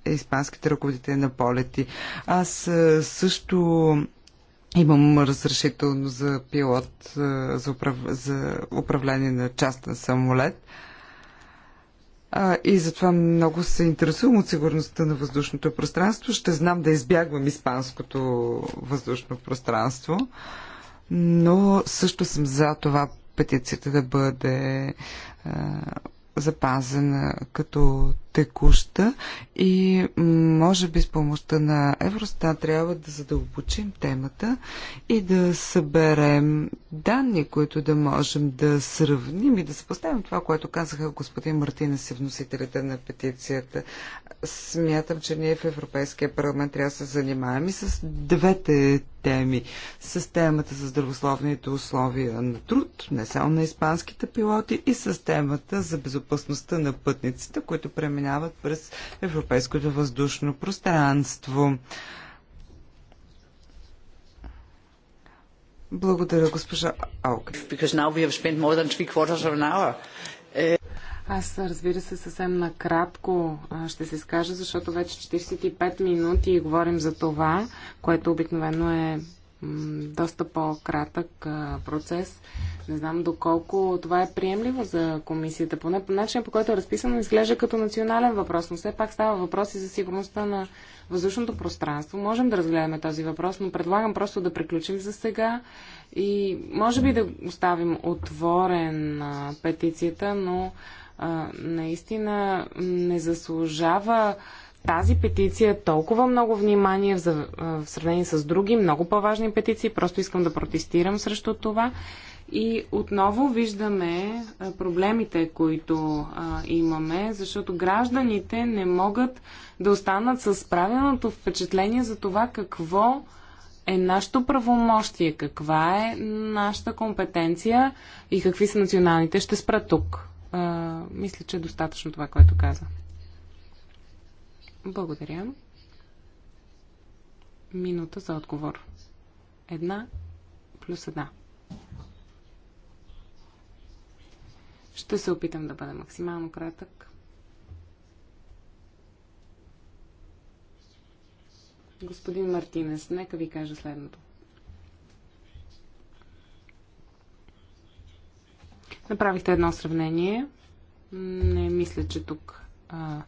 испанските ръководители на полети. Аз също Имам разрешително за пилот за, за управление на частен самолет а, и затова много се интересувам от сигурността на въздушното пространство. Ще знам да избягвам испанското въздушно пространство, но също съм за това петицията да бъде а, запазена като текуща и може би с помощта на Евроста, трябва да задълбочим темата и да съберем данни, които да можем да сравним и да съпоставим това, което казаха господин Мартина си вносителите на петицията. Смятам, че ние в Европейския парламент трябва да се занимаем и с двете теми. С темата за здравословните условия на труд, не само на испанските пилоти, и с темата за безопасността на пътниците, които преминават преминават през европейското въздушно пространство. Благодаря, госпожа Алка. Аз, разбира се, съвсем накратко ще се изкажа, защото вече 45 минути говорим за това, което обикновено е доста по-кратък процес. Не знам доколко това е приемливо за комисията. Поне по начин, по който е разписано, изглежда като национален въпрос, но все пак става въпрос и за сигурността на въздушното пространство. Можем да разгледаме този въпрос, но предлагам просто да приключим за сега и може би да оставим отворен петицията, но а, наистина не заслужава тази петиция толкова много внимание в, в сравнение с други много по-важни петиции. Просто искам да протестирам срещу това. И отново виждаме проблемите, които а, имаме, защото гражданите не могат да останат с правилното впечатление за това какво е нашето правомощие, каква е нашата компетенция и какви са националните. Ще спра тук. А, мисля, че е достатъчно това, което каза. Благодаря. Минута за отговор. Една плюс една. Ще се опитам да бъда максимално кратък. Господин Мартинес, нека ви кажа следното. Направихте едно сравнение. Не мисля, че тук а,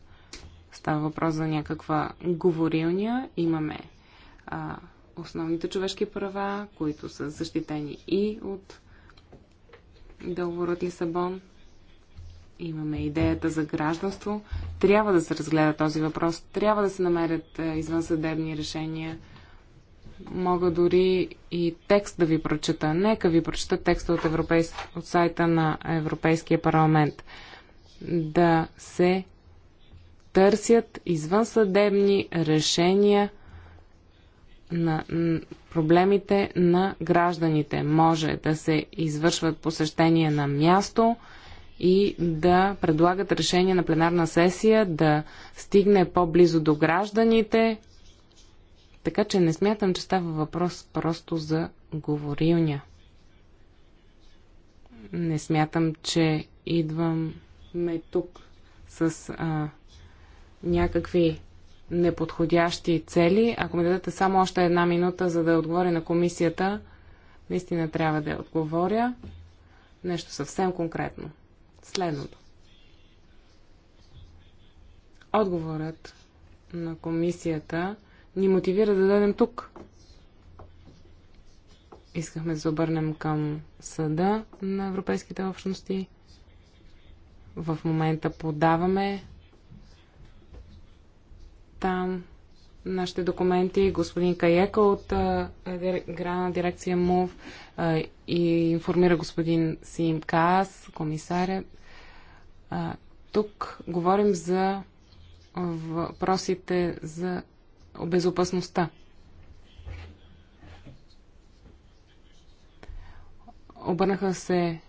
Става въпрос за някаква говорилня. Имаме а, основните човешки права, които са защитени и от договор от Лисабон. Имаме идеята за гражданство. Трябва да се разгледа този въпрос. Трябва да се намерят извънсъдебни решения. Мога дори и текст да ви прочета. Нека ви прочета текста от, европейс... от сайта на Европейския парламент. Да се търсят извънсъдебни решения на проблемите на гражданите. Може да се извършват посещения на място и да предлагат решение на пленарна сесия да стигне по-близо до гражданите. Така че не смятам, че става въпрос просто за говорилня. Не смятам, че идваме тук с а, някакви неподходящи цели. Ако ми дадете само още една минута, за да отговоря на комисията, наистина трябва да я отговоря. Нещо съвсем конкретно. Следното. Отговорът на комисията ни мотивира да дадем тук. Искахме да се обърнем към съда на европейските общности. В момента подаваме там нашите документи, господин Каека от Грана дирекция МОВ и информира господин Сим Каас, комисаря. тук говорим за въпросите за безопасността. Обърнаха се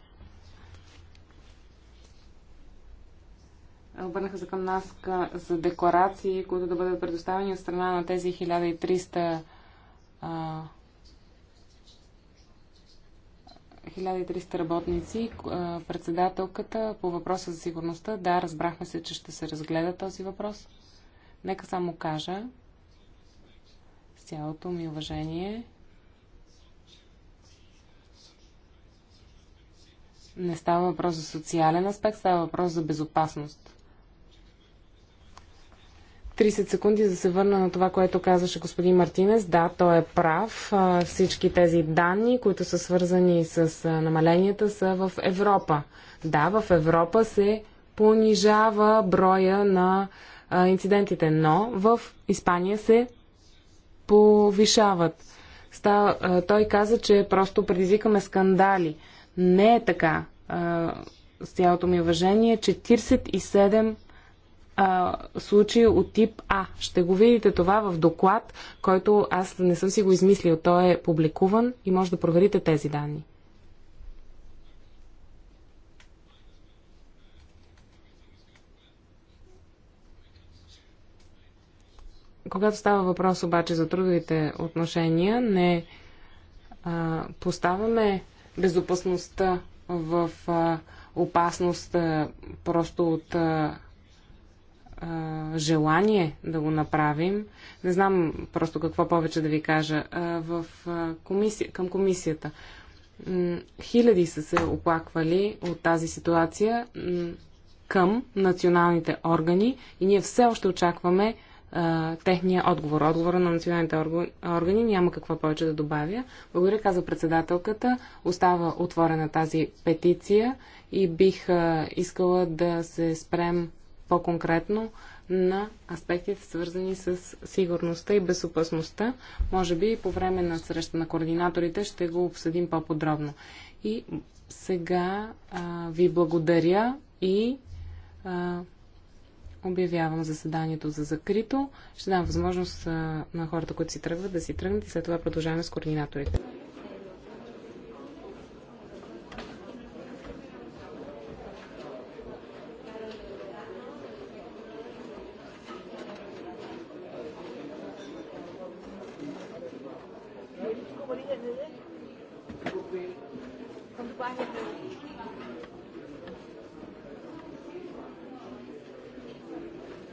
обърнаха се към нас за декларации, които да бъдат предоставени от страна на тези 1300 а, 1300 работници. Председателката по въпроса за сигурността, да, разбрахме се, че ще се разгледа този въпрос. Нека само кажа с цялото ми уважение. Не става въпрос за социален аспект, става въпрос за безопасност. 30 секунди да се върна на това, което казаше господин Мартинес. Да, той е прав. Всички тези данни, които са свързани с намаленията, са в Европа. Да, в Европа се понижава броя на инцидентите, но в Испания се повишават. Той каза, че просто предизвикаме скандали. Не е така. С цялото ми уважение, 47 а, случаи от тип А. Ще го видите това в доклад, който аз не съм си го измислил. Той е публикуван и може да проверите тези данни. Когато става въпрос обаче за трудовите отношения, не а, поставяме безопасността в а, опасност а, просто от а, желание да го направим. Не знам просто какво повече да ви кажа. В комисия, към комисията. Хиляди са се оплаквали от тази ситуация към националните органи и ние все още очакваме а, техния отговор. Отговора на националните органи няма какво повече да добавя. Благодаря, каза председателката. Остава отворена тази петиция и бих а, искала да се спрем по-конкретно на аспектите, свързани с сигурността и безопасността. Може би по време на среща на координаторите ще го обсъдим по-подробно. И сега а, ви благодаря и а, обявявам заседанието за закрито. Ще дам възможност а, на хората, които си тръгват, да си тръгнат и след това продължаваме с координаторите.